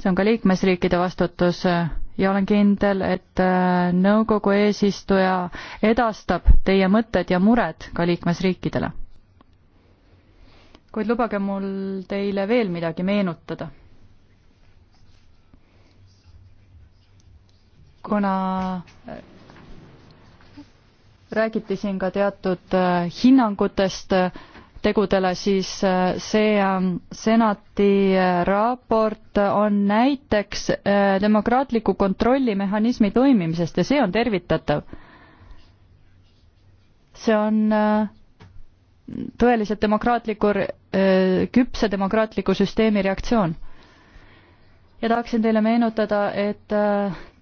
Speaker 3: see on ka liikmesriikide vastutus äh, ja olen kindel, et äh, nõukogu eesistuja edastab teie mõtted ja mured ka liikmesriikidele. kuid lubage mul teile veel midagi meenutada. kuna äh, räägiti siin ka teatud äh, hinnangutest, tegudele, siis äh, see ähm, senati äh, raport on näiteks äh, demokraatliku kontrollimehhanismi toimimisest ja see on tervitatav. see on tõeliselt demokraatliku, küpse demokraatliku süsteemi reaktsioon. ja tahaksin teile meenutada, et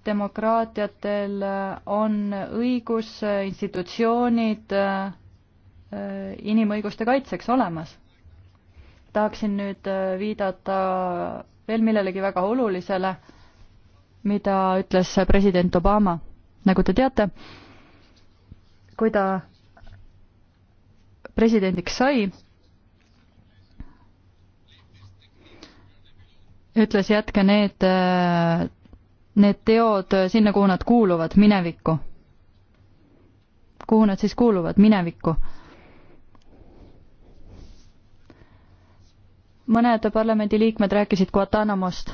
Speaker 3: demokraatiatel on õigus, institutsioonid, Äh, inimõiguste kaitseks olemas. tahaksin nüüd äh, viidata veel millelegi väga olulisele, mida ütles president Obama. nagu te teate, kui ta presidendiks sai, ütles jätke need, äh, need teod sinna, kuhu nad kuuluvad, minevikku. kuhu nad siis kuuluvad, minevikku mõned parlamendiliikmed rääkisid Guantanamost.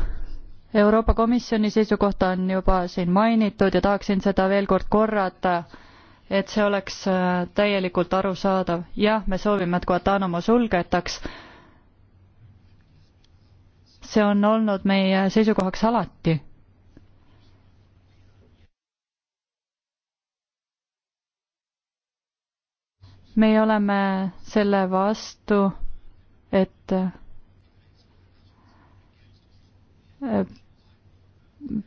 Speaker 3: Euroopa Komisjoni seisukohta on juba siin mainitud ja tahaksin seda veel kord korrata, et see oleks äh, täielikult arusaadav. jah, me soovime, et Guantanamo sulgetaks. see on olnud meie seisukohaks alati meie oleme selle vastu, et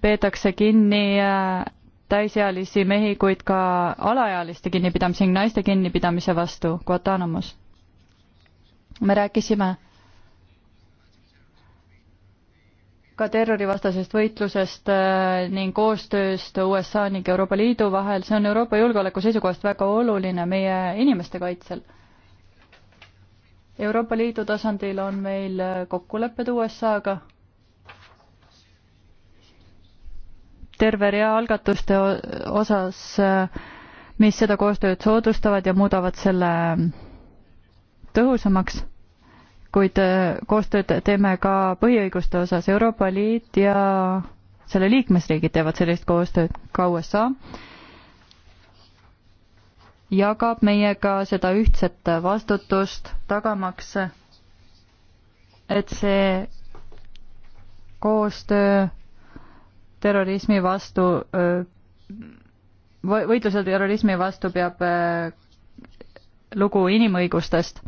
Speaker 3: peetakse kinni äh, täisealisi mehi, kuid ka alaealiste kinnipidamise ning naiste kinnipidamise vastu Guantanamos. me rääkisime ka terrorivastasest võitlusest äh, ning koostööst USA ning Euroopa Liidu vahel, see on Euroopa julgeoleku seisukohast väga oluline meie inimeste kaitsel. Euroopa Liidu tasandil on meil kokkulepped USA-ga terve rea algatuste osas, mis seda koostööd soodustavad ja muudavad selle tõhusamaks, kuid koostööd teeme ka põhiõiguste osas. Euroopa Liit ja selle liikmesriigid teevad sellist koostööd, ka USA jagab meiega seda ühtset vastutust, tagamaks, et see koostöö terrorismi vastu, võitlusel terrorismi vastu peab lugu inimõigustest.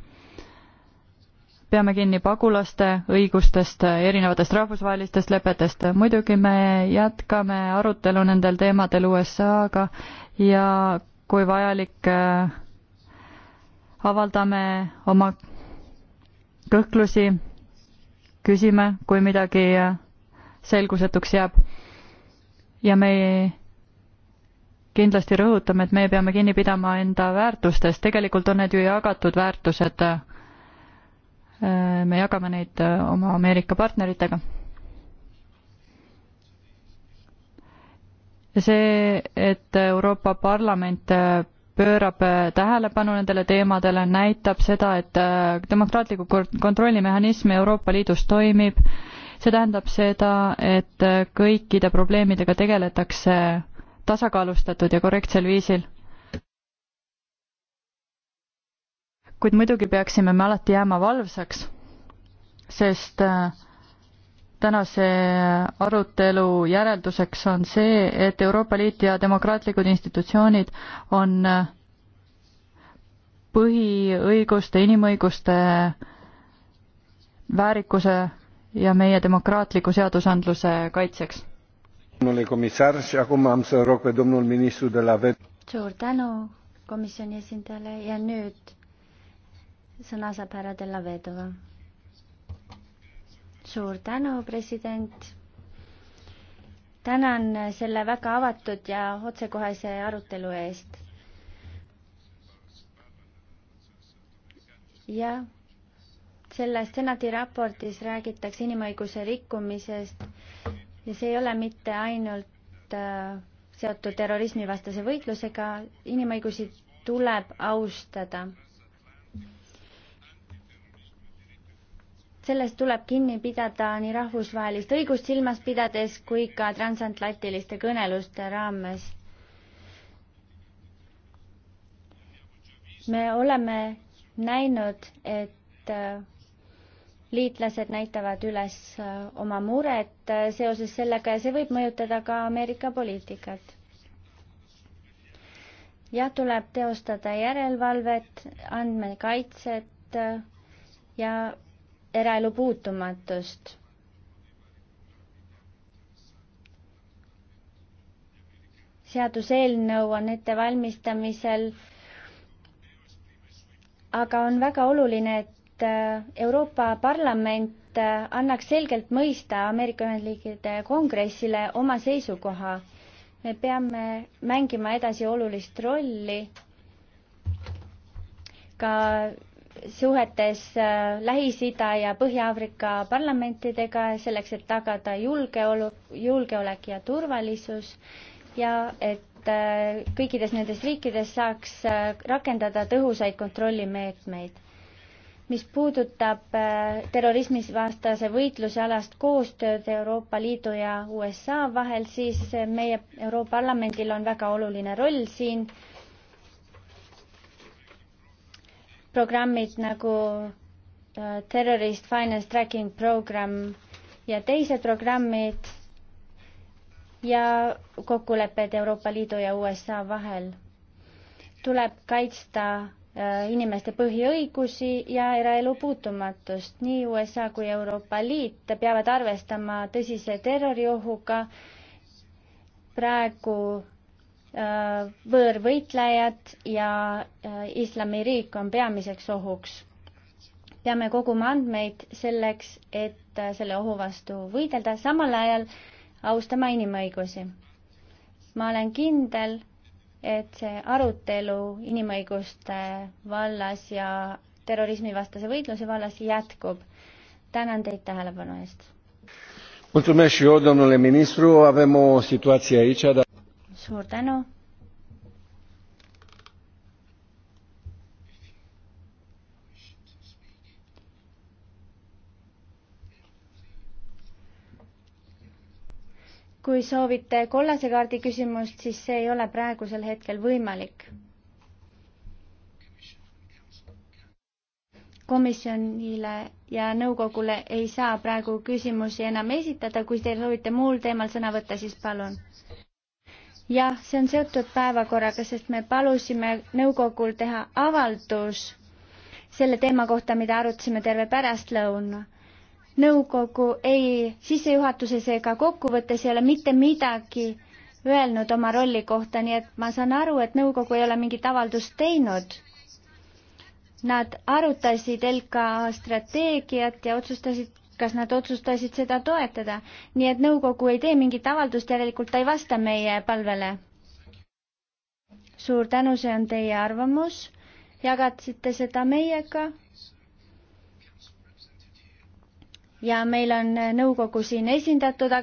Speaker 3: peame kinni pagulaste õigustest, erinevatest rahvusvahelistest lepetest, muidugi me jätkame arutelu nendel teemadel USA-ga ja kui vajalik, avaldame oma kõhklusi, küsime, kui midagi selgusetuks jääb ja me kindlasti rõhutame, et me peame kinni pidama enda väärtustest, tegelikult on need ju jagatud väärtused. me jagame neid oma Ameerika partneritega. ja see, et Euroopa Parlament pöörab tähelepanu nendele teemadele, näitab seda, et demokraatliku kontrollimehhanism Euroopa Liidus toimib see tähendab seda, et kõikide probleemidega tegeletakse tasakaalustatud ja korrektsel viisil. kuid muidugi peaksime me alati jääma valvsaks, sest äh, tänase arutelu järelduseks on see, et Euroopa Liit ja demokraatlikud institutsioonid on äh, põhiõiguste, inimõiguste väärikuse ja meie demokraatliku seadusandluse kaitseks.
Speaker 7: suur tänu komisjoni esindajale ja nüüd sõna saab härra Della Vedova. suur tänu, president. tänan selle väga avatud ja otsekohese arutelu eest. jah selles senati raportis räägitakse inimõiguse rikkumisest ja see ei ole mitte ainult äh, seotud terrorismivastase võitlusega, inimõigusi tuleb austada. sellest tuleb kinni pidada nii rahvusvahelist õigust silmas pidades kui ka transatlantiliste kõneluste raames. me oleme näinud, et äh, liitlased näitavad üles äh, oma muret äh, seoses sellega ja see võib mõjutada ka Ameerika poliitikat. jah, tuleb teostada järelevalvet, andmekaitset äh, ja eraelu puutumatust. seaduseelnõu on ettevalmistamisel aga on väga oluline, et et äh, Euroopa Parlament äh, annaks selgelt mõista Ameerika Ühendriikide kongressile oma seisukoha. me peame mängima edasi olulist rolli ka suhetes äh, Lähis-Ida ja Põhja-Aafrika parlamentidega selleks, et tagada julgeolu, julgeolek ja turvalisus ja et kõikides nendes riikides saaks rakendada tõhusaid kontrollimeetmeid mis puudutab äh, terrorismivastase võitluse alast koostööd Euroopa Liidu ja USA vahel, siis äh, meie Euroopa Parlamendil on väga oluline roll siin. programmid nagu äh, Terrorist Finance Tracking Program ja teised programmid ja kokkulepped Euroopa Liidu ja USA vahel tuleb kaitsta Äh, inimeste põhiõigusi ja eraelu puutumatust. nii USA kui Euroopa Liit peavad arvestama tõsise terroriohuga. praegu äh, võõrvõitlejad ja äh, islamiriik on peamiseks ohuks. peame koguma andmeid selleks, et selle ohu vastu võidelda, samal ajal austama inimõigusi. ma olen kindel et see arutelu inimõiguste vallas ja terrorismivastase võitluse vallas jätkub. tänan teid tähelepanu eest. suur tänu kui soovite kollase kaardi küsimust, siis see ei ole praegusel hetkel võimalik. komisjonile ja nõukogule ei saa praegu küsimusi enam esitada, kui te soovite muul teemal sõna võtta, siis palun. jah, see on seotud päevakorraga, sest me palusime nõukogul teha avaldus selle teema kohta, mida arutasime terve pärastlõuna nõukogu ei sissejuhatuses ega kokkuvõttes ei ole mitte midagi öelnud oma rolli kohta, nii et ma saan aru, et nõukogu ei ole mingit avaldust teinud. Nad arutasid LKA strateegiat ja otsustasid, kas nad otsustasid seda toetada. nii et nõukogu ei tee mingit avaldust, järelikult ta ei vasta meie palvele. suur tänu, see on teie arvamus, jagasite seda meiega ja meil on nõukogu siin esindatud, aga